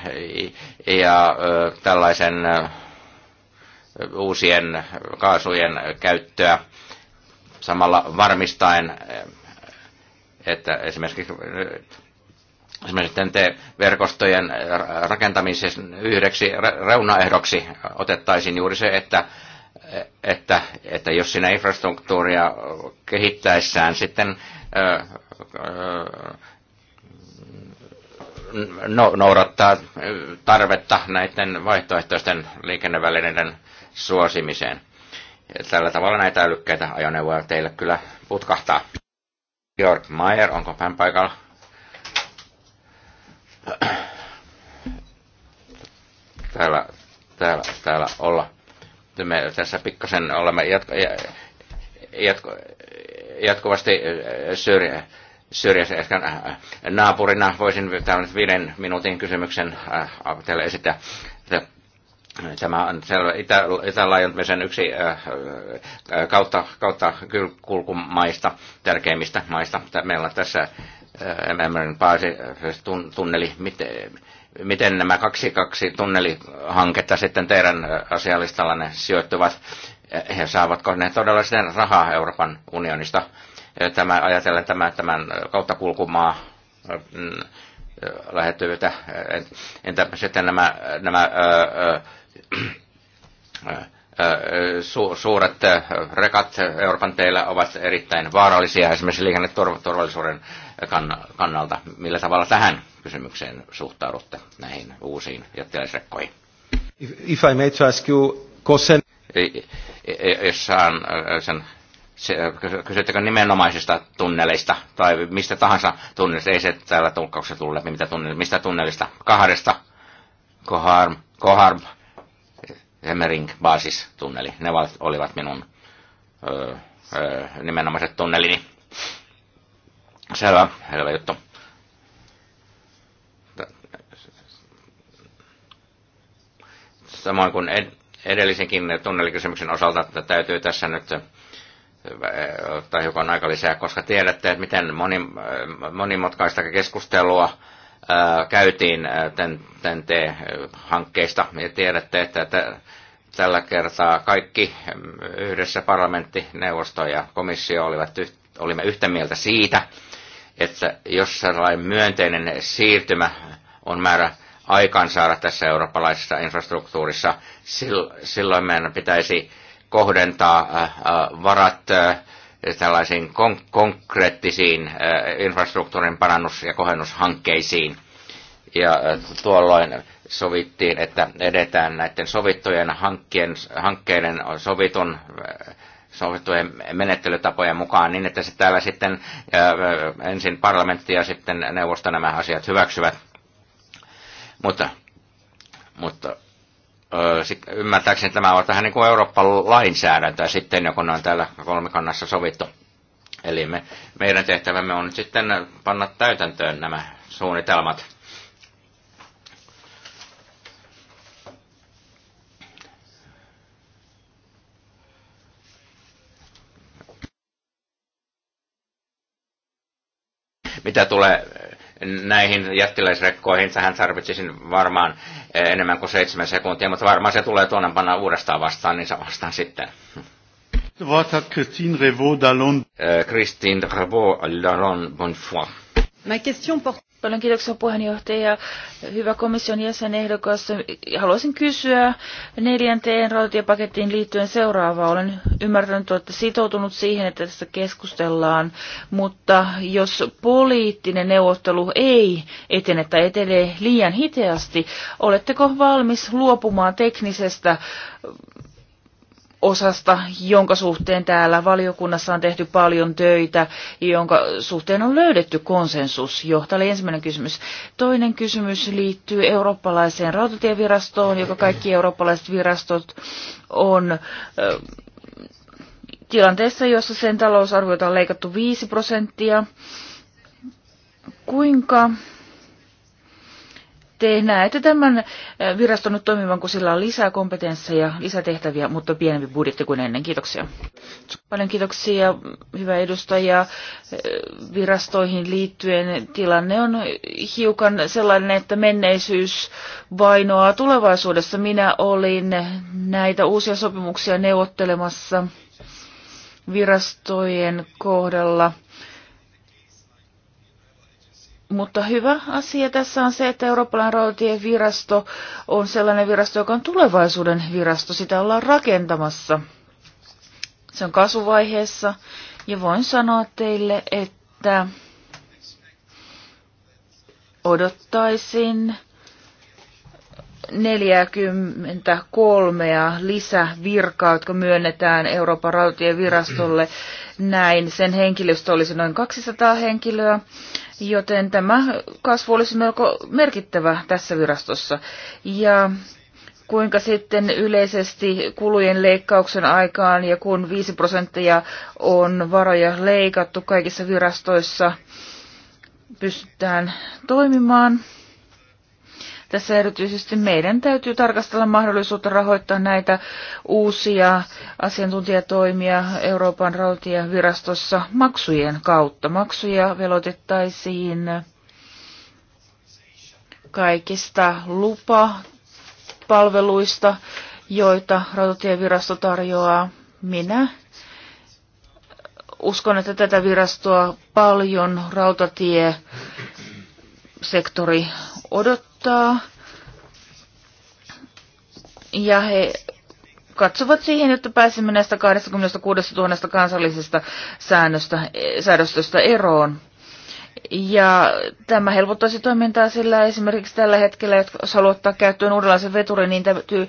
ja äh, tällaisen uusien kaasujen käyttöä samalla varmistaen, että esimerkiksi esimerkiksi tnt verkostojen rakentamisen yhdeksi reunaehdoksi otettaisiin juuri se, että, että, että jos sinä infrastruktuuria kehittäessään sitten no, noudattaa tarvetta näiden vaihtoehtoisten liikennevälineiden suosimiseen. Tällä tavalla näitä älykkäitä ajoneuvoja teille kyllä putkahtaa. Georg Mayer, onko hän paikalla? täällä, täällä, täällä olla. Me tässä pikkasen olemme jatko, jatko, jatkuvasti syrjä, syrjässä äsken naapurina. Voisin tämän viiden minuutin kysymyksen äh, teille esittää. Äh, tämä on selvä itä, yksi äh, kautta, kautta kulkumaista, tärkeimmistä maista. Meillä on tässä Mämmönen Paasi tunneli, miten, miten nämä kaksi kaksi tunnelihanketta sitten teidän asialistallanne sijoittuvat, he saavatko ne todella sitten rahaa Euroopan unionista, tämä, ajatellen tämän, tämän kulkumaa mm, lähettyvyyttä, entä sitten nämä, nämä öö, öö, su, suuret rekat Euroopan teillä ovat erittäin vaarallisia esimerkiksi liikenneturvallisuuden kannalta. Millä tavalla tähän kysymykseen suhtaudutte näihin uusiin jättiläisrekkoihin? If, if I may to ask you, Kosen... Jos saan äh, sen äh, kysyttekö nimenomaisista tunneleista tai mistä tahansa tunnelista, ei se täällä tulkkauksessa tule mitä tunnelista, mistä tunnelista, kahdesta, Koharm, Koharm, Hemmering, Basis tunneli, ne olivat minun ö, ö, nimenomaiset tunnelini. Selvä, selvä juttu. Samoin kuin edellisenkin tunnelikysymyksen osalta, että täytyy tässä nyt äh, ottaa hiukan aika lisää, koska tiedätte, että miten moni, äh, monimutkaista keskustelua ää, äh, käytiin tämän hankkeista ja tiedätte, että, että tällä kertaa kaikki mm, yhdessä parlamentti, neuvosto ja komissio olivat, olimme yhtä mieltä siitä, että jos sellainen myönteinen siirtymä on määrä aikaansaada tässä eurooppalaisessa infrastruktuurissa, silloin meidän pitäisi kohdentaa äh, äh, varat äh, tällaisiin konkreettisiin infrastruktuurin parannus- ja kohennushankkeisiin. Ja tuolloin sovittiin, että edetään näiden sovittujen hankkeiden sovitun sovittujen menettelytapojen mukaan niin, että se täällä sitten ensin parlamentti ja sitten neuvosto nämä asiat hyväksyvät. Mutta, mutta ymmärtääkseni tämä on vähän niin kuin Euroopan lainsäädäntöä sitten, joku on täällä kolmikannassa sovittu. Eli me, meidän tehtävämme on nyt sitten panna täytäntöön nämä suunnitelmat. Mitä tulee näihin jättiläisrekkoihin, tähän tarvitsisin varmaan enemmän kuin seitsemän sekuntia, mutta varmaan se tulee tuonne panna uudestaan vastaan, niin se vastaan sitten. Christine Revaud-Dallon. Äh, Christine Revaud-Dallon, bonne foi. Ma question porte Paljon kiitoksia puheenjohtaja. Hyvä komission jäsenehdokas. Haluaisin kysyä neljänteen rautatiepakettiin liittyen seuraavaa. Olen ymmärtänyt, että olette sitoutunut siihen, että tästä keskustellaan, mutta jos poliittinen neuvottelu ei etene tai etenee liian hiteästi, oletteko valmis luopumaan teknisestä osasta, jonka suhteen täällä valiokunnassa on tehty paljon töitä, jonka suhteen on löydetty konsensus jo. Tämä oli ensimmäinen kysymys. Toinen kysymys liittyy eurooppalaiseen rautatievirastoon, joka kaikki eurooppalaiset virastot on tilanteessa, jossa sen talousarviota on leikattu 5 prosenttia. Kuinka te näette tämän viraston nyt toimivan, kun sillä on lisää kompetensseja, lisätehtäviä, mutta pienempi budjetti kuin ennen. Kiitoksia. Paljon kiitoksia, hyvä edustaja. Virastoihin liittyen tilanne on hiukan sellainen, että menneisyys vainoaa tulevaisuudessa. Minä olin näitä uusia sopimuksia neuvottelemassa virastojen kohdalla – mutta hyvä asia tässä on se, että Eurooppalainen rautatievirasto on sellainen virasto, joka on tulevaisuuden virasto. Sitä ollaan rakentamassa. Se on kasvuvaiheessa. Ja voin sanoa teille, että odottaisin 43 lisävirkaa, jotka myönnetään Euroopan rautatievirastolle. Näin sen henkilöstö olisi noin 200 henkilöä, joten tämä kasvu olisi melko merkittävä tässä virastossa. Ja kuinka sitten yleisesti kulujen leikkauksen aikaan ja kun 5 prosenttia on varoja leikattu kaikissa virastoissa, pystytään toimimaan. Tässä erityisesti meidän täytyy tarkastella mahdollisuutta rahoittaa näitä uusia asiantuntijatoimia Euroopan rautatievirastossa maksujen kautta. Maksuja velotettaisiin kaikista lupapalveluista, joita rautatievirasto tarjoaa. Minä uskon, että tätä virastoa paljon rautatie sektori odottaa. Ja he katsovat siihen, että pääsemme näistä 26 000 kansallisesta säännöstä, säädöstöstä eroon. Ja tämä helpottaisi toimintaa, sillä esimerkiksi tällä hetkellä, jos haluat ottaa käyttöön uudenlaisen veturin, niin täytyy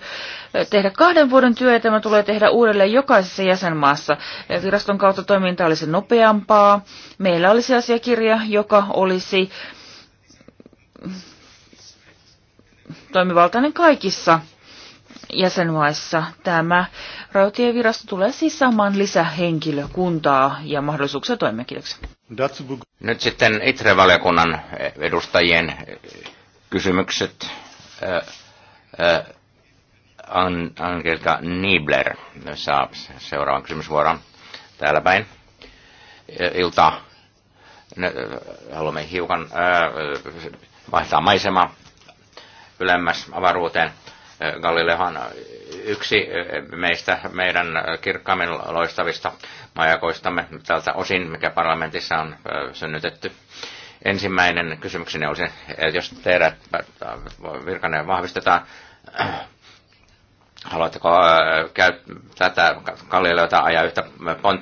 tehdä kahden vuoden työ, ja tämä tulee tehdä uudelleen jokaisessa jäsenmaassa. Viraston kautta toiminta olisi nopeampaa. Meillä olisi asiakirja, joka olisi toimivaltainen kaikissa jäsenmaissa. Tämä rautievirasto tulee siis saamaan lisähenkilökuntaa ja mahdollisuuksia toimia. Nyt sitten ITRE-valiokunnan edustajien kysymykset. Angelika Niebler saa seuraavan kysymysvuoron täällä päin. ilta Haluamme hiukan vaihtaa maisemaa ylemmäs avaruuteen. Galileohan yksi meistä, meidän kirkkaammin loistavista majakoistamme tältä osin, mikä parlamentissa on synnytetty. Ensimmäinen kysymykseni olisi, että jos teidät virkanne vahvistetaan, haluatteko käyttää tätä Galileota ajaa yhtä pont,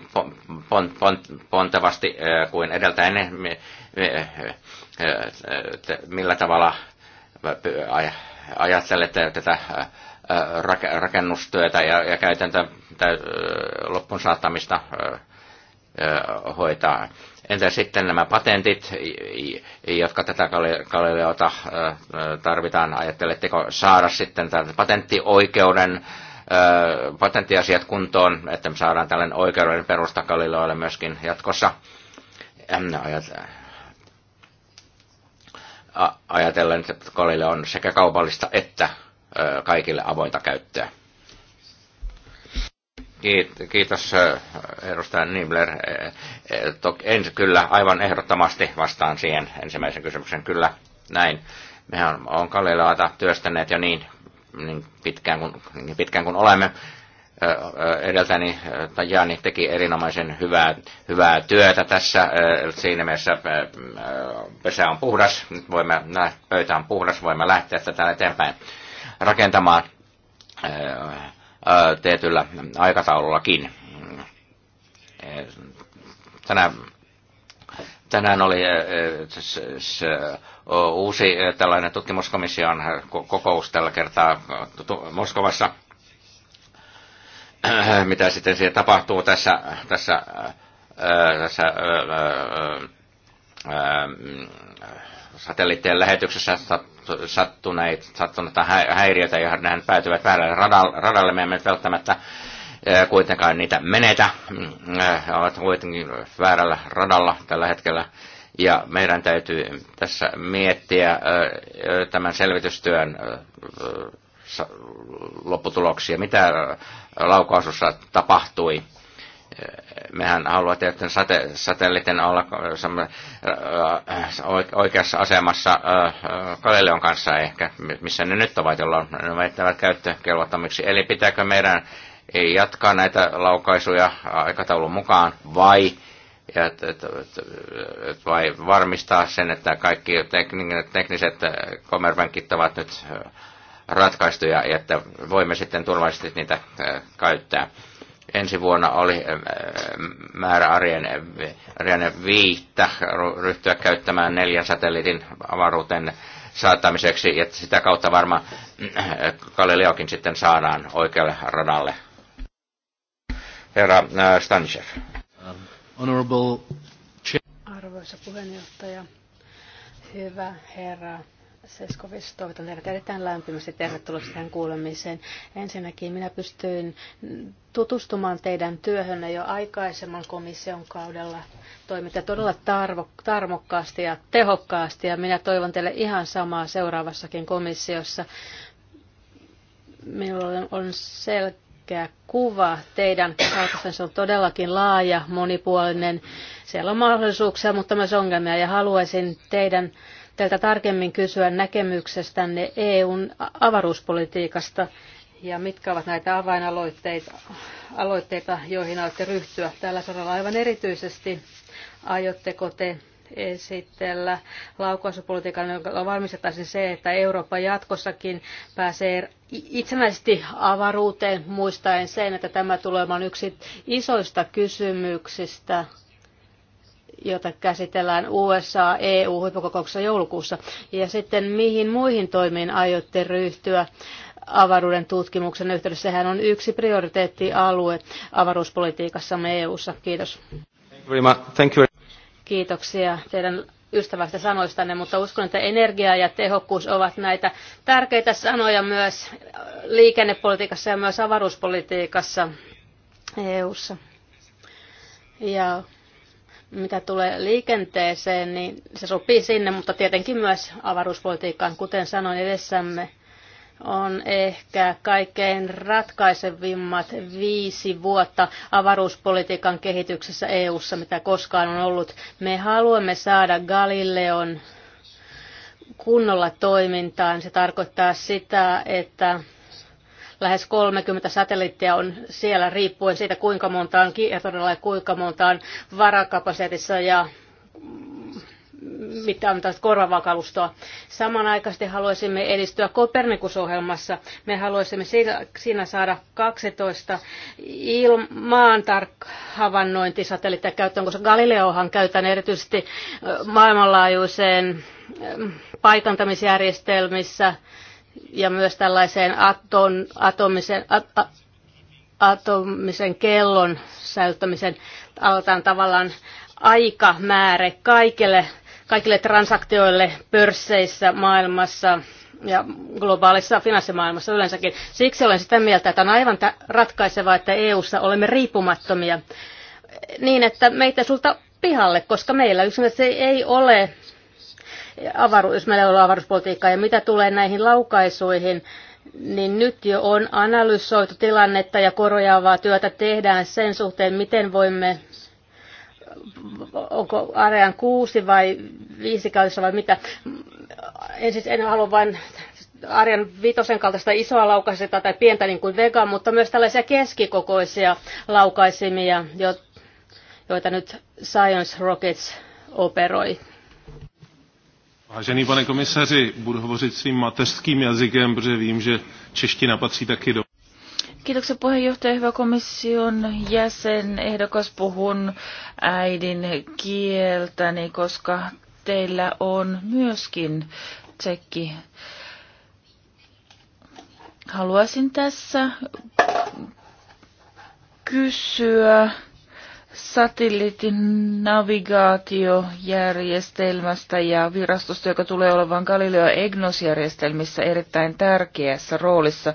pont, pont, pontevasti kuin edeltäinen, Millä tavalla ajattelette tätä rakennustyötä ja, ja käytäntö loppun saattamista hoitaa. Entä sitten nämä patentit, jotka tätä Galileota tarvitaan? Ajatteletteko saada sitten patenttioikeuden, patenttiasiat kuntoon, että me saadaan tällainen oikeuden perusta Galileolle myöskin jatkossa? ajatellen, että kolille on sekä kaupallista että kaikille avointa käyttöä. Kiitos edustaja Nibler. E, e, en kyllä aivan ehdottomasti vastaan siihen ensimmäisen kysymyksen. Kyllä näin. Mehän on Kalilaata työstäneet jo niin, niin pitkään kuin, niin pitkään kuin olemme edeltäni Tajani teki erinomaisen hyvää, hyvää työtä tässä. Siinä mielessä pesä on puhdas, nyt voimme, pöytä on puhdas, voimme lähteä tätä eteenpäin rakentamaan tietyllä aikataulullakin. Tänään, tänään oli uusi tällainen tutkimuskomission kokous tällä kertaa Moskovassa – Äh, mitä sitten siihen tapahtuu tässä, tässä, äh, tässä äh, satelliittien lähetyksessä sattuneita, sattuneita häiriöitä, johon nehän päätyvät väärälle radalle, radalle. Me emme välttämättä kuitenkaan niitä menetä, mm, ovat kuitenkin väärällä radalla tällä hetkellä. Ja meidän täytyy tässä miettiä tämän selvitystyön lopputuloksia, mitä äh, laukaisussa tapahtui. Äh, mehän haluamme tietysti sate, satelliten olla äh, oikeassa asemassa Galileon kanssa ehkä, missä ne nyt ovat, jolloin ne väittävät käyttökelvottomiksi. Eli pitääkö meidän jatkaa näitä laukaisuja aikataulun mukaan vai ja, et, et, et, vai varmistaa sen, että kaikki tekniset kommervenkit ovat nyt ratkaistuja, että voimme sitten turvallisesti niitä äh, käyttää. Ensi vuonna oli äh, määrä Ariane, viittä ryhtyä käyttämään neljän satelliitin avaruuteen saattamiseksi, että sitä kautta varmaan äh, Galileokin sitten saadaan oikealle radalle. Herra Stanishev. Um, Arvoisa puheenjohtaja, hyvä herra Seskovis, toivotan teidät erittäin lämpimästi tervetulleeksi tähän kuulemiseen. Ensinnäkin minä pystyin tutustumaan teidän työhönne jo aikaisemman komission kaudella. Toimitte todella tarvo, tarmokkaasti ja tehokkaasti ja minä toivon teille ihan samaa seuraavassakin komissiossa. Minulla on selkeä kuva teidän kautta. Se on todellakin laaja, monipuolinen. Siellä on mahdollisuuksia, mutta myös ongelmia ja haluaisin teidän teiltä tarkemmin kysyä näkemyksestänne EUn avaruuspolitiikasta ja mitkä ovat näitä avainaloitteita, aloitteita, joihin aiotte ryhtyä tällä saralla aivan erityisesti. Aiotteko te esitellä laukaisupolitiikan, jolla varmistettaisiin se, että Eurooppa jatkossakin pääsee itsenäisesti avaruuteen, muistaen sen, että tämä tulee olemaan yksi isoista kysymyksistä – jota käsitellään USA-EU-huippukokouksessa joulukuussa? Ja sitten mihin muihin toimiin aiotte ryhtyä avaruuden tutkimuksen yhteydessä? Sehän on yksi prioriteettialue avaruuspolitiikassamme EU-ssa. Kiitos. Thank you. Kiitoksia teidän ystävästä sanoistanne, mutta uskon, että energia ja tehokkuus ovat näitä tärkeitä sanoja myös liikennepolitiikassa ja myös avaruuspolitiikassa EU:ssa. Ja mitä tulee liikenteeseen, niin se sopii sinne, mutta tietenkin myös avaruuspolitiikkaan. Kuten sanoin, edessämme on ehkä kaikkein ratkaisevimmat viisi vuotta avaruuspolitiikan kehityksessä EU:ssa, mitä koskaan on ollut. Me haluamme saada Galileon kunnolla toimintaan. Se tarkoittaa sitä, että Lähes 30 satelliittia on siellä riippuen siitä, kuinka monta on kiertorilla ja kuinka monta on varakapasiteetissa ja mitä on tästä korvaavaa kalustoa. Samanaikaisesti haluaisimme edistyä Kopernikusohjelmassa. Me haluaisimme siinä saada 12 ilmaan maan käyttöön, koska Galileohan käytetään erityisesti maailmanlaajuiseen paikantamisjärjestelmissä – ja myös tällaiseen aton, atomisen, at, a, atomisen kellon säilyttämisen aletaan tavallaan aikamääre kaikille, kaikille transaktioille pörsseissä maailmassa ja globaalissa finanssimaailmassa yleensäkin. Siksi olen sitä mieltä, että on aivan ratkaisevaa, että EU:ssa olemme riippumattomia niin, että meitä sulta pihalle, koska meillä yksinkertaisesti ei ole avaruus, jos meillä ei avaruuspolitiikkaa. Ja mitä tulee näihin laukaisuihin, niin nyt jo on analysoitu tilannetta ja korjaavaa työtä tehdään sen suhteen, miten voimme onko arean kuusi vai viisi käytössä vai mitä. En siis en halua vain Arjan viitosen kaltaista isoa laukaisetta tai pientä niin kuin Vega, mutta myös tällaisia keskikokoisia laukaisimia, joita nyt Science Rockets operoi. Vážený pane komisaři, budu hovořit svým mateřským jazykem, protože vím, že čeština patří taky do... Kiitoksia puheenjohtaja, hyvä komission jäsen, ehdokas puhun äidin kieltäni, koska teillä on myöskin tsekki. Haluaisin tässä kysyä satelliittinavigaatiojärjestelmästä ja virastosta, joka tulee olevan Galileo Egnos-järjestelmissä erittäin tärkeässä roolissa.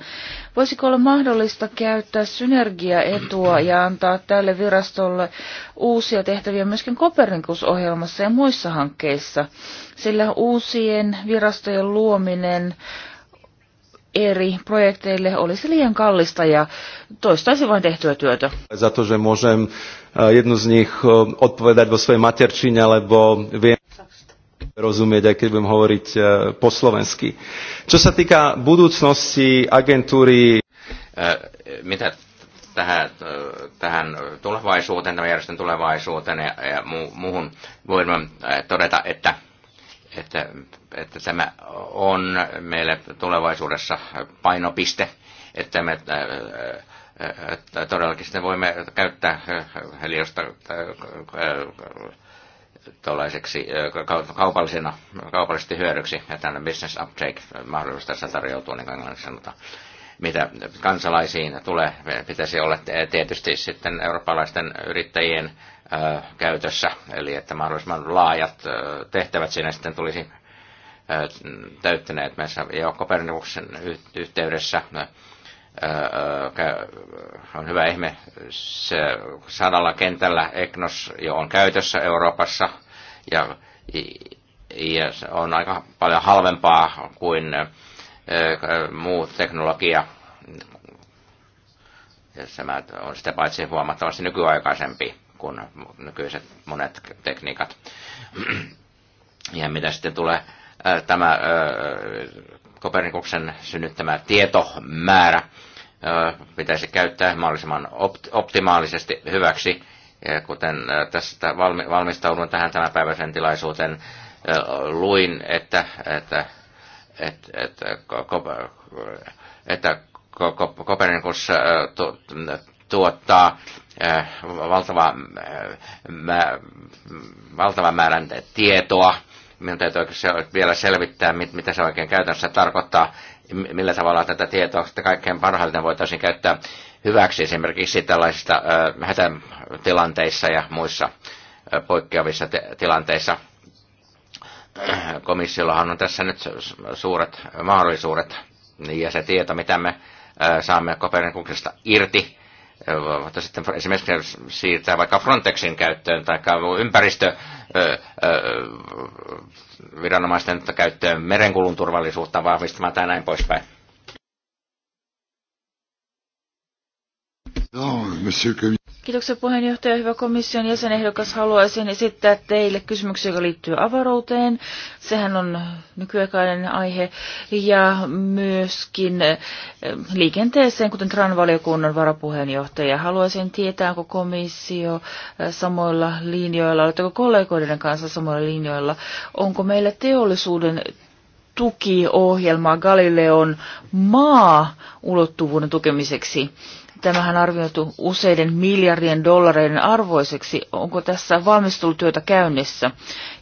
Voisiko olla mahdollista käyttää synergiaetua ja antaa tälle virastolle uusia tehtäviä myöskin Kopernikus-ohjelmassa ja muissa hankkeissa, sillä uusien virastojen luominen eri projekteille olisi liian kallista ja toistaisi vain tehtyä työtä. Za to, že môžem e, jednu z nich e, odpovedať vo svojej materčine, lebo viem rozumieť, aj keď budem hovoriť e, po slovensky. Čo sa týka budúcnosti agentúry... Mitä tähän, tähän tulevaisuuteen, tämän järjestön tulevaisuuteen ja, ja muuhun voimme todeta, että että, että tämä on meille tulevaisuudessa painopiste, että me että äh, äh, todellakin sitten voimme käyttää äh, heliosta tuollaiseksi kaupallisena, kaupallisesti hyödyksi, ja tämmöinen business uptake mahdollisuus tässä tarjoutuu, niin kuin sanotaan mitä kansalaisiin tulee, pitäisi olla tietysti sitten eurooppalaisten yrittäjien käytössä, eli että mahdollisimman laajat tehtävät siinä sitten tulisi täyttäneet meissä jo Kopernikuksen yhteydessä. On hyvä ihme, se sadalla kentällä EGNOS jo on käytössä Euroopassa ja, se on aika paljon halvempaa kuin muu teknologia. Ja se on sitä paitsi huomattavasti nykyaikaisempi kuin nykyiset monet tekniikat. Ja mitä sitten tulee tämä Kopernikuksen synnyttämä tietomäärä, pitäisi käyttää mahdollisimman optimaalisesti hyväksi, kuten tästä valmistaudun tähän tämänpäiväisen tilaisuuteen, luin, että, että, että, että, että Kopernikus tuottaa Äh, valtava, äh, mä, valtavan määrän tietoa. Minun täytyy vielä selvittää, mit, mitä se oikein käytännössä tarkoittaa, millä tavalla tätä tietoa sitten kaikkein parhaiten voitaisiin käyttää hyväksi esimerkiksi tällaisista tällaisissa äh, hätätilanteissa ja muissa poikkeavissa tilanteissa. Komissiollahan on tässä nyt suuret mahdollisuudet niin ja se tieto, mitä me saamme Kopernikuksesta irti, mutta sitten esimerkiksi siirtää vaikka Frontexin käyttöön tai ympäristöviranomaisten käyttöön merenkulun turvallisuutta vahvistamaan tai näin poispäin. No, monsieur Kiitoksia puheenjohtaja. Hyvä komission jäsenehdokas. Haluaisin esittää teille kysymyksiä, joka liittyy avaruuteen. Sehän on nykyaikainen aihe. Ja myöskin eh, liikenteeseen, kuten TRAN-valiokunnan varapuheenjohtaja. Haluaisin tietää, onko komissio eh, samoilla linjoilla, oletteko kollegoiden kanssa samoilla linjoilla. Onko meillä teollisuuden tukiohjelmaa Galileon maa-ulottuvuuden tukemiseksi? Tämähän arvioitu useiden miljardien dollareiden arvoiseksi. Onko tässä valmistelutyötä käynnissä?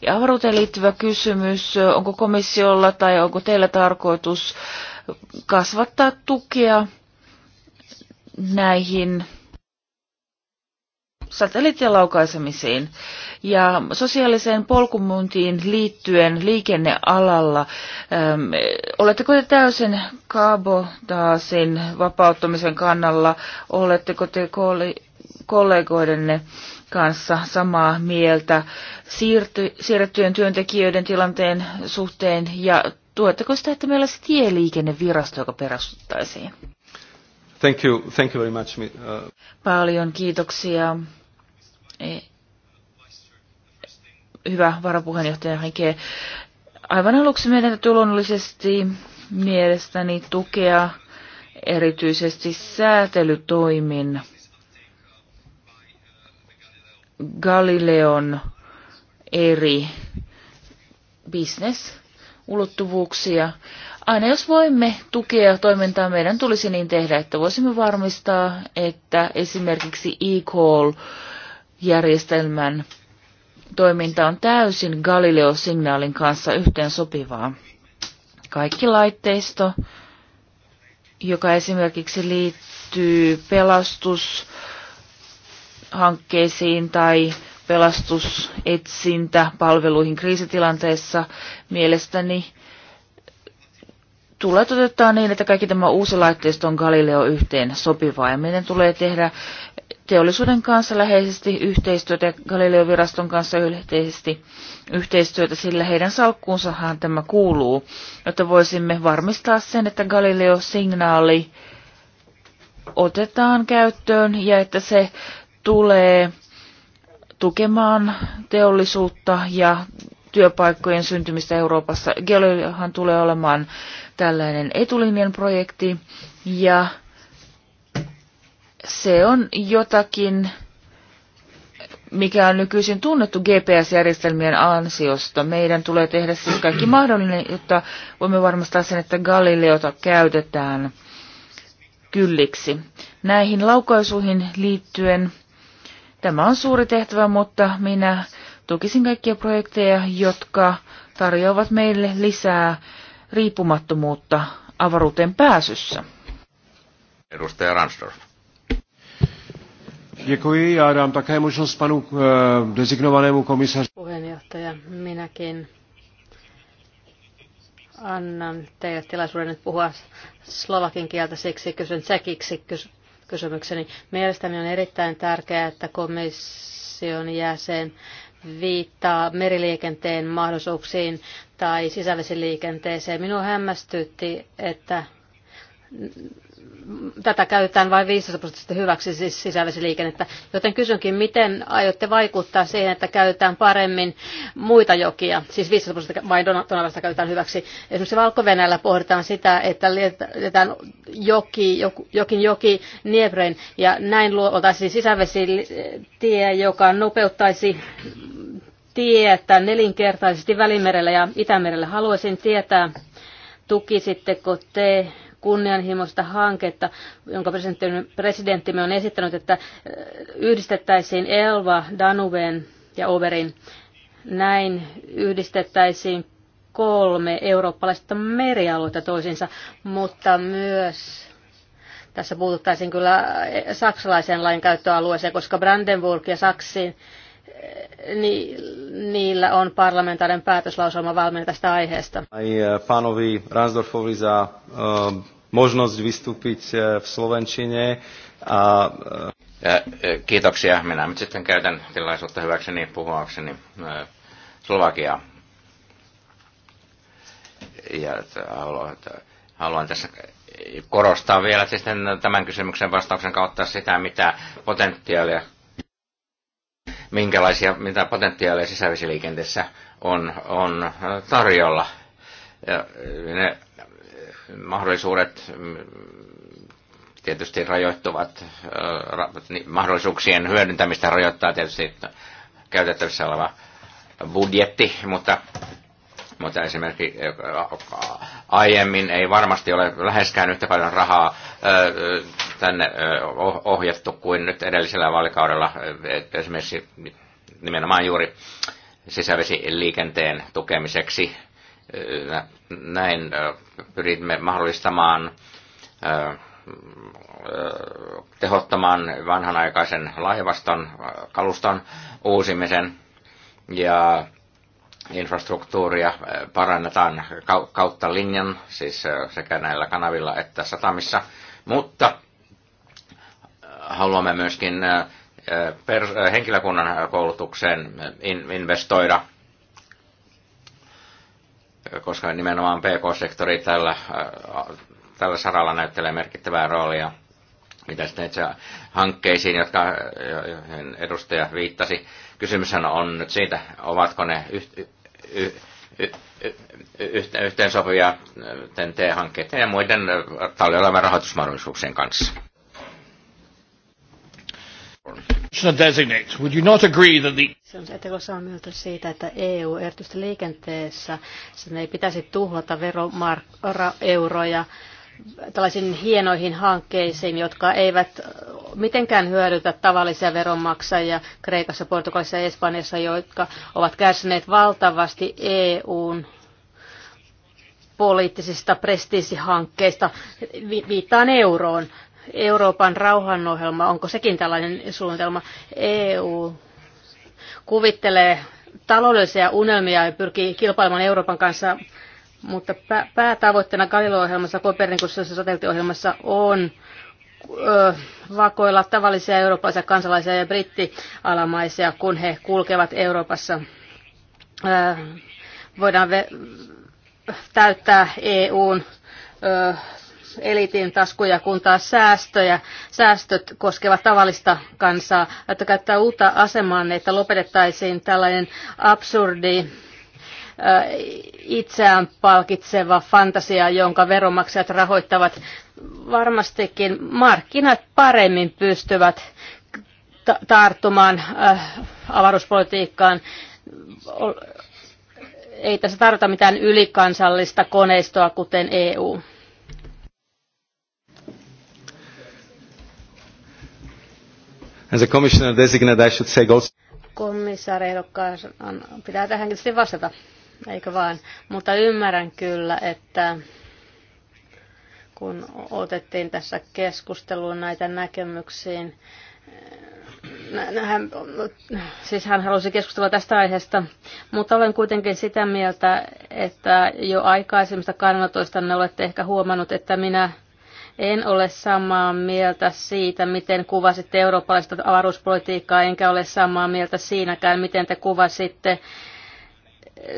Ja avaruuteen liittyvä kysymys, onko komissiolla tai onko teillä tarkoitus kasvattaa tukea näihin satelliittien laukaisemiseen ja sosiaaliseen polkumuntiin liittyen liikennealalla. Ähm, oletteko te täysin kabotaasin vapauttamisen kannalla? Oletteko te kollegoidenne kanssa samaa mieltä siirty, siirrettyjen työntekijöiden tilanteen suhteen ja tuetteko sitä, että meillä olisi tieliikennevirasto, joka perustettaisiin? Thank you. Thank you very much. Uh, Paljon kiitoksia niin, hyvä varapuheenjohtaja Henke. Aivan aluksi meidän täytyy luonnollisesti mielestäni tukea erityisesti säätelytoimin Galileon eri bisnesulottuvuuksia. Aina jos voimme tukea toimintaa, meidän tulisi niin tehdä, että voisimme varmistaa, että esimerkiksi e-call järjestelmän toiminta on täysin Galileo-signaalin kanssa yhteen sopivaa. Kaikki laitteisto, joka esimerkiksi liittyy pelastushankkeisiin tai pelastusetsintä palveluihin kriisitilanteessa, mielestäni tulee toteuttaa niin, että kaikki tämä uusi laitteisto on Galileo yhteen sopivaa ja meidän tulee tehdä teollisuuden kanssa läheisesti yhteistyötä ja Galileo-viraston kanssa yhteisesti yhteistyötä, sillä heidän salkkuunsahan tämä kuuluu, jotta voisimme varmistaa sen, että Galileo-signaali otetaan käyttöön ja että se tulee tukemaan teollisuutta ja työpaikkojen syntymistä Euroopassa. Galileohan tulee olemaan tällainen etulinjan projekti ja se on jotakin, mikä on nykyisin tunnettu GPS-järjestelmien ansiosta. Meidän tulee tehdä siis kaikki mahdollinen, jotta voimme varmistaa sen, että Galileota käytetään kylliksi. Näihin laukaisuihin liittyen tämä on suuri tehtävä, mutta minä tukisin kaikkia projekteja, jotka tarjoavat meille lisää riippumattomuutta avaruuteen pääsyssä. Edustaja Ransdorf. Děkuji. Já dám také možnost panu eh, komisaři. Puheenjohtaja, minäkin annan teille tilaisuuden puhua slovakin kieltä, siksi kysyn tsekiksi kysymykseni. Mielestäni on erittäin tärkeää, että komission jäsen viittaa meriliikenteen mahdollisuuksiin tai sisävesiliikenteeseen. Minua hämmästytti, että tätä käytetään vain 15 prosenttia hyväksi siis sisävesiliikennettä. Joten kysynkin, miten aiotte vaikuttaa siihen, että käytetään paremmin muita jokia, siis 15 prosenttia vain Donavasta käytetään hyväksi. Esimerkiksi valko pohditaan sitä, että lietetään joki, jokin joki Niebrein ja näin luotaisiin sisävesitie, joka nopeuttaisi tietä nelinkertaisesti Välimerellä ja Itämerellä. Haluaisin tietää, tukisitteko te kunnianhimoista hanketta, jonka presidenttimme on esittänyt, että äh, yhdistettäisiin Elva, Danuven ja Overin. Näin yhdistettäisiin kolme eurooppalaista merialuetta toisiinsa, mutta myös tässä puututtaisiin kyllä äh, saksalaisen lain käyttöalueeseen, koska Brandenburg ja Saksin ni, niillä on parlamentaarinen päätöslauselma valmiina tästä aiheesta. Eh, Panovi Ransdorfovi za eh, možnosť vystúpiť eh, v Slovenčine. A... Kiitoksia. Minä nyt sitten käytän tilaisuutta hyväkseni puhuakseni Slovakiaa. Ja haluan tässä korostaa vielä sitten tämän kysymyksen vastauksen kautta sitä, mitä potentiaalia minkälaisia, mitä potentiaaleja sisävesiliikenteessä on, on tarjolla. Ja ne mahdollisuudet mm, tietysti rajoittuvat, niin mahdollisuuksien hyödyntämistä rajoittaa tietysti käytettävissä oleva budjetti, mutta mutta esimerkiksi äh, aiemmin ei varmasti ole läheskään yhtä paljon rahaa äh, tänne äh, oh-, ohjattu kuin nyt edellisellä vaalikaudella esimerkiksi nimenomaan juuri sisävesiliikenteen tukemiseksi. Näin pyrimme mahdollistamaan tehottamaan vanhanaikaisen laivaston, kaluston uusimisen ja infrastruktuuria eh, parannetaan kautta linjan, siis eh, sekä näillä kanavilla että satamissa, mutta eh, haluamme myöskin henkilökunnan koulutukseen investoida, koska nimenomaan PK-sektori tällä, tällä saralla näyttelee merkittävää roolia. Mitä sitten itse hankkeisiin, jotka edustaja viittasi, kysymyshän on nyt siitä, ovatko ne yhteensopivia ten t hankkeita ja muiden tarjolla olevan rahoitusmahdollisuuksien kanssa. Would you not agree that the... Ettekö saa mieltä siitä, että EU erityisesti liikenteessä sen ei pitäisi tuhlata veroeuroja tällaisiin hienoihin hankkeisiin, jotka eivät mitenkään hyödytä tavallisia veronmaksajia Kreikassa, Portugalissa ja Espanjassa, jotka ovat kärsineet valtavasti EUn poliittisista prestiisihankkeista. Viittaan euroon. Euroopan rauhanohjelma, onko sekin tällainen suunnitelma? EU kuvittelee taloudellisia unelmia ja pyrkii kilpailemaan Euroopan kanssa mutta päätavoitteena Galileo-ohjelmassa, Kopernikuksessa satelliittiohjelmassa on ö, vakoilla tavallisia eurooppalaisia kansalaisia ja brittialamaisia, kun he kulkevat Euroopassa. Ö, voidaan ve- täyttää EUn ö, elitin taskuja, kun taas säästöjä, säästöt koskevat tavallista kansaa. Että käyttää uutta asemaa, että lopetettaisiin tällainen absurdi itseään palkitseva fantasia, jonka veronmaksajat rahoittavat. Varmastikin markkinat paremmin pystyvät tarttumaan avaruuspolitiikkaan ei tässä tarvita mitään ylikansallista koneistoa, kuten EU. As a commissioner designate, I should say also... Komissaari ehdokkaan pitää tähänkin vastata eikö vaan? Mutta ymmärrän kyllä, että kun otettiin tässä keskusteluun näitä näkemyksiin, eh, hän, siis hän halusi keskustella tästä aiheesta, mutta olen kuitenkin sitä mieltä, että jo aikaisemmista kannatoista ne olette ehkä huomannut, että minä en ole samaa mieltä siitä, miten kuvasitte eurooppalaista avaruuspolitiikkaa, enkä ole samaa mieltä siinäkään, miten te kuvasitte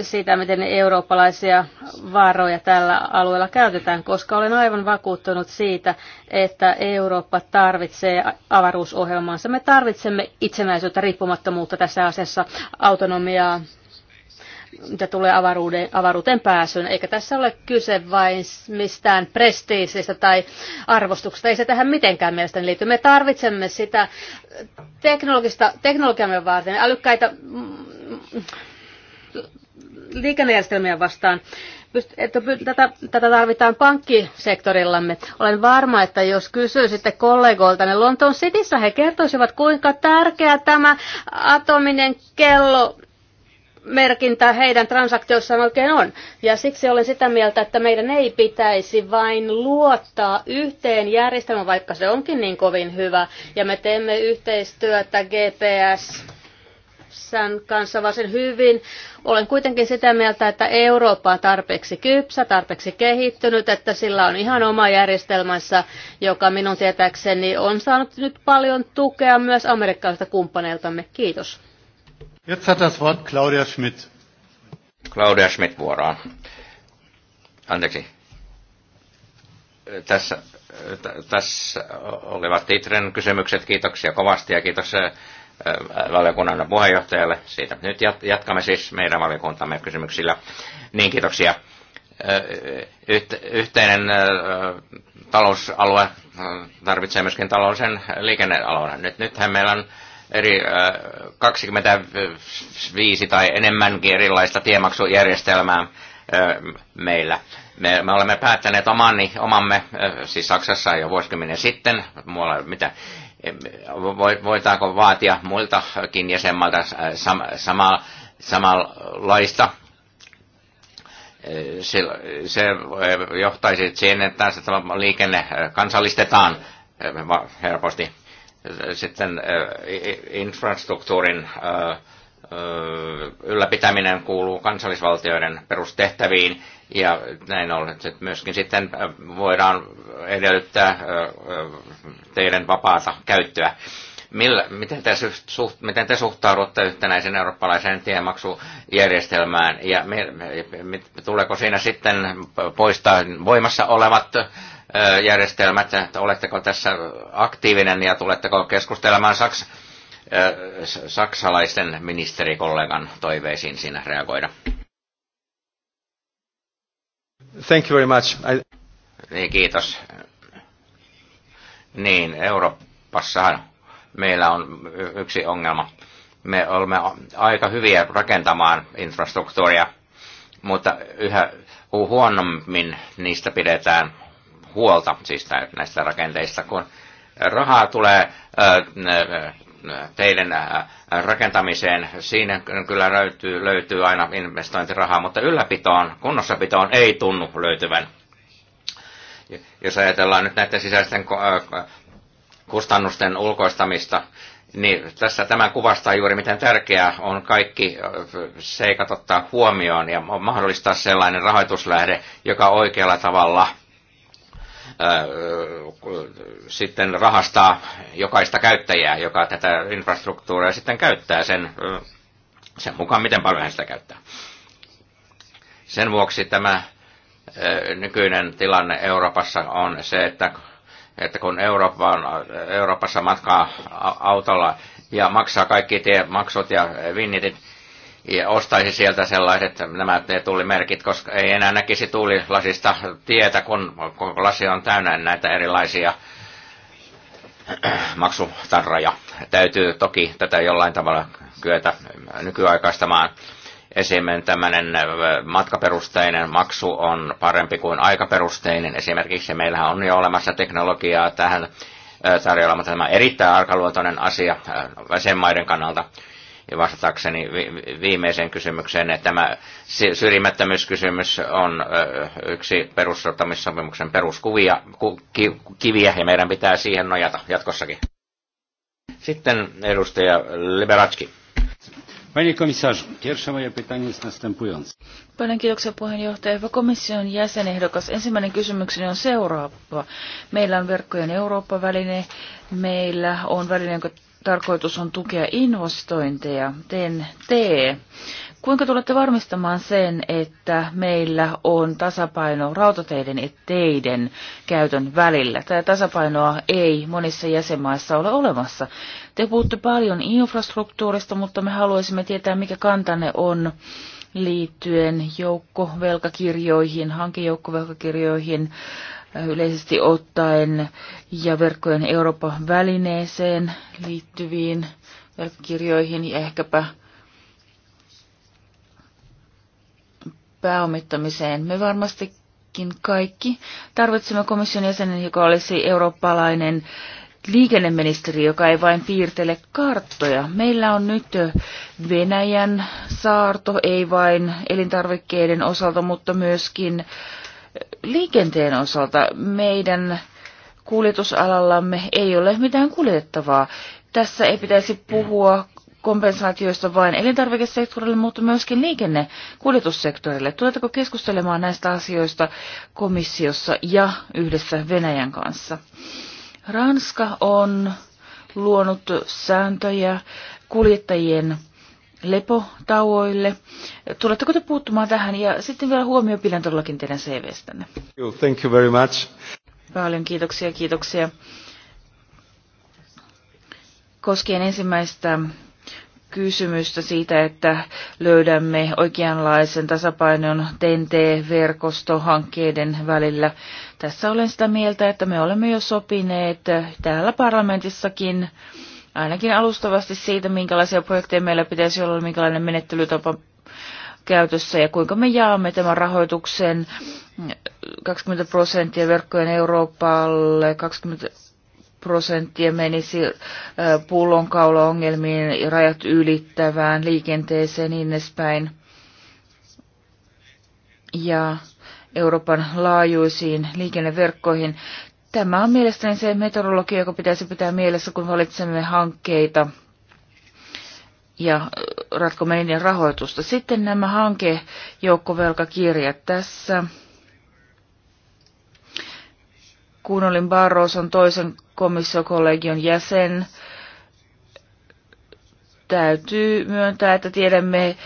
siitä, miten eurooppalaisia varoja tällä alueella käytetään, koska olen aivan vakuuttunut siitä, että Eurooppa tarvitsee avaruusohjelmaansa. Me tarvitsemme itsenäisyyttä, riippumattomuutta tässä asiassa, autonomiaa, mitä tulee avaruuden, avaruuteen pääsyyn. Eikä tässä ole kyse vain mistään prestiisistä tai arvostuksesta. Ei se tähän mitenkään mielestäni liity. Me tarvitsemme sitä teknologista, teknologiamme varten, älykkäitä mm, liikennejärjestelmiä vastaan. Että tätä, tätä tarvitaan pankkisektorillamme. Olen varma, että jos kysyisitte kollegoilta niin Lontoon Cityssä, he kertoisivat, kuinka tärkeä tämä atominen kello merkintä heidän transaktioissaan oikein on. Ja siksi olen sitä mieltä, että meidän ei pitäisi vain luottaa yhteen järjestelmään, vaikka se onkin niin kovin hyvä. Ja me teemme yhteistyötä GPS sen kanssa varsin hyvin. Olen kuitenkin sitä mieltä, että Eurooppa on tarpeeksi kypsä, tarpeeksi kehittynyt, että sillä on ihan oma järjestelmänsä, joka minun tietääkseni on saanut nyt paljon tukea myös amerikkalaisilta kumppaneiltamme. Kiitos. Jetzt hat das Wort Claudia Schmidt. Claudia Schmidt vuoroon. Anteeksi. Tässä, tässä olivat Itren kysymykset. Kiitoksia kovasti ja kiitos Äh, valiokunnan puheenjohtajalle siitä. Nyt jatkamme siis meidän valiokuntamme kysymyksillä. Niin, kiitoksia. Äh, yhteinen äh, talousalue tarvitsee myöskin talousen liikennealueen. Nyt, nythän meillä on eri 25 tai enemmänkin erilaista tiemaksujärjestelmää meillä. Me, me olemme päättäneet omani, omamme, siis Saksassa jo vuosikymmenen sitten, muualla mitä, voitaanko vaatia muiltakin jäsenmailta äh, samaa samanlaista. Äh, se, se äh, johtaisi siihen, että liikenne kansallistetaan helposti. Sitten infrastruktuurin ylläpitäminen kuuluu kansallisvaltioiden perustehtäviin ja näin ollen että myöskin sitten voidaan edellyttää teidän vapaata käyttöä. Millä, miten, te suht, miten te suhtaudutte yhtenäisen eurooppalaiseen tiemaksujärjestelmään ja me, me, me, tuleeko siinä sitten poistaa voimassa olevat järjestelmät, että oletteko tässä aktiivinen ja tuletteko keskustelemaan Saksan saksalaisten ministerikollegan toiveisiin siinä reagoida. Thank you very much. I... Niin, kiitos. Niin, Euroopassahan meillä on yksi ongelma. Me olemme aika hyviä rakentamaan infrastruktuuria, mutta yhä huonommin niistä pidetään huolta, siis näistä rakenteista, kun rahaa tulee teiden äh, rakentamiseen, siinä kyllä löytyy, löytyy aina investointirahaa, mutta ylläpitoon, kunnossapitoon ei tunnu löytyvän. Jos ajatellaan nyt näiden sisäisten äh, kustannusten ulkoistamista, niin tässä tämä kuvastaa juuri, miten tärkeää on kaikki äh, seikat ottaa huomioon ja mahdollistaa sellainen rahoituslähde, joka oikealla tavalla – sitten rahastaa jokaista käyttäjää, joka tätä infrastruktuuria sitten käyttää sen, sen mukaan, miten paljon hän sitä käyttää. Sen vuoksi tämä nykyinen tilanne Euroopassa on se, että, että kun on, Euroopassa matkaa autolla ja maksaa kaikki tie, maksut ja vinnitit, ja ostaisi sieltä sellaiset nämä tuulimerkit, koska ei enää näkisi tuulilasista tietä, kun, koko lasi on täynnä näitä erilaisia maksutarraja. Täytyy toki tätä jollain tavalla kyetä nykyaikaistamaan. Esimerkiksi tämmöinen äh, matkaperusteinen maksu on parempi kuin aikaperusteinen. Esimerkiksi meillähän on jo olemassa teknologiaa tähän äh, tarjolla, mutta tämä on erittäin arkaluontoinen asia äh, maiden kannalta ja vastatakseni viimeiseen kysymykseen, että tämä syrjimättömyyskysymys on yksi perussotamissopimuksen peruskuvia, kiviä, ja meidän pitää siihen nojata jatkossakin. Sitten edustaja Liberatski. Panie komisarzu, pierwsze moje pytanie jest następujące. Paljon kiitoksia puheenjohtaja. Hyvä komission jäsenehdokas. Ensimmäinen kysymykseni on seuraava. Meillä on verkkojen Eurooppa-väline. Meillä on väline, jonka tarkoitus on tukea investointeja, TEN T. Kuinka tulette varmistamaan sen, että meillä on tasapaino rautateiden ja teiden käytön välillä? Tätä tasapainoa ei monissa jäsenmaissa ole olemassa. Te puhutte paljon infrastruktuurista, mutta me haluaisimme tietää, mikä kantanne on liittyen joukkovelkakirjoihin, hankejoukkovelkakirjoihin, yleisesti ottaen ja verkkojen Euroopan välineeseen liittyviin kirjoihin ja ehkäpä pääomittamiseen. Me varmastikin kaikki tarvitsemme komission jäsenen, joka olisi eurooppalainen liikenneministeri, joka ei vain piirtele karttoja. Meillä on nyt Venäjän saarto, ei vain elintarvikkeiden osalta, mutta myöskin äh, liikenteen osalta meidän kuljetusalallamme ei ole mitään kuljettavaa. Tässä ei pitäisi puhua kompensaatioista vain elintarvikesektorille, mutta myöskin kuljetussektorille. Tuletteko keskustelemaan näistä asioista komissiossa ja yhdessä Venäjän kanssa? Ranska on luonut sääntöjä kuljettajien lepotauoille. Tuletteko te puuttumaan tähän? Ja sitten vielä huomio pidän todellakin teidän CV-stänne. Thank you very much. Paljon kiitoksia, kiitoksia. Koskien ensimmäistä kysymystä siitä, että löydämme oikeanlaisen tasapainon TNT-verkostohankkeiden välillä. Tässä olen sitä mieltä, että me olemme jo sopineet täällä parlamentissakin ainakin alustavasti siitä, minkälaisia projekteja meillä pitäisi olla, minkälainen menettelytapa käytössä ja kuinka me jaamme tämän rahoituksen 20 prosenttia verkkojen Euroopalle, 20 prosenttia menisi pullonkaulaongelmiin, rajat ylittävään liikenteeseen niin edespäin. Ja Euroopan laajuisiin liikenneverkkoihin. Tämä on mielestäni se metodologia, joka pitäisi pitää mielessä, kun valitsemme hankkeita ja ratkomme niiden rahoitusta. Sitten nämä hankejoukkovelkakirjat tässä. Kun olin Barroson toisen komissiokollegion jäsen, täytyy myöntää, että tiedämme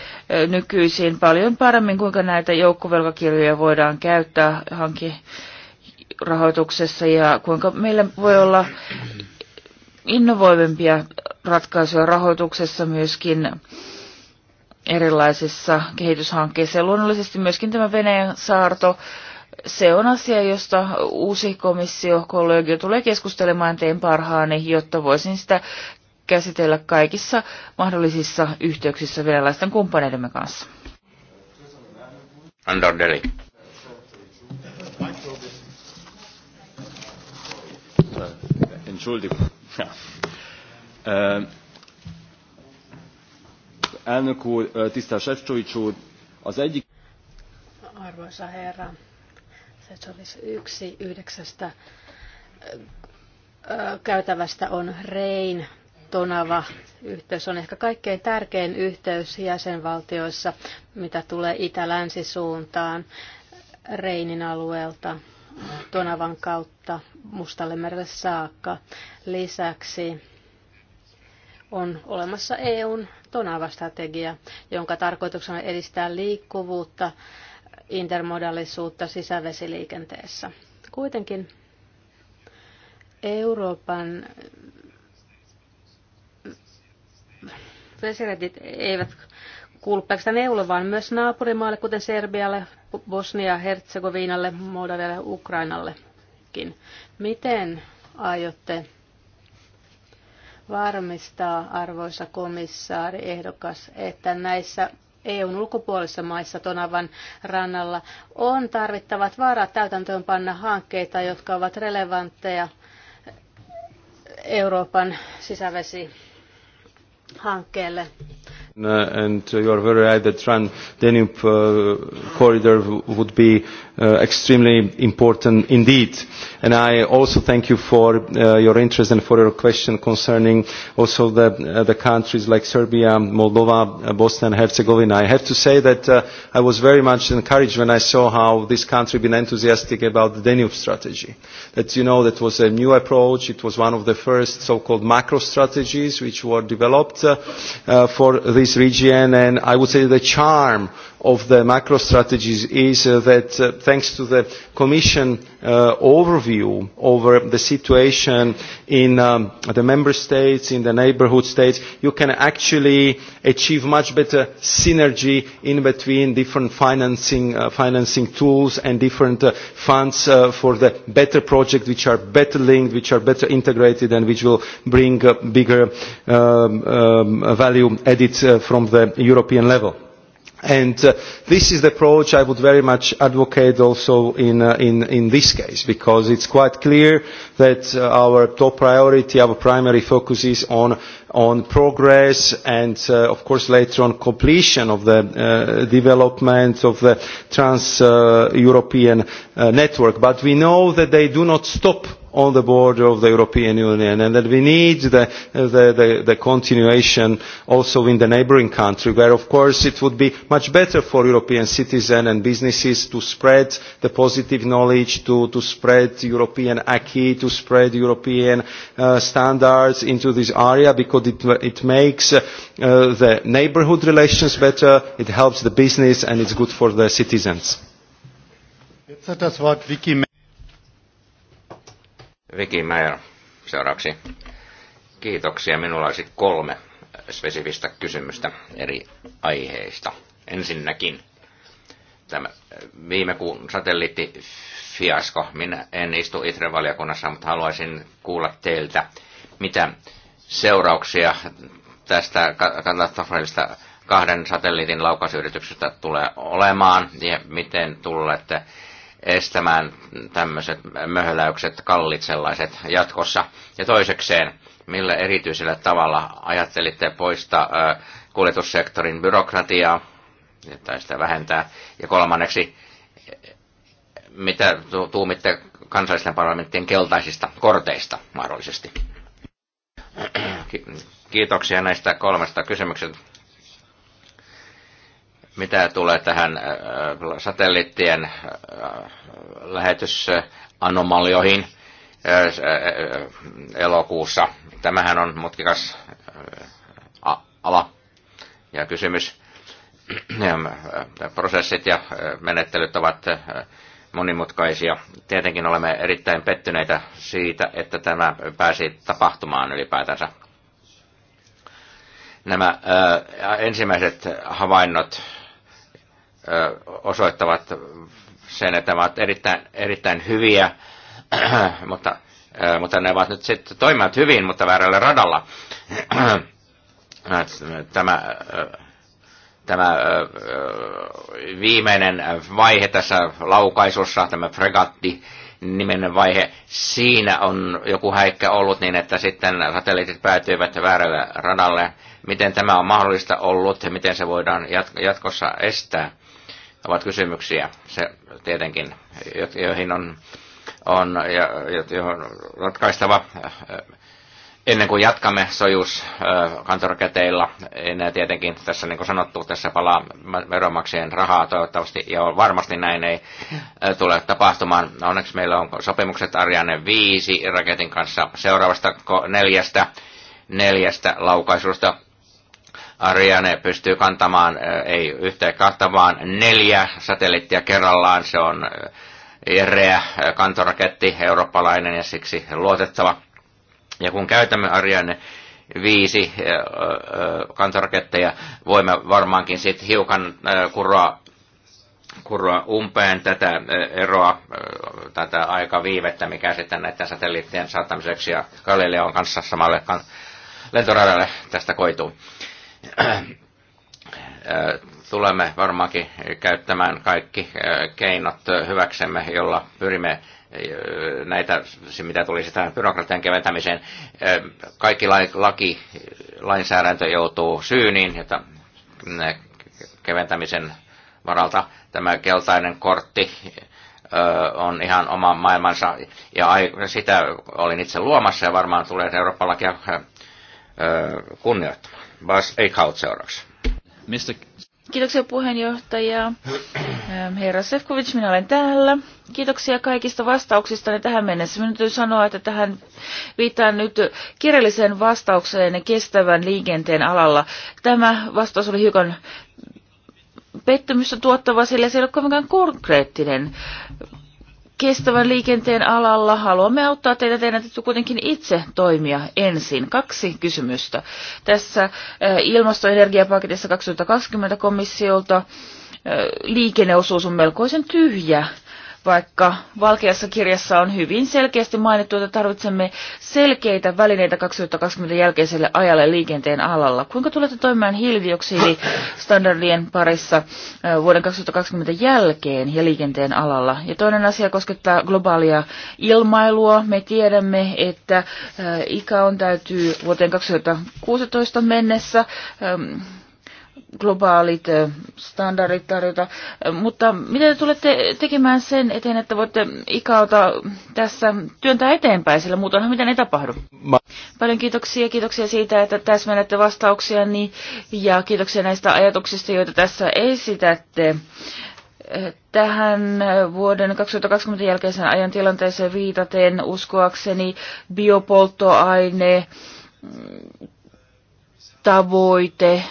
nykyisin paljon paremmin, kuinka näitä joukkovelkakirjoja voidaan käyttää hankkeen rahoituksessa ja kuinka meillä voi olla innovoivempia ratkaisuja rahoituksessa myöskin erilaisissa kehityshankkeissa. Ja luonnollisesti myöskin tämä Venäjän saarto, se on asia, josta uusi komissio, kollegio tulee keskustelemaan teen parhaani, jotta voisin sitä käsitellä kaikissa mahdollisissa yhteyksissä venäläisten kumppaneidemme kanssa. Andor Delhi Entschuldigung. Ja. Ähm, Elnök úr, tisztelt Sefcsovics úr, az egyik... Arvoisa herra, Sefcovics yksi yhdeksästä käytävästä on Rein tonava yhteys on ehkä kaikkein tärkein yhteys jäsenvaltioissa, mitä tulee itä-länsisuuntaan Reinin alueelta. Tonavan kautta Mustalle merelle saakka. Lisäksi on olemassa EUn Tonava-strategia, jonka tarkoituksena on edistää liikkuvuutta, intermodallisuutta sisävesiliikenteessä. Kuitenkin Euroopan vesireitit eivät kuullut pelkästään neuvolle, vaan myös naapurimaalle, kuten Serbialle, Bosnia-Herzegovinalle, Moldavialle ja Ukrainallekin. Miten aiotte varmistaa, arvoisa komissaari ehdokas, että näissä EUn ulkopuolisissa maissa Tonavan rannalla on tarvittavat varat täytäntöönpanna hankkeita, jotka ovat relevantteja Euroopan sisävesihankkeelle. Uh, and you are very right that Trans-Danube uh, corridor would be Uh, extremely important indeed. I also thank you for uh, your interest and for your question concerning also the, uh, the countries like Serbia, Moldova, uh, Bosnia and Herzegovina. I have to say that uh, I was very much encouraged when I saw how this country been enthusiastic about the Danube strategy. That you know that was a new approach. It was one of the first so-called macro strategies which were developed uh, uh, for this region. And I would say the charm of the macro strategies is uh, that uh, thanks to the Commission uh, overview over the situation in um, the member states, in the neighborhood states, you can actually achieve much better synergy in between different financing, uh, financing tools and different uh, funds uh, for the better projects which are better linked, which are better integrated and which will bring uh, bigger um, um, value added uh, from the European level. And uh, this is the approach I would very much advocate also in, uh, in, in this case, because it's quite clear that uh, our top priority, our primary focus is on, on progress and, uh, of course, later on completion of the uh, development of the trans-European uh, uh, network. But we know that they do not stop on the border of the European Union and that we need the, the, the, the continuation also in the neighbouring country where of course it would be much better for European citizens and businesses to spread the positive knowledge, to, to spread European acquis, to spread European uh, standards into this area because it, it makes uh, the neighbourhood relations better, it helps the business and it's good for the citizens. Jetzt hat das Wort Vicky Viki Meijer seuraavaksi. Kiitoksia. Minulla olisi kolme spesifistä kysymystä eri aiheista. Ensinnäkin tämä äh, viime kuun satelliitti fiasko. Minä en istu itse valiokunnassa mutta haluaisin kuulla teiltä, mitä seurauksia tästä katastrofaalista kahden satelliitin laukausyrityksestä tulee olemaan ja miten tulette estämään tämmöiset möhöläykset, kallit sellaiset jatkossa? Ja toisekseen, millä erityisellä tavalla ajattelitte poistaa kuljetussektorin byrokratiaa tai sitä vähentää? Ja kolmanneksi, mitä tuumitte kansallisten parlamenttien keltaisista korteista mahdollisesti? Kiitoksia näistä kolmesta kysymyksestä mitä tulee tähän äh, äh, satelliittien äh, lähetysanomalioihin elokuussa, tämähän on mutkikas ala ja kysymys. Prosessit ja menettelyt ovat monimutkaisia. Tietenkin olemme erittäin pettyneitä siitä, että tämä pääsi tapahtumaan ylipäätänsä. Nämä ensimmäiset havainnot osoittavat sen, että ne ovat erittäin, erittäin hyviä, mutta, mutta ne ovat nyt sitten toimivat hyvin, mutta väärällä radalla. tämä, tämä viimeinen vaihe tässä laukaisussa, tämä fregatti, nimenen vaihe, siinä on joku häikkä ollut niin, että sitten satelliitit päätyivät väärälle radalle. Miten tämä on mahdollista ollut ja miten se voidaan jatkossa estää? ovat kysymyksiä, se tietenkin, joihin on, on ja, johon ratkaistava äh, ennen kuin jatkamme sojus äh, kantoraketeilla, enää tietenkin tässä niin kuin sanottu, tässä palaa veronmaksajien rahaa toivottavasti, ja varmasti näin ei äh, tule tapahtumaan. No, onneksi meillä on sopimukset Ariane 5 raketin kanssa seuraavasta neljästä, neljästä laukaisusta Ariane pystyy kantamaan, ei yhteen kantamaan neljä satelliittia kerrallaan. Se on järeä kantoraketti, eurooppalainen ja siksi luotettava. Ja kun käytämme Ariane viisi kantoraketteja, voimme varmaankin sitten hiukan kuroa, kuroa umpeen tätä eroa, tätä aikaviivettä, mikä sitten näiden satelliittien saattamiseksi ja Galileon kanssa samalle lentoradalle tästä koituu. Äh, tulemme varmaankin käyttämään kaikki äh, keinot hyväksemme, jolla pyrimme äh, näitä, mitä tulisi tähän byrokratian keventämiseen. Kaikki laki, lainsäädäntö joutuu syyniin, jota keventämisen varalta tämä keltainen kortti on ihan oma maailmansa, ja sitä olin itse luomassa, ja varmaan tulee Eurooppa-lakia kunnioittamaan. Bas Eichhout seuraavaksi. Mistä? Kiitoksia puheenjohtaja. Ähm, Herra Sefkovic, minä olen täällä. Kiitoksia kaikista vastauksista tähän mennessä. Minun täytyy sanoa, että tähän viittaan nyt kirjalliseen vastaukseen kestävän liikenteen alalla. Tämä vastaus oli hiukan pettymystä tuottava, sillä se ei ole kovinkaan konkreettinen kestävän liikenteen alalla. Haluamme auttaa teitä, teidän täytyy kuitenkin itse toimia ensin. Kaksi kysymystä. Tässä eh, ilmastoenergiapaketissa 2020 komissiolta eh, liikenneosuus on melkoisen tyhjä vaikka valkeassa kirjassa on hyvin selkeästi mainittu, että tarvitsemme selkeitä välineitä 2020 jälkeiselle ajalle liikenteen alalla. Kuinka tulette toimimaan hiilidioksidistandardien parissa vuoden 2020 jälkeen ja liikenteen alalla? Ja toinen asia koskettaa globaalia ilmailua. Me tiedämme, että ikä on täytyy vuoteen 2016 mennessä globaalit standardit tarjota. Mutta miten te tulette tekemään sen eteen, että voitte ikauta tässä työntää eteenpäin, sillä muutoinhan miten ei tapahdu? Ma- Paljon kiitoksia, kiitoksia siitä, että täsmennätte vastauksia ja kiitoksia näistä ajatuksista, joita tässä esitätte. Tähän vuoden 2020 jälkeisen ajan tilanteeseen viitaten uskoakseni biopolttoaine tavoite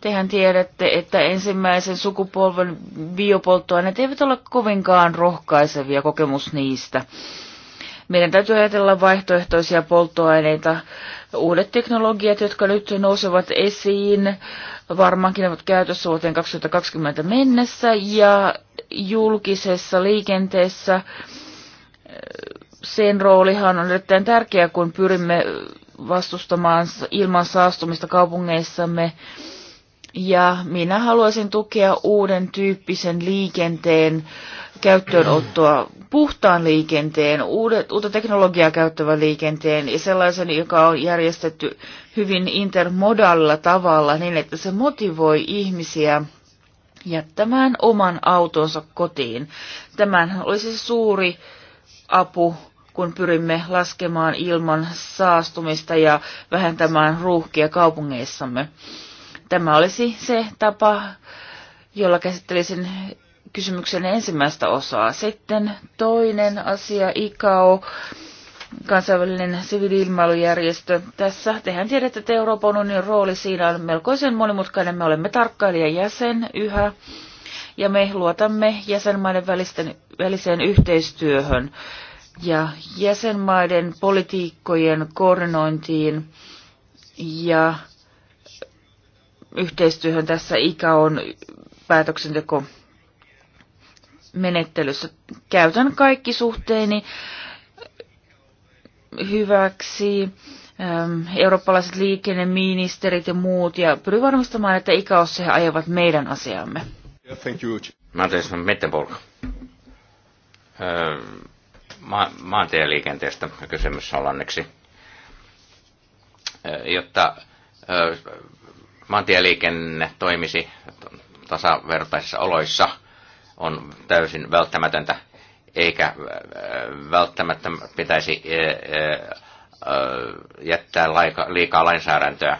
Tehän tiedätte, että ensimmäisen sukupolven biopolttoaineet eivät ole kovinkaan rohkaisevia kokemus niistä. Meidän täytyy ajatella vaihtoehtoisia polttoaineita. Uudet teknologiat, jotka nyt nousevat esiin, varmaankin ovat käytössä vuoteen 2020 mennessä ja julkisessa liikenteessä sen roolihan on erittäin tärkeä, kun pyrimme vastustamaan ilman saastumista kaupungeissamme ja minä haluaisin tukea uuden tyyppisen liikenteen käyttöönottoa, puhtaan liikenteen, uudet, uutta teknologiaa käyttävän liikenteen ja sellaisen, joka on järjestetty hyvin intermodalla tavalla niin, että se motivoi ihmisiä jättämään oman autonsa kotiin. Tämän olisi suuri apu, kun pyrimme laskemaan ilman saastumista ja vähentämään ruuhkia kaupungeissamme. Tämä olisi se tapa, jolla käsittelisin kysymyksen ensimmäistä osaa. Sitten toinen asia, ICAO, kansainvälinen siviiliilmailujärjestö. Tässä tehän tiedätte, että Euroopan unionin rooli siinä on melkoisen monimutkainen. Me olemme tarkkailijajäsen yhä ja me luotamme jäsenmaiden välisten, väliseen yhteistyöhön ja jäsenmaiden politiikkojen koordinointiin ja yhteistyöhön tässä ikä on päätöksenteko menettelyssä. Käytän kaikki suhteeni hyväksi. Eurooppalaiset liikenneministerit ja muut, ja pyrin varmistamaan, että ikäossa he ajavat meidän asiamme. Yeah, thank you. Mettenburg. Öö, maantieliikenteestä kysymys on onneksi. Öö, jotta öö, maantieliikenne toimisi tasavertaisissa oloissa on täysin välttämätöntä, eikä äh, välttämättä pitäisi äh, äh, jättää liikaa lainsäädäntöä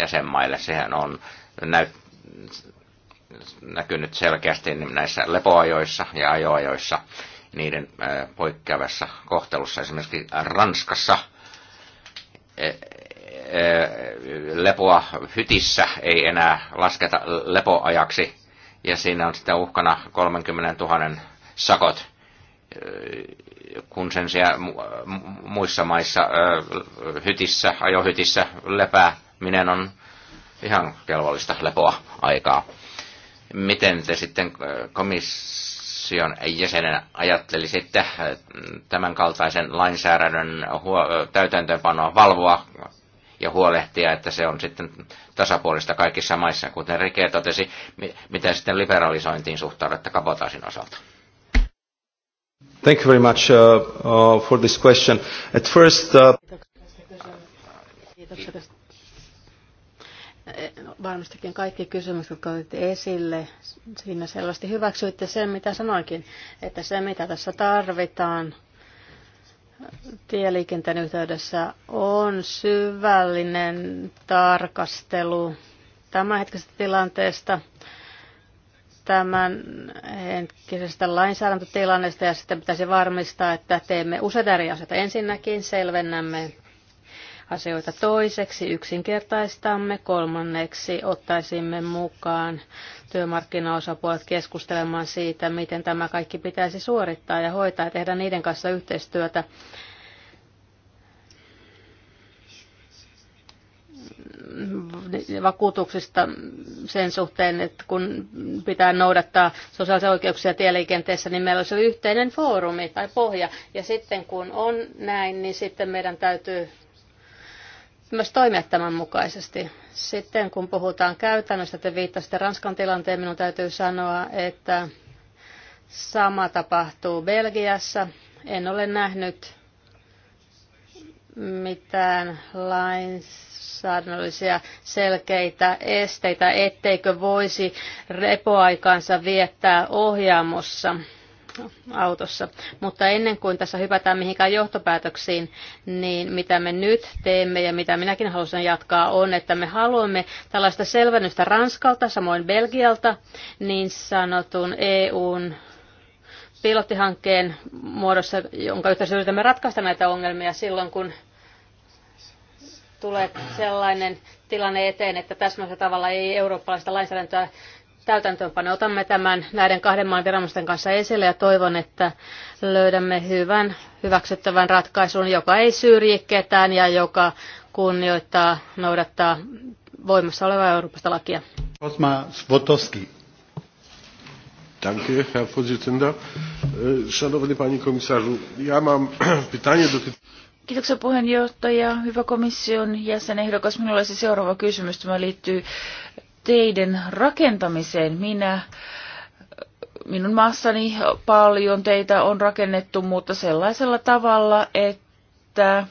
jäsenmaille. Sehän on näkynyt selkeästi näissä lepoajoissa ja ajoajoissa, niiden poikkeavassa kohtelussa. Esimerkiksi Ranskassa Eh, lepoa hytissä ei enää lasketa lepoajaksi, ja siinä on sitten uhkana 30 000 sakot, eh, kun sen siellä muissa maissa eh, hytissä, ajohytissä lepääminen on ihan kelvollista lepoa aikaa. Miten te sitten komission jäsenen ajattelisitte tämän kaltaisen lainsäädännön täytäntöönpanoa valvoa ja huolehtia, että se on sitten tasapuolista kaikissa maissa, kuten Rike totesi, miten sitten liberalisointiin suhtaudutte kabotaasin osalta. Thank you very much uh, uh, for this question. At first, uh... Eh, varmastikin kaikki kysymykset, jotka otitte esille, siinä selvästi hyväksyitte sen, mitä sanoinkin, että se, mitä tässä tarvitaan, tieliikenteen yhteydessä on syvällinen tarkastelu tämänhetkisestä tilanteesta, tämän lainsäädäntötilanteesta ja sitten pitäisi varmistaa, että teemme useita eri asioita. Ensinnäkin selvennämme asioita. Toiseksi yksinkertaistamme, kolmanneksi ottaisimme mukaan työmarkkinaosapuolet keskustelemaan siitä, miten tämä kaikki pitäisi suorittaa ja hoitaa ja tehdä niiden kanssa yhteistyötä. vakuutuksista sen suhteen, että kun pitää noudattaa sosiaalisia oikeuksia tieliikenteessä, niin meillä olisi yhteinen foorumi tai pohja. Ja sitten kun on näin, niin sitten meidän täytyy myös toimia tämän mukaisesti. Sitten kun puhutaan käytännöstä, te viittasitte Ranskan tilanteen, minun täytyy sanoa, että sama tapahtuu Belgiassa. En ole nähnyt mitään lainsäädännöllisiä selkeitä esteitä, etteikö voisi repoaikansa viettää ohjaamossa autossa. Mutta ennen kuin tässä hypätään mihinkään johtopäätöksiin, niin mitä me nyt teemme ja mitä minäkin haluaisin jatkaa on, että me haluamme tällaista selvennystä Ranskalta, samoin Belgialta, niin sanotun EUn pilottihankkeen muodossa, jonka yhteydessä yritämme ratkaista näitä ongelmia silloin, kun tulee sellainen tilanne eteen, että täsmällisellä tavalla ei eurooppalaista lainsäädäntöä täytäntöönpano. Otamme tämän näiden kahden maan viranomaisten kanssa esille ja toivon, että löydämme hyvän, hyväksyttävän ratkaisun, joka ei syrji ketään ja joka kunnioittaa, noudattaa voimassa olevaa Euroopasta lakia. Osma Svotoski. Danke, Herr Vorsitzender. Äh, szanowny Panie Komisarzu, ja mam pytanie do... Kiitoksia puheenjohtaja. Hyvä komission jäsenehdokas. Minulla olisi seuraava kysymys. Tämä liittyy teiden rakentamiseen. Minä, minun maassani paljon teitä on rakennettu, mutta sellaisella tavalla, että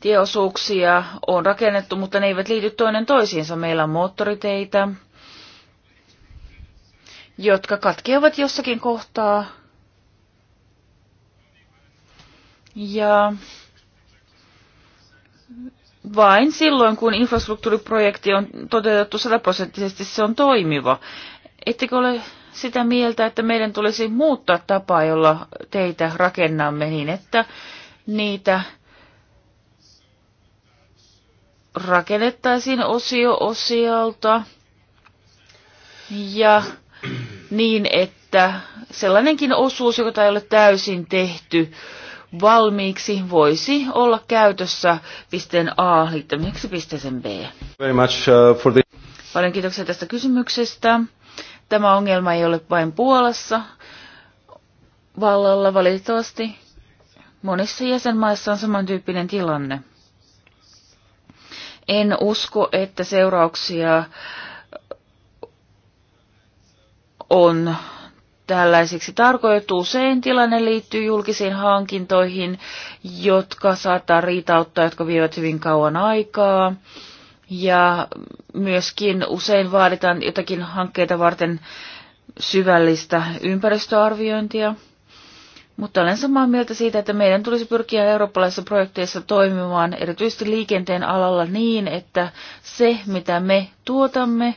tieosuuksia on rakennettu, mutta ne eivät liity toinen toisiinsa. Meillä on moottoriteitä, jotka katkeavat jossakin kohtaa. Ja vain silloin, kun infrastruktuuriprojekti on toteutettu sataprosenttisesti, se on toimiva. Ettekö ole sitä mieltä, että meidän tulisi muuttaa tapaa, jolla teitä rakennamme niin, että niitä rakennettaisiin osio osialta ja niin, että sellainenkin osuus, jota ei ole täysin tehty, valmiiksi voisi olla käytössä pisteen A liittämiseksi pisteeseen B. Very much, uh, for the... Paljon kiitoksia tästä kysymyksestä. Tämä ongelma ei ole vain Puolassa vallalla valitettavasti. Monissa jäsenmaissa on samantyyppinen tilanne. En usko, että seurauksia on tällaisiksi tarkoitettu. Usein tilanne liittyy julkisiin hankintoihin, jotka saattaa riitauttaa, jotka vievät hyvin kauan aikaa. Ja myöskin usein vaaditaan jotakin hankkeita varten syvällistä ympäristöarviointia. Mutta olen samaa mieltä siitä, että meidän tulisi pyrkiä eurooppalaisissa projekteissa toimimaan erityisesti liikenteen alalla niin, että se, mitä me tuotamme,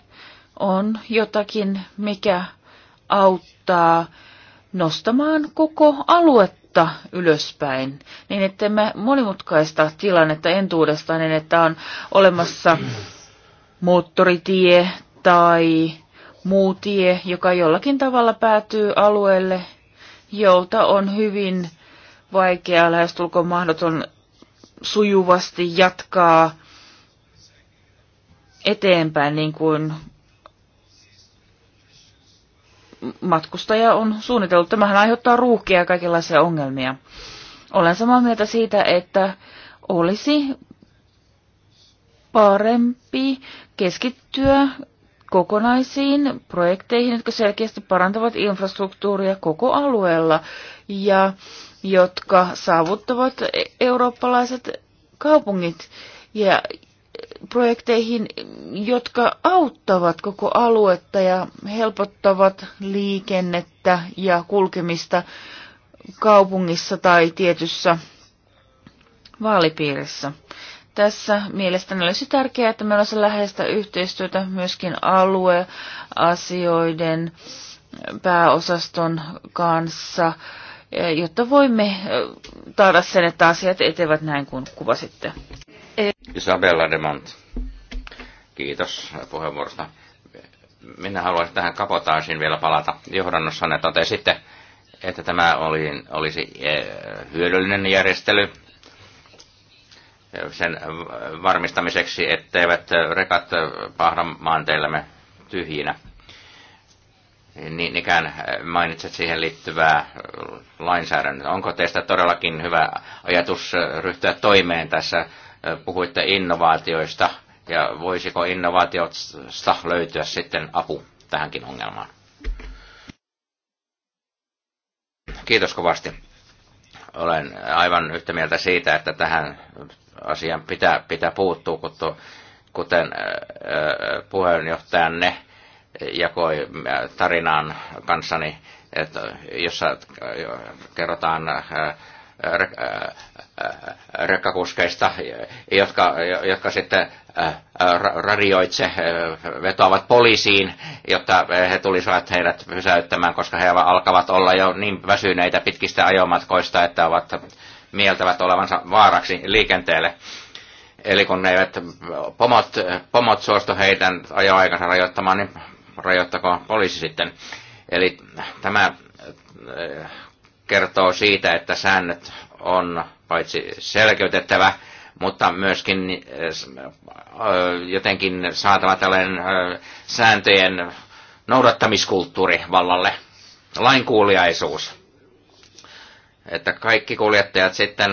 on jotakin, mikä auttaa auttaa nostamaan koko aluetta ylöspäin, niin että me monimutkaista tilannetta entuudestaan, niin että on olemassa moottoritie tai muu tie, joka jollakin tavalla päätyy alueelle, jolta on hyvin vaikea, lähestulkoon mahdoton sujuvasti jatkaa eteenpäin, niin kuin matkustaja on suunnitellut. Tämähän aiheuttaa ruuhkia ja kaikenlaisia ongelmia. Olen samaa mieltä siitä, että olisi parempi keskittyä kokonaisiin projekteihin, jotka selkeästi parantavat infrastruktuuria koko alueella ja jotka saavuttavat e- eurooppalaiset kaupungit ja projekteihin, jotka auttavat koko aluetta ja helpottavat liikennettä ja kulkemista kaupungissa tai tietyssä vaalipiirissä. Tässä mielestäni olisi tärkeää, että meillä olisi läheistä yhteistyötä myöskin alueasioiden pääosaston kanssa Eh, jotta voimme eh, taada sen, että asiat etevät näin kuin kuvasitte. Isabella Demont, kiitos puheenvuorosta. Minä haluaisin tähän kapotaasiin vielä palata. Johdannossa että totesitte, että tämä oli, olisi eh, hyödyllinen järjestely sen varmistamiseksi, etteivät rekat pahda maanteillemme tyhjinä niin ikään äh, mainitset siihen liittyvää äh, lainsäädäntöä. Onko teistä todellakin hyvä ajatus äh, ryhtyä toimeen tässä? Puhuitte innovaatioista, ja voisiko innovaatiosta löytyä sitten apu tähänkin ongelmaan? Kiitos kovasti. Olen aivan yhtä mieltä siitä, että tähän asiaan pitää, pitää puuttua, kuten puheenjohtajanne jakoi äh, tarinaan kanssani, että jossa äh, kerrotaan äh, rekkakuskeista, jotka, jotka sitten radioitse vetoavat poliisiin, jotta he tulisivat heidät pysäyttämään, koska he alkavat olla jo niin väsyneitä pitkistä ajomatkoista, että ovat mieltävät olevansa vaaraksi liikenteelle. Eli kun ne eivät pomot, pomot suostu heidän ajoaikansa rajoittamaan, niin rajoittakoon poliisi sitten. Eli tämä eh, kertoo siitä, että säännöt on paitsi selkeytettävä, mutta myöskin eh, jotenkin saatava tällainen eh, sääntöjen noudattamiskulttuuri vallalle, lainkuuliaisuus. Että kaikki kuljettajat sitten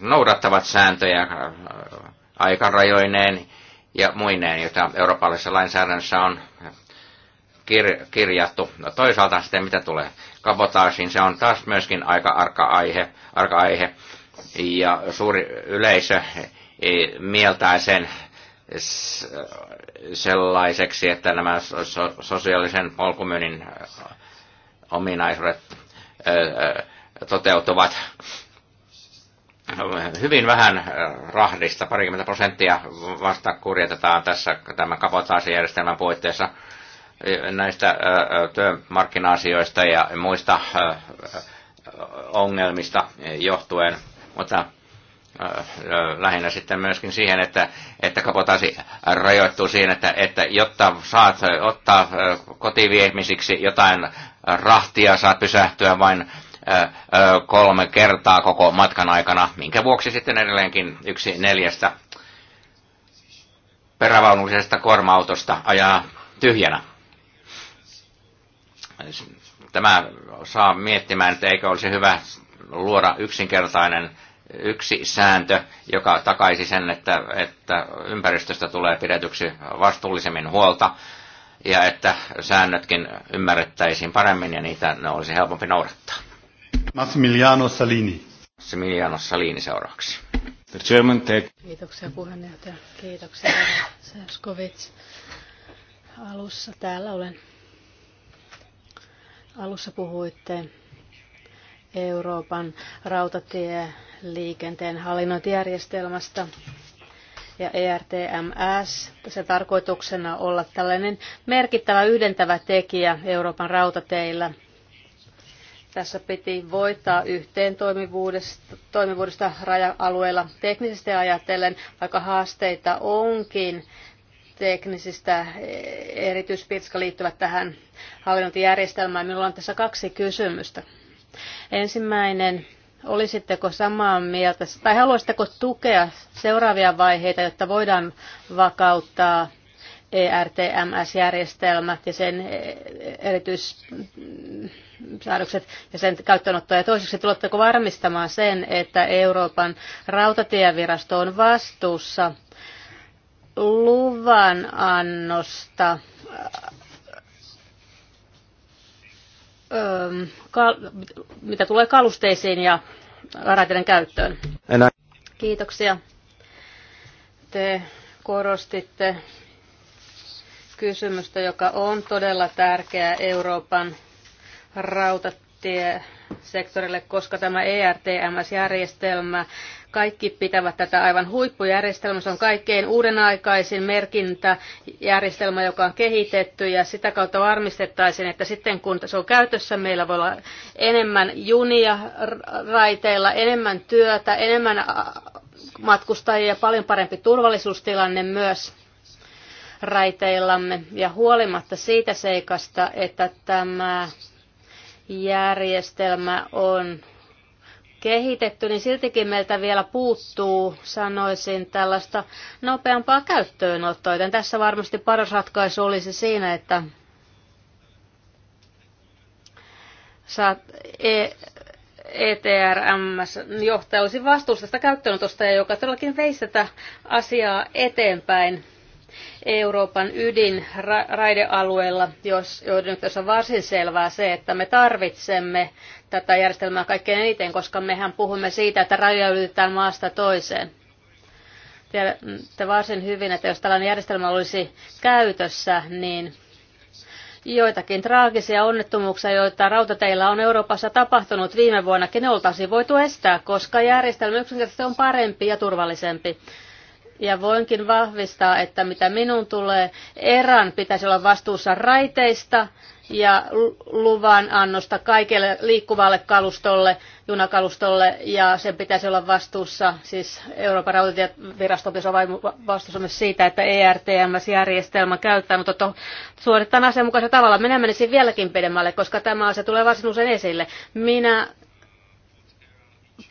noudattavat sääntöjä aikarajoineen ja muineen, joita eurooppalaisessa lainsäädännössä on kir- kirjattu. No toisaalta sitten mitä tulee kabotaasiin, se on taas myöskin aika arka aihe, arka aihe ja suuri yleisö e, mieltää sen sellaiseksi, että nämä sosiaalisen polkumyynnin ominaisuudet toteutuvat hyvin vähän äh, rahdista, parikymmentä prosenttia vasta kurjetetaan tässä tämän kapotaasijärjestelmän puitteissa näistä työmarkkina-asioista ja muista ongelmista johtuen, mutta lähinnä sitten myöskin siihen, että, että kapotaasi rajoittuu siihen, että, että jotta saat ottaa kotiviemisiksi jotain rahtia, saat pysähtyä vain kolme kertaa koko matkan aikana, minkä vuoksi sitten edelleenkin yksi neljästä perävaunullisesta kuorma-autosta ajaa tyhjänä. Tämä saa miettimään, että eikö olisi hyvä luoda yksinkertainen yksi sääntö, joka takaisi sen, että, että ympäristöstä tulee pidetyksi vastuullisemmin huolta ja että säännötkin ymmärrettäisiin paremmin ja niitä ne olisi helpompi noudattaa. Massimiliano Salini. Massimiliano Salini seuraavaksi. Kiitoksia puheenjohtaja. Kiitoksia Saskovits. Alussa täällä olen. Alussa puhuitte Euroopan rautatieliikenteen hallinnointijärjestelmästä ja ERTMS. Se tarkoituksena olla tällainen merkittävä yhdentävä tekijä Euroopan rautateillä – tässä piti voittaa yhteen toimivuudesta, toimivuudesta raja-alueella teknisesti ajatellen, vaikka haasteita onkin teknisistä e, erityispiirteistä liittyvät tähän hallinnointijärjestelmään. Minulla on tässä kaksi kysymystä. Ensimmäinen, olisitteko samaa mieltä tai haluaisitteko tukea seuraavia vaiheita, jotta voidaan vakauttaa ERTMS-järjestelmät ja sen e, erityissäädökset ja sen käyttöönotto. Ja toiseksi tuletteko varmistamaan sen, että Euroopan rautatievirasto on vastuussa luvan annosta mitä tulee kalusteisiin ja raiteiden käyttöön. Kiitoksia. Te korostitte kysymystä, joka on todella tärkeä Euroopan rautatiesektorille, koska tämä ERTMS-järjestelmä, kaikki pitävät tätä aivan huippujärjestelmä. Se on kaikkein uudenaikaisin merkintäjärjestelmä, joka on kehitetty ja sitä kautta varmistettaisiin, että sitten kun se on käytössä, meillä voi olla enemmän junia raiteilla, enemmän työtä, enemmän matkustajia ja paljon parempi turvallisuustilanne myös raiteillamme. Ja huolimatta siitä seikasta, että tämä järjestelmä on kehitetty, niin siltikin meiltä vielä puuttuu, sanoisin, tällaista nopeampaa käyttöönottoa. Joten tässä varmasti paras ratkaisu olisi siinä, että saat e- ETRMS-johtaja olisi vastuussa tästä käyttöönotosta, joka todellakin veisi tätä asiaa eteenpäin Euroopan ydinraidealueella, jos, jossa on varsin selvää se, että me tarvitsemme tätä järjestelmää kaikkein eniten, koska mehän puhumme siitä, että rajoja ylitetään maasta toiseen. Tiedätte mm, varsin hyvin, että jos tällainen järjestelmä olisi käytössä, niin joitakin traagisia onnettomuuksia, joita rautateillä on Euroopassa tapahtunut viime vuonnakin, ne oltaisiin voitu estää, koska järjestelmä yksinkertaisesti on parempi ja turvallisempi. Ja voinkin vahvistaa, että mitä minun tulee, erän pitäisi olla vastuussa raiteista ja luvan annosta kaikelle liikkuvalle kalustolle, junakalustolle, ja sen pitäisi olla vastuussa, siis Euroopan rautatievirasto pitäisi olla vastuussa myös siitä, että ERTMS-järjestelmä käyttää, mutta to, suoritetaan asianmukaisella tavalla. Minä menisin vieläkin pidemmälle, koska tämä asia tulee varsin usein esille. Minä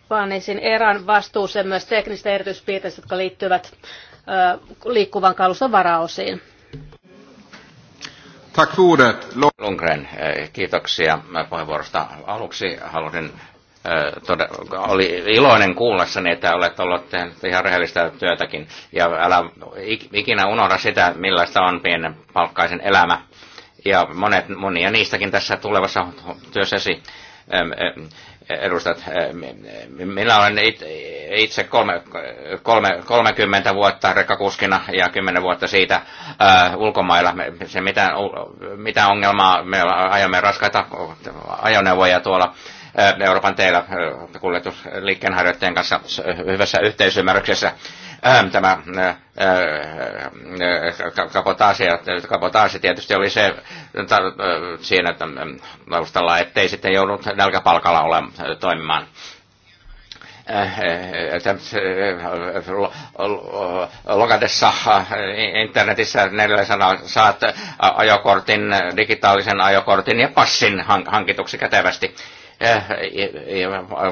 panisin erän vastuuseen myös teknistä erityispiirteistä, jotka liittyvät liikkuvan kaluston varaosiin. Tack ordet. Lundgren, eh, kiitoksia puheenvuorosta. Aluksi halusin eh, Tode, oli iloinen kuullessani, että olet ollut tehnyt ihan rehellistä työtäkin. Ja älä ikinä unohda sitä, millaista on pienen palkkaisen elämä. Ja monet, monia niistäkin tässä tulevassa työssäsi edustat. Eh, minä olen itse kolme, kolme, 30 vuotta rekkakuskina ja 10 vuotta siitä ää, eh, ulkomailla. Se mitä, mitä ongelmaa, me ajamme raskaita ajoneuvoja tuolla Euroopan teillä kuljetusliikkeen harjoittajien kanssa hyvässä yhteisymmärryksessä tämä kapotaasi, kapotaasi tietysti oli se siinä että taustalla, ettei sitten joudut nälkäpalkalla ole toimimaan. logadessa, internetissä sanaa saat ajokortin, digitaalisen ajokortin ja passin hankituksi kätevästi Eh, eh, eh,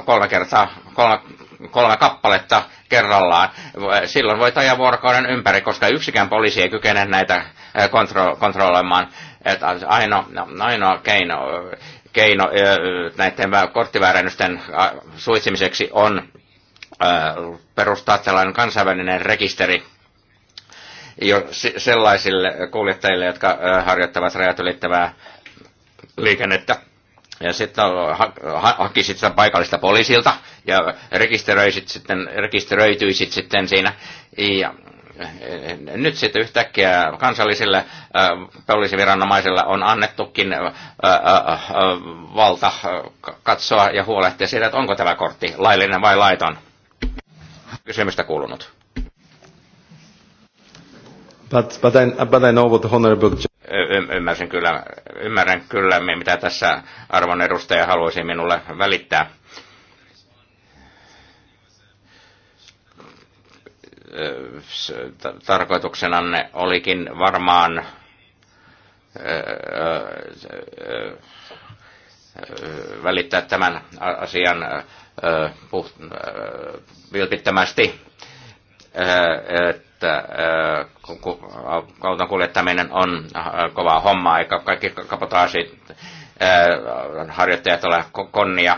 kolme kertaa, kolme, kolme kappaletta kerrallaan. Silloin voit ajaa vuorokauden ympäri, koska yksikään poliisi ei kykene näitä kontro, kontrolloimaan. Että ainoa, ainoa keino, keino näiden korttiväärennysten suitsimiseksi on perustaa tällainen kansainvälinen rekisteri jo sellaisille kuljettajille, jotka harjoittavat rajat ylittävää liikennettä ja sitten hakisit sen paikallista poliisilta ja rekisteröisit sitten, rekisteröityisit sitten siinä. Ja eh, nyt sitten yhtäkkiä kansallisille eh, poliisiviranomaisille on annettukin eh, valta katsoa ja huolehtia siitä, että onko tämä kortti laillinen vai laiton. Kysymystä kuulunut. But, but, I, but I know what honorable ymmärsin kyllä, ymmärrän kyllä, mitä tässä arvon edustaja haluaisi minulle välittää. Tarkoituksenanne olikin varmaan välittää tämän asian vilpittömästi että auton kuljettaminen on kovaa hommaa, eikä kaikki kapotaasit harjoittajat ole konnia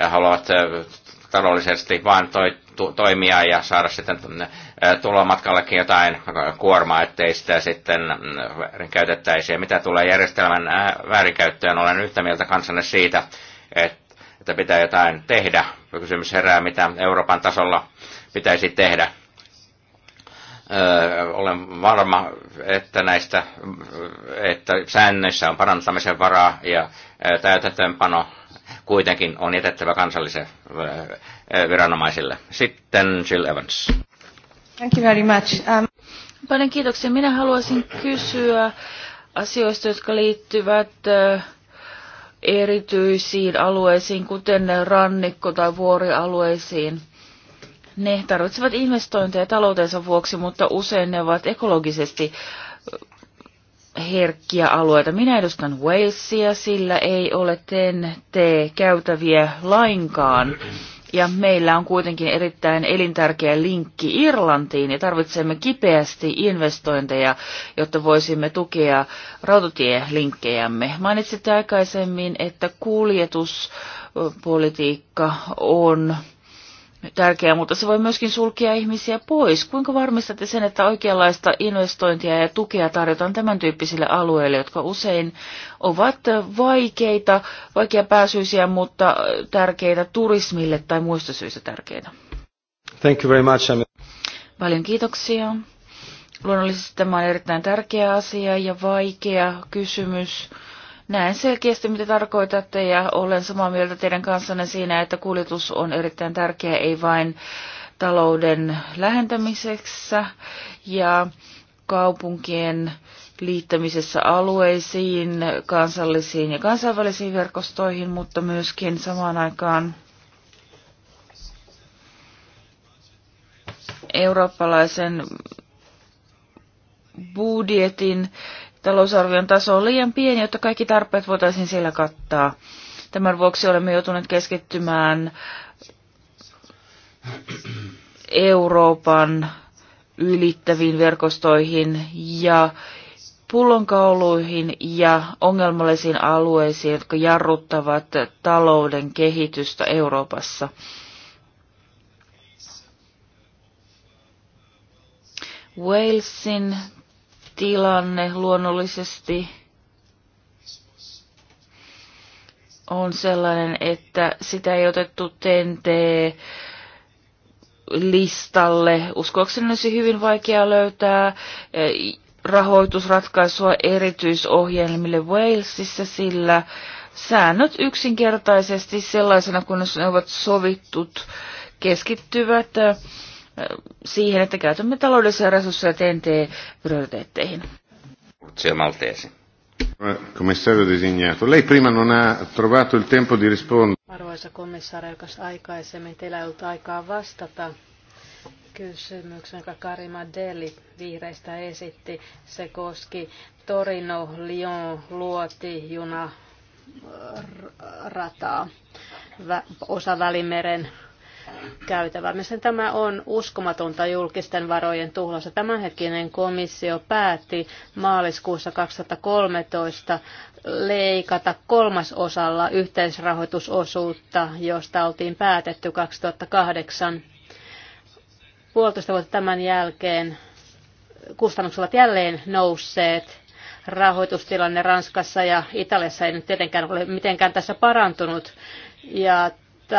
ja haluavat taloudellisesti vain toi, to, toimia ja saada sitten tulla matkallekin jotain kuormaa, ettei sitä sitten käytettäisi. Ja mitä tulee järjestelmän väärinkäyttöön, olen yhtä mieltä kanssanne siitä, että, että pitää jotain tehdä. Kysymys herää, mitä Euroopan tasolla pitäisi tehdä olen varma, että näistä että säännöissä on parantamisen varaa ja täytäntöönpano kuitenkin on jätettävä kansalliselle viranomaisille. Sitten Jill Evans. Thank you very much. Um... Paljon kiitoksia. Minä haluaisin kysyä asioista, jotka liittyvät erityisiin alueisiin, kuten rannikko- tai vuorialueisiin. Ne tarvitsevat investointeja taloutensa vuoksi, mutta usein ne ovat ekologisesti herkkiä alueita. Minä edustan Walesia, sillä ei ole tnt käytäviä lainkaan. Ja meillä on kuitenkin erittäin elintärkeä linkki Irlantiin ja tarvitsemme kipeästi investointeja, jotta voisimme tukea rautatielinkkejämme. Mainitsitte aikaisemmin, että kuljetuspolitiikka on tärkeää, mutta se voi myöskin sulkea ihmisiä pois. Kuinka varmistatte sen, että oikeanlaista investointia ja tukea tarjotaan tämän tyyppisille alueille, jotka usein ovat vaikeita, vaikeapääsyisiä, mutta tärkeitä turismille tai muista syistä tärkeitä? Thank you very much. Paljon kiitoksia. Luonnollisesti tämä on erittäin tärkeä asia ja vaikea kysymys. Näen selkeästi, mitä tarkoitatte, ja olen samaa mieltä teidän kanssanne siinä, että kuljetus on erittäin tärkeä, ei vain talouden lähentämisessä ja kaupunkien liittämisessä alueisiin, kansallisiin ja kansainvälisiin verkostoihin, mutta myöskin samaan aikaan eurooppalaisen budjetin talousarvion taso on liian pieni, jotta kaikki tarpeet voitaisiin siellä kattaa. Tämän vuoksi olemme joutuneet keskittymään Euroopan ylittäviin verkostoihin ja pullonkauluihin ja ongelmallisiin alueisiin, jotka jarruttavat talouden kehitystä Euroopassa. Walesin tilanne luonnollisesti on sellainen, että sitä ei otettu tentee listalle. Uskoakseni olisi hyvin vaikea löytää eh, rahoitusratkaisua erityisohjelmille Walesissa, sillä säännöt yksinkertaisesti sellaisena, kun ne ovat sovittut, keskittyvät eh, siihen, että käytämme taloudellisia resursseja TNT-prioriteetteihin. Siellä Malteesi. Komissario eh, designato, lei prima non ha trovato il tempo di rispondere. Arvoisa komissaari, joka aikaisemmin teillä ei ollut aikaa vastata kysymyksen, jonka Karima Deli vihreistä esitti. Se koski torino lyon Luoti, Juna, rataa, osa Välimeren käytävää. Mielestäni tämä on uskomatonta julkisten varojen tuhlausta. Tämänhetkinen komissio päätti maaliskuussa 2013 leikata kolmasosalla yhteisrahoitusosuutta, josta oltiin päätetty 2008. Puolitoista vuotta tämän jälkeen kustannukset ovat jälleen nousseet rahoitustilanne Ranskassa ja Italiassa ei nyt tietenkään ole mitenkään tässä parantunut. Ja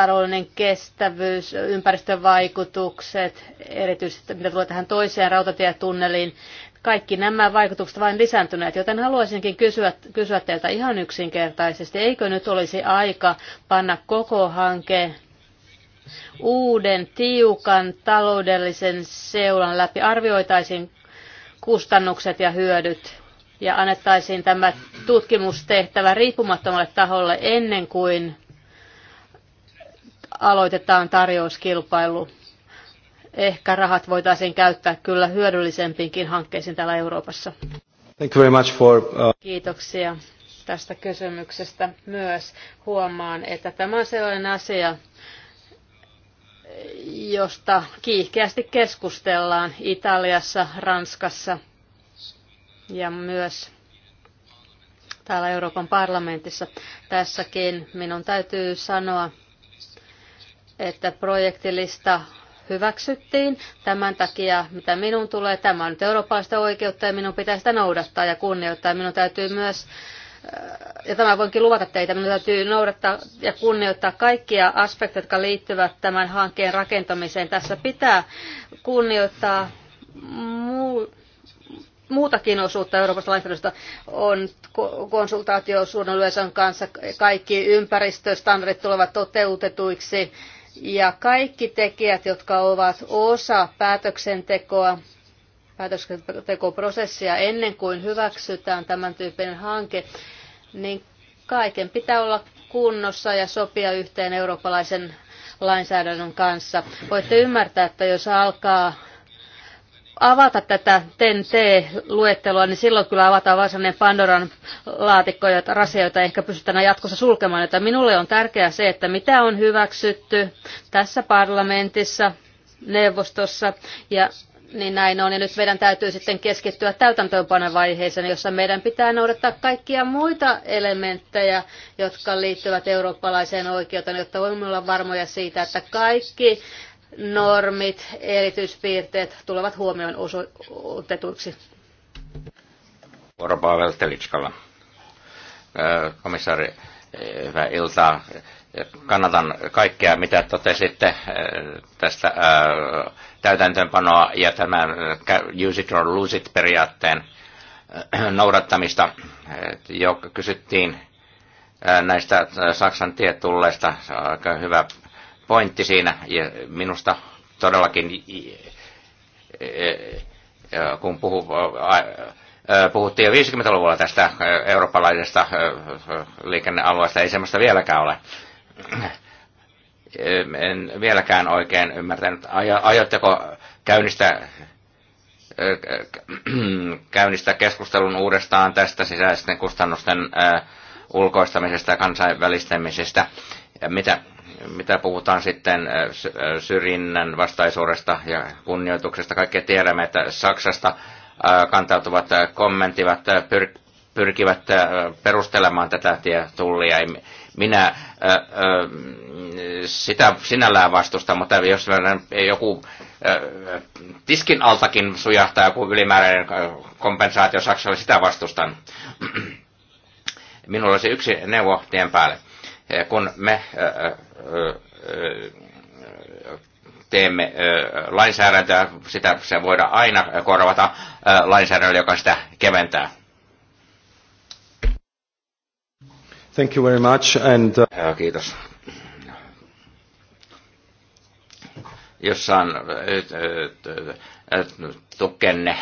taloudellinen kestävyys, ympäristövaikutukset, erityisesti mitä tulee tähän toiseen rautatietunneliin, kaikki nämä vaikutukset vain lisääntyneet, joten haluaisinkin kysyä, kysyä teiltä ihan yksinkertaisesti, eikö nyt olisi aika panna koko hanke uuden tiukan taloudellisen seulan läpi, arvioitaisiin kustannukset ja hyödyt ja annettaisiin tämä tutkimustehtävä riippumattomalle taholle ennen kuin aloitetaan tarjouskilpailu. Ehkä rahat voitaisiin käyttää kyllä hyödyllisempiinkin hankkeisiin täällä Euroopassa. Thank you very much for, uh... Kiitoksia tästä kysymyksestä myös. Huomaan, että tämä on sellainen asia, josta kiihkeästi keskustellaan Italiassa, Ranskassa ja myös täällä Euroopan parlamentissa. Tässäkin minun täytyy sanoa, että projektilista hyväksyttiin. Tämän takia, mitä minun tulee, tämä on nyt eurooppalaista oikeutta ja minun pitää sitä noudattaa ja kunnioittaa. Minun täytyy myös, äh, ja tämä voinkin luvata teitä, minun täytyy noudattaa ja kunnioittaa kaikkia aspekteja, jotka liittyvät tämän hankkeen rakentamiseen. Tässä pitää kunnioittaa muu, muutakin osuutta Euroopasta lainsäädännöstä on konsultaatio suuren kanssa. Kaikki ympäristöstandardit tulevat toteutetuiksi ja kaikki tekijät, jotka ovat osa päätöksentekoa, päätöksentekoprosessia ennen kuin hyväksytään tämän tyyppinen hanke, niin kaiken pitää olla kunnossa ja sopia yhteen eurooppalaisen lainsäädännön kanssa. Voitte ymmärtää, että jos alkaa avata tätä TEN-T-luettelua, niin silloin kyllä avataan sellainen Pandoran laatikko ja rasia, jota ehkä pystytään jatkossa sulkemaan. Että minulle on tärkeää se, että mitä on hyväksytty tässä parlamentissa, neuvostossa ja niin näin on. Ja nyt meidän täytyy sitten keskittyä täytäntöönpanovaiheeseen, jossa meidän pitää noudattaa kaikkia muita elementtejä, jotka liittyvät eurooppalaiseen oikeuteen, jotta voimme olla varmoja siitä, että kaikki normit, erityispiirteet tulevat huomioon otetuiksi. Vuoropavel Telitskalla. Komissaari, hyvää iltaa. Kannatan kaikkea, mitä totesitte tästä täytäntöönpanoa ja tämän use it or lose it periaatteen noudattamista. Jo kysyttiin näistä Saksan tietulleista. Aika hyvä pointti siinä. Ja minusta todellakin, e, e, kun puhu, e, puhuttiin jo 50-luvulla tästä eurooppalaisesta liikennealueesta, ei semmoista vieläkään ole. En vieläkään oikein ymmärtänyt. Aiotteko käynnistää käynnistää keskustelun uudestaan tästä sisäisten kustannusten ulkoistamisesta ja kansainvälistämisestä. Ja mitä, mitä puhutaan sitten äh, äh, syrjinnän vastaisuudesta ja kunnioituksesta. Kaikki tiedämme, että Saksasta äh, kantautuvat kommentivat pyrkivät perustelemaan tätä tietullia. Minä sitä sinällään vastustan, mutta jos joku tiskin altakin sujahtaa joku ylimääräinen kompensaatio Saksalle, sitä vastustan. Minulla olisi yksi neuvo tien päälle Eh, kun me eh, eh, teemme lainsäädäntöä, sitä se voidaan aina korvata lainsäädännöllä, joka sitä keventää. Thank you very much and, uh... Kiitos. Jossain tukenne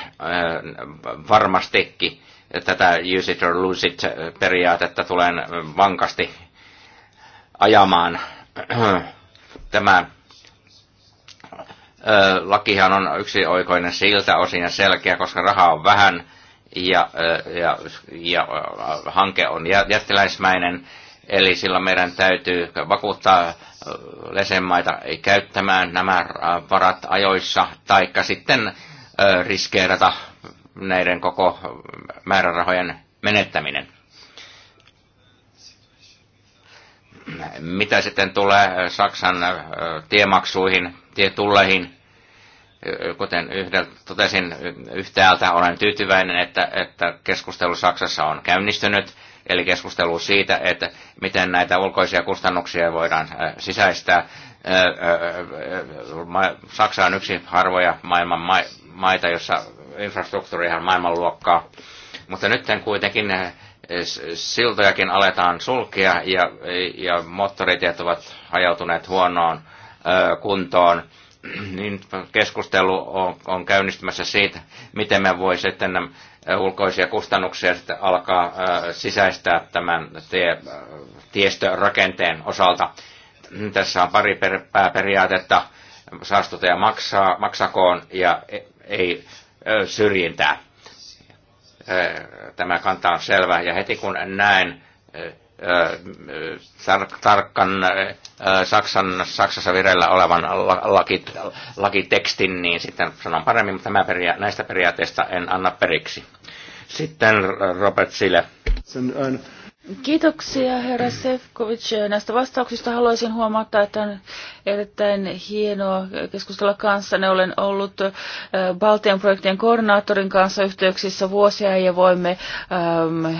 varmastikin tätä use it or lose it periaatetta tulen vankasti ajamaan. Tämä lakihan on yksi oikoinen siltä osin ja selkeä, koska raha on vähän ja, ja, ja hanke on jättiläismäinen. Eli silloin meidän täytyy vakuuttaa lesenmaita käyttämään nämä varat ajoissa, taikka sitten riskeerata näiden koko määrärahojen menettäminen. Mitä sitten tulee Saksan tiemaksuihin, tietulleihin, kuten yhdeltä, totesin yhtäältä, olen tyytyväinen, että, että keskustelu Saksassa on käynnistynyt, eli keskustelu siitä, että miten näitä ulkoisia kustannuksia voidaan sisäistää. Saksa on yksi harvoja maailman maita, jossa infrastruktuuri ihan maailmanluokkaa, mutta nyt kuitenkin siltojakin aletaan sulkea ja, ja moottoritiet ovat hajautuneet huonoon kuntoon, niin keskustelu on, on käynnistymässä siitä, miten me voi sitten ulkoisia kustannuksia sitten alkaa sisäistää tämän tie, tiestörakenteen osalta. Tässä on pari per, pääperiaatetta, saastuttaja maksaa, maksakoon ja e-, ei syrjintää Tämä kanta on selvä ja heti kun näen tarkkan Saksan, Saksassa vireillä olevan laki, lakitekstin, niin sitten sanon paremmin, mutta mä peria, näistä periaatteista en anna periksi. Sitten Robert Sille. Kiitoksia herra Sefkovic. Näistä vastauksista haluaisin huomauttaa, että on erittäin hienoa keskustella kanssa. Ne olen ollut äh, Baltian projektien koordinaattorin kanssa yhteyksissä vuosia ja voimme äm,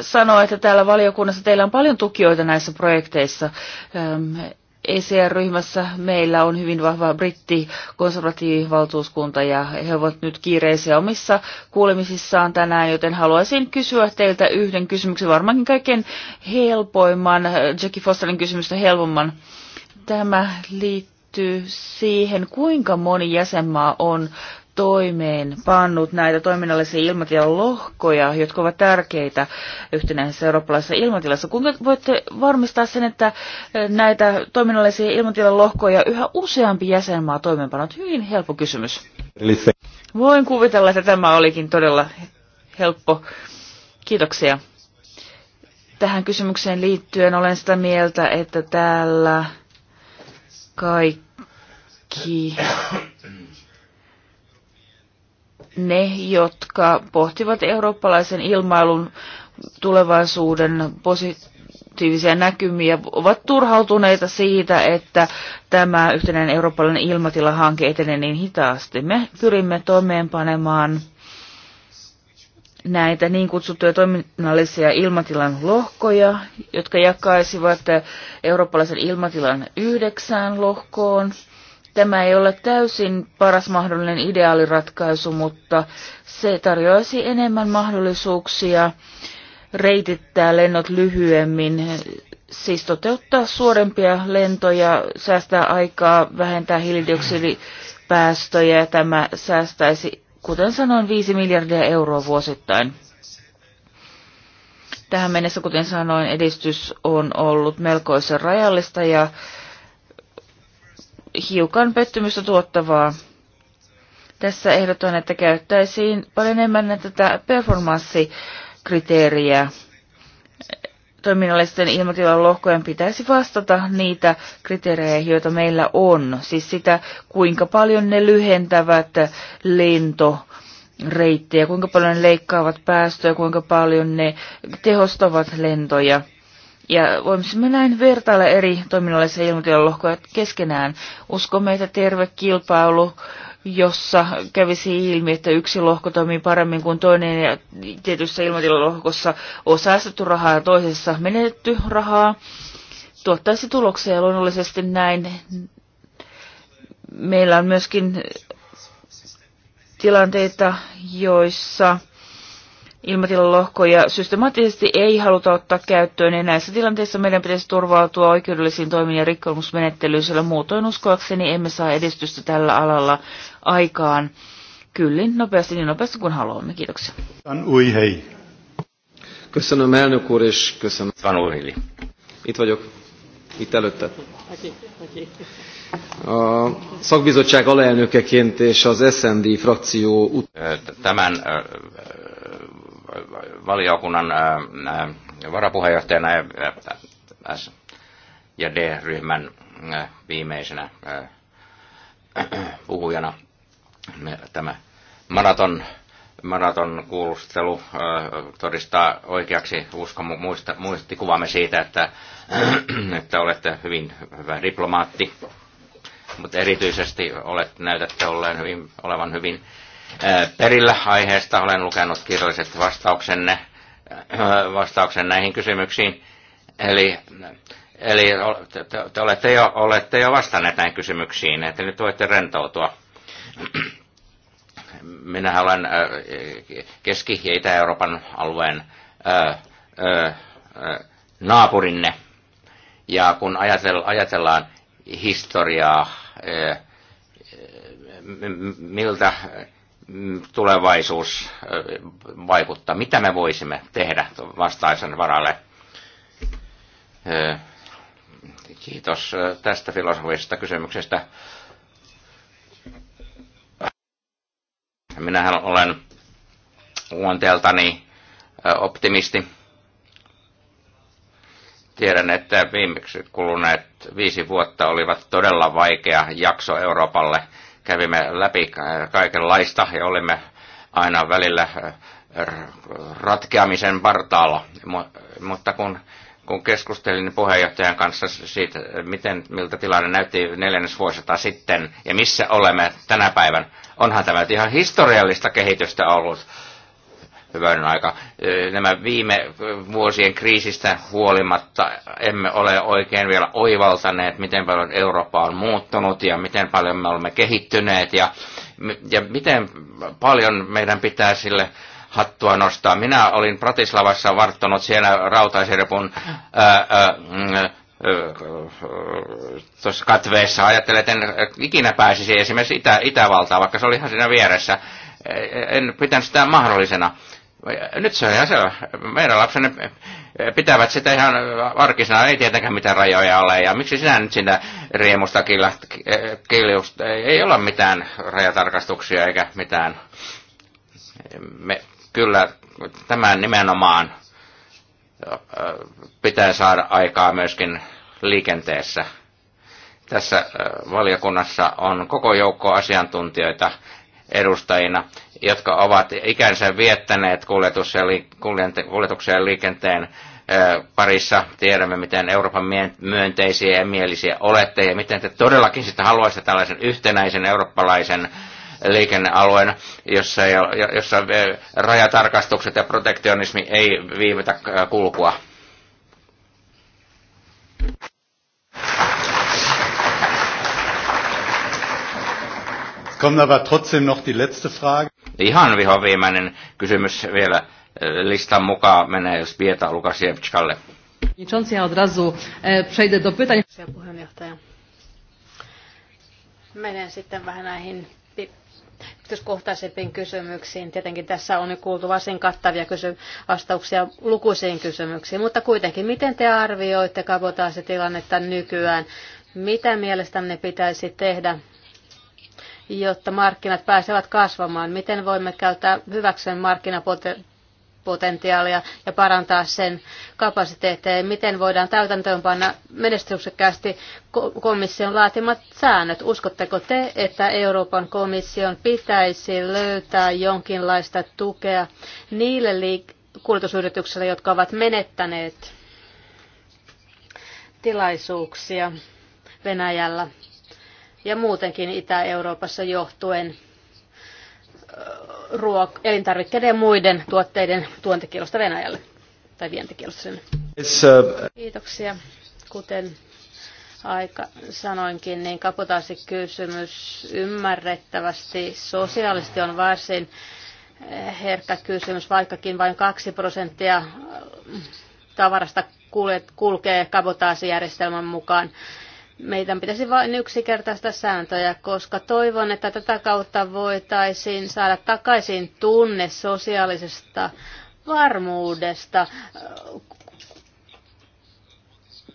sanoa, että täällä valiokunnassa teillä on paljon tukijoita näissä projekteissa. Äm, ECR-ryhmässä meillä on hyvin vahva britti konservatiivivaltuuskunta ja he ovat nyt kiireisiä omissa kuulemisissaan tänään, joten haluaisin kysyä teiltä yhden kysymyksen, varmaankin kaiken helpoimman, Jackie Fosterin kysymystä helpomman. Tämä liittyy siihen, kuinka moni jäsenmaa on toimeen pannut näitä toiminnallisia ilmatilan lohkoja, jotka ovat tärkeitä yhtenäisessä eurooppalaisessa ilmatilassa. Kuinka voitte varmistaa sen, että eh, näitä toiminnallisia ilmatilan lohkoja yhä useampi jäsenmaa toimeenpanot? Hyvin helppo kysymys. Voin kuvitella, että tämä olikin todella helppo. Kiitoksia. Tähän kysymykseen liittyen olen sitä mieltä, että täällä kaikki ne, jotka pohtivat eurooppalaisen ilmailun tulevaisuuden positiivisia näkymiä, ovat turhautuneita siitä, että tämä yhtenäinen eurooppalainen ilmatilahanke etenee niin hitaasti. Me pyrimme toimeenpanemaan näitä niin kutsuttuja toiminnallisia ilmatilan lohkoja, jotka jakaisivat eurooppalaisen ilmatilan yhdeksään lohkoon. Tämä ei ole täysin paras mahdollinen ideaaliratkaisu, mutta se tarjoaisi enemmän mahdollisuuksia reitittää lennot lyhyemmin, siis toteuttaa suorempia lentoja, säästää aikaa, vähentää hiilidioksidipäästöjä ja tämä säästäisi, kuten sanoin, 5 miljardia euroa vuosittain. Tähän mennessä, kuten sanoin, edistys on ollut melkoisen rajallista ja hiukan pettymystä tuottavaa. Tässä ehdotan, että käyttäisiin paljon enemmän tätä performanssikriteeriä. Toiminnallisten ilmatilan lohkojen pitäisi vastata niitä kriteerejä, joita meillä on. Siis sitä, kuinka paljon ne lyhentävät lento reittejä, kuinka paljon ne leikkaavat päästöjä, kuinka paljon ne tehostavat lentoja. Ja voisimme näin vertailla eri toiminnallisia ilmoituksen lohkoja keskenään. Uskomme, että terve kilpailu jossa kävisi ilmi, että yksi lohko toimii paremmin kuin toinen ja tietyssä ilmatilalohkossa on säästetty rahaa ja toisessa menetetty rahaa. Tuottaisi tuloksia luonnollisesti näin. Meillä on myöskin tilanteita, joissa ilmatilalohkoja systemaattisesti ei haluta ottaa käyttöön, ja niin näissä tilanteissa meidän pitäisi turvautua oikeudellisiin toimiin ja rikkomusmenettelyyn, sillä muutoin uskoakseni emme saa edistystä tällä alalla aikaan kyllin nopeasti, niin nopeasti kuin haluamme. Kiitoksia. Van Ui, hei. Köszönöm elnök úr, és köszönöm. Van Ui, Itt vagyok. Itt előtte. A szakbizottság alelnökeként és az SND frakció... Tämän valiokunnan varapuheenjohtajana ja D-ryhmän viimeisenä puhujana tämä maraton, maraton kuulustelu todistaa oikeaksi usko muista, muistikuvamme siitä, että, että olette hyvin hyvä diplomaatti, mutta erityisesti olet, näytätte olleen hyvin, olevan hyvin Äh, perillä aiheesta. Olen lukenut kirjalliset vastauksenne, äh, vastauksen näihin kysymyksiin. Eli, eli te, te, olette, jo, olette jo vastanneet näihin kysymyksiin, että nyt voitte rentoutua. Minä olen äh, Keski- ja Itä-Euroopan alueen naapurinne. Ja kun ajatellaan historiaa, miltä tulevaisuus vaikuttaa? Mitä me voisimme tehdä vastaisen varalle? Kiitos tästä filosofisesta kysymyksestä. Minähän olen luonteeltani optimisti. Tiedän, että viimeksi kuluneet viisi vuotta olivat todella vaikea jakso Euroopalle – kävimme läpi kaikenlaista ja olimme aina välillä äh, ratkeamisen partaalla. Mutta kun, kun keskustelin puheenjohtajan kanssa siitä, miten, miltä tilanne näytti neljännesvuosilta sitten ja missä olemme tänä päivän, onhan tämä ihan historiallista kehitystä ollut hyvänen aika. Nämä viime vuosien kriisistä huolimatta emme ole oikein vielä oivaltaneet, miten paljon Eurooppa on muuttunut ja miten paljon me olemme kehittyneet ja, ja miten paljon meidän pitää sille hattua nostaa. Minä olin Pratislavassa varttunut siellä rautaisirpun mm, tuossa katveessa ajattelin, että en ikinä pääsisi esimerkiksi Itä, Itävaltaan, vaikka se oli ihan siinä vieressä. En pitänyt sitä mahdollisena. Nyt se on ihan selvä. Meidän lapsenne pitävät sitä ihan arkisena, ei tietenkään mitään rajoja ole. Ja miksi sinä nyt sinä riemusta kiljust, ei ole mitään rajatarkastuksia eikä mitään. Me, kyllä tämän nimenomaan pitää saada aikaa myöskin liikenteessä. Tässä valiokunnassa on koko joukko asiantuntijoita edustajina jotka ovat ikänsä viettäneet kuljetus ja kuljetuksen ja liikenteen parissa. Tiedämme, miten Euroopan myönteisiä ja mielisiä olette ja miten te todellakin sitten haluaisitte tällaisen yhtenäisen eurooppalaisen liikennealueen, jossa, jossa rajatarkastukset ja protektionismi ei viivytä kulkua. Ihan viho viimeinen kysymys vielä äh, listan mukaan menee, jos Pieta Lukasiewiczalle. Ja od razu e, przejdę do pytań. Menen sitten vähän näihin yksityiskohtaisempiin kysymyksiin. Tietenkin tässä on jo kuultu varsin kattavia vastauksia lukuisiin kysymyksiin, mutta kuitenkin, miten te arvioitte kabotaasitilannetta nykyään? Mitä mielestänne pitäisi tehdä jotta markkinat pääsevät kasvamaan? Miten voimme käyttää hyväksen markkinapotentiaalia ja parantaa sen kapasiteetteja? Miten voidaan täytäntöönpanna menestyksekkäästi komission laatimat säännöt? Uskotteko te, että Euroopan komission pitäisi löytää jonkinlaista tukea niille liik- jotka ovat menettäneet tilaisuuksia Venäjällä ja muutenkin Itä-Euroopassa johtuen ruok- elintarvikkeiden ja muiden tuotteiden tuontikielosta Venäjälle tai vientikielosta sinne. Kiitoksia. Kuten aika sanoinkin, niin kapotaasikysymys ymmärrettävästi sosiaalisesti on varsin eh, herkkä kysymys, vaikkakin vain 2 prosenttia eh, tavarasta kulkee kabotaasijärjestelmän mukaan meidän pitäisi vain yksinkertaista sääntöjä, koska toivon, että tätä kautta voitaisiin saada takaisin tunne sosiaalisesta varmuudesta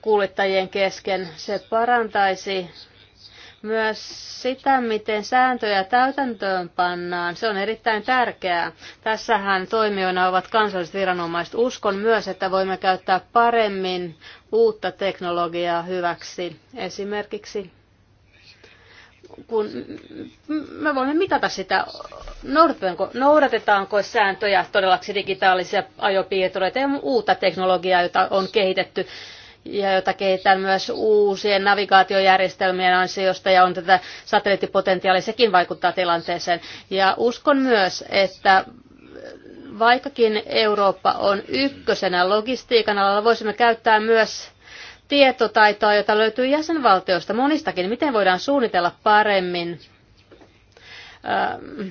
kuljettajien kesken. Se parantaisi myös sitä, miten sääntöjä täytäntöön pannaan. Se on erittäin tärkeää. Tässähän toimijoina ovat kansalliset viranomaiset. Uskon myös, että voimme käyttää paremmin uutta teknologiaa hyväksi. Esimerkiksi kun me voimme mitata sitä, noudatetaanko, noudatetaanko sääntöjä todellakin digitaalisia ajopiirtureita ja uutta teknologiaa, jota on kehitetty ja jota kehitetään myös uusien navigaatiojärjestelmien ansiosta ja on tätä satelliittipotentiaalia, sekin vaikuttaa tilanteeseen. Ja uskon myös, että vaikkakin Eurooppa on ykkösenä logistiikan alalla, voisimme käyttää myös tietotaitoa, jota löytyy jäsenvaltioista monistakin. Miten voidaan suunnitella paremmin? Ähm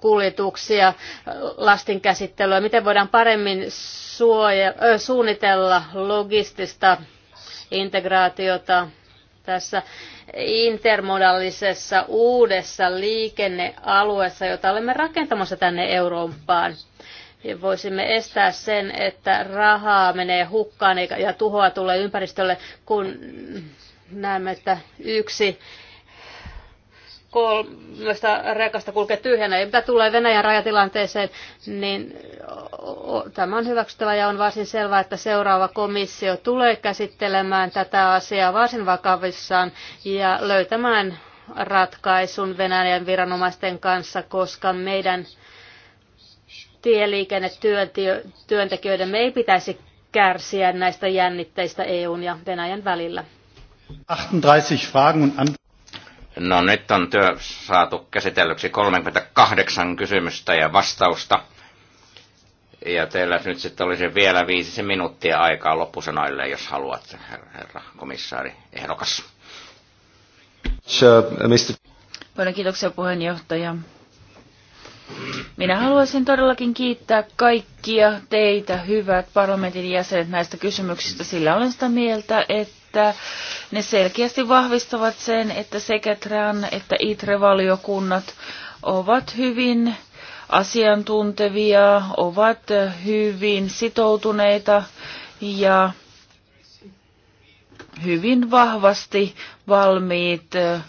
kuljetuksia, lastinkäsittelyä, miten voidaan paremmin suoja, suunnitella logistista integraatiota tässä intermodaalisessa uudessa liikennealueessa, jota olemme rakentamassa tänne Eurooppaan. Ja voisimme estää sen, että rahaa menee hukkaan ja tuhoa tulee ympäristölle, kun näemme, että yksi kolmesta rekasta kulkee tyhjänä. Ja mitä tulee Venäjän rajatilanteeseen, niin tämä on hyväksyttävä ja on varsin selvää, että seuraava komissio tulee käsittelemään tätä asiaa varsin vakavissaan ja löytämään ratkaisun Venäjän viranomaisten kanssa, koska meidän tieliikennetyöntekijöidemme ei pitäisi kärsiä näistä jännitteistä EUn ja Venäjän välillä. 38 Fragen und No nyt on työ saatu käsitellyksi 38 kysymystä ja vastausta. Ja teillä nyt sitten olisi vielä viisi minuuttia aikaa loppusanoille, jos haluat, herra komissaari ehdokas. Uh, Paljon kiitoksia puheenjohtaja. Minä haluaisin todellakin kiittää kaikkia teitä, hyvät parlamentin jäsenet, näistä kysymyksistä, sillä olen sitä mieltä, että että ne selkeästi vahvistavat sen, että sekä TRAN että ITRE-valiokunnat ovat hyvin asiantuntevia, ovat hyvin sitoutuneita ja hyvin vahvasti valmiit äh,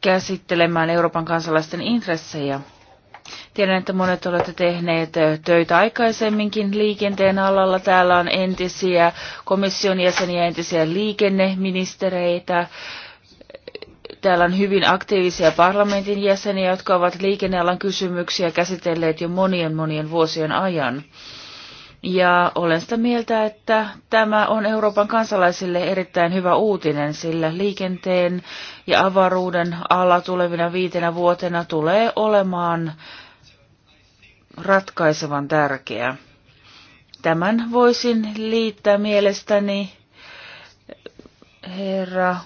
käsittelemään Euroopan kansalaisten intressejä. Tiedän, että monet olette tehneet töitä aikaisemminkin liikenteen alalla. Täällä on entisiä komission jäseniä, entisiä liikenneministereitä. Täällä on hyvin aktiivisia parlamentin jäseniä, jotka ovat liikennealan kysymyksiä käsitelleet jo monien monien vuosien ajan. Ja olen sitä mieltä, että tämä on Euroopan kansalaisille erittäin hyvä uutinen, sillä liikenteen ja avaruuden ala tulevina viitenä vuotena tulee olemaan ratkaisevan tärkeä. Tämän voisin liittää mielestäni herra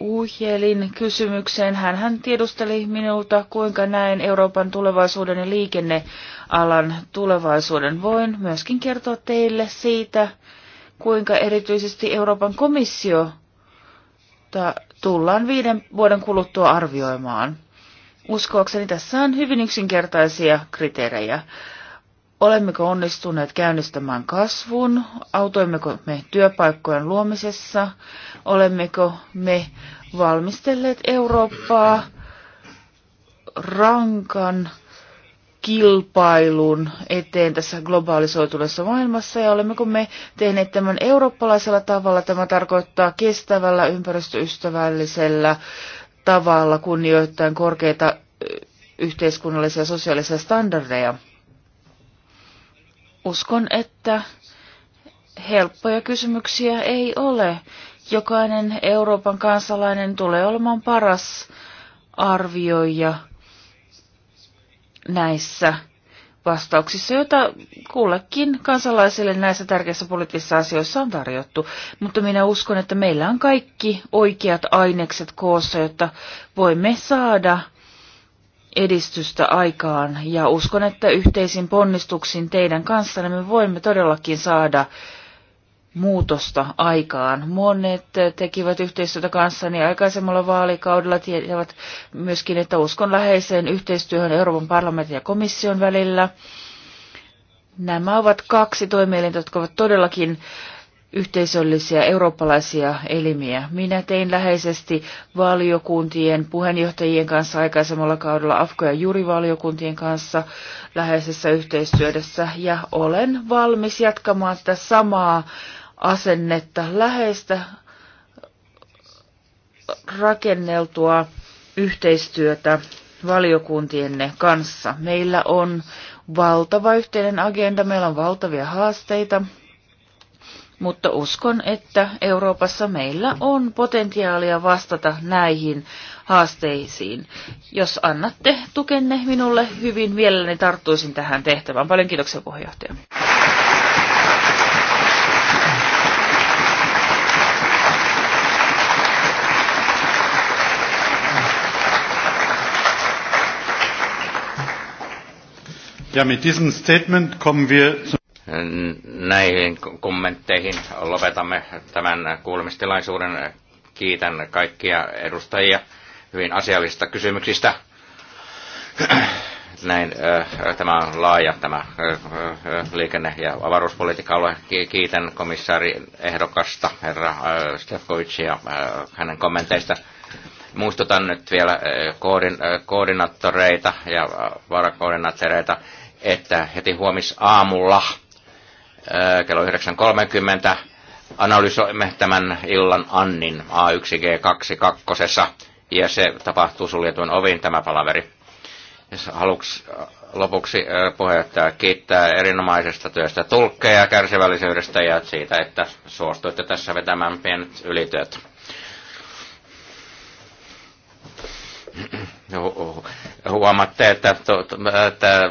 Ujelin kysymykseen. Hän, hän tiedusteli minulta, kuinka näen Euroopan tulevaisuuden ja liikennealan tulevaisuuden. Voin myöskin kertoa teille siitä, kuinka erityisesti Euroopan komissio tullaan viiden vuoden kuluttua arvioimaan. Uskoakseni tässä on hyvin yksinkertaisia kriteerejä. Olemmeko onnistuneet käynnistämään kasvun? Autoimmeko me työpaikkojen luomisessa? Olemmeko me valmistelleet Eurooppaa rankan kilpailun eteen tässä globaalisoituneessa maailmassa ja olemmeko me tehneet tämän eurooppalaisella tavalla. Tämä tarkoittaa kestävällä, ympäristöystävällisellä, tavalla kunnioittain korkeita yhteiskunnallisia ja sosiaalisia standardeja. Uskon, että helppoja kysymyksiä ei ole. Jokainen Euroopan kansalainen tulee olemaan paras arvioija näissä vastauksissa, joita kullekin kansalaisille näissä tärkeissä poliittisissa asioissa on tarjottu. Mutta minä uskon, että meillä on kaikki oikeat ainekset koossa, jotta voimme saada edistystä aikaan. Ja uskon, että yhteisin ponnistuksin teidän kanssanne me voimme todellakin saada muutosta aikaan. Monet tekivät yhteistyötä kanssani aikaisemmalla vaalikaudella, tietävät myöskin, että uskon läheiseen yhteistyöhön Euroopan parlamentin ja komission välillä. Nämä ovat kaksi toimielintä, jotka ovat todellakin yhteisöllisiä eurooppalaisia elimiä. Minä tein läheisesti valiokuntien puheenjohtajien kanssa aikaisemmalla kaudella Afko- ja Juri-valiokuntien kanssa läheisessä yhteistyössä ja olen valmis jatkamaan sitä samaa asennetta, läheistä rakenneltua yhteistyötä valiokuntienne kanssa. Meillä on valtava yhteinen agenda, meillä on valtavia haasteita, mutta uskon, että Euroopassa meillä on potentiaalia vastata näihin haasteisiin. Jos annatte tukenne minulle hyvin, mielelläni tarttuisin tähän tehtävään. Paljon kiitoksia puheenjohtaja. Ja mit diesem statement kommen wir zum näihin kommentteihin lopetamme tämän kuulemistilaisuuden. Kiitän kaikkia edustajia hyvin asiallisista kysymyksistä. Näin, tämä on laaja tämä liikenne- ja avaruuspolitiikka-alue. Kiitän komissaari ehdokasta, herra Stefkovicia, hänen kommenteista. Muistutan nyt vielä koordinaattoreita ja varakoordinaattoreita että heti aamulla äh, kello 9.30 analysoimme tämän illan Annin A1G2 kakkosessa, ja se tapahtuu suljetun ovin tämä palaveri. Haluksi, äh, lopuksi äh, puheenjohtaja kiittää erinomaisesta työstä tulkkeja, kärsivällisyydestä ja siitä, että suostuitte tässä vetämään pienet ylityöt. huomaatte, että, että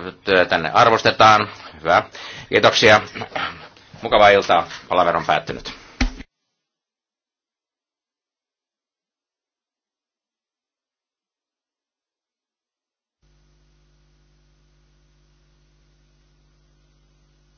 tänne arvostetaan. Hyvä. Kiitoksia. Mukavaa iltaa. Palaveron päättynyt.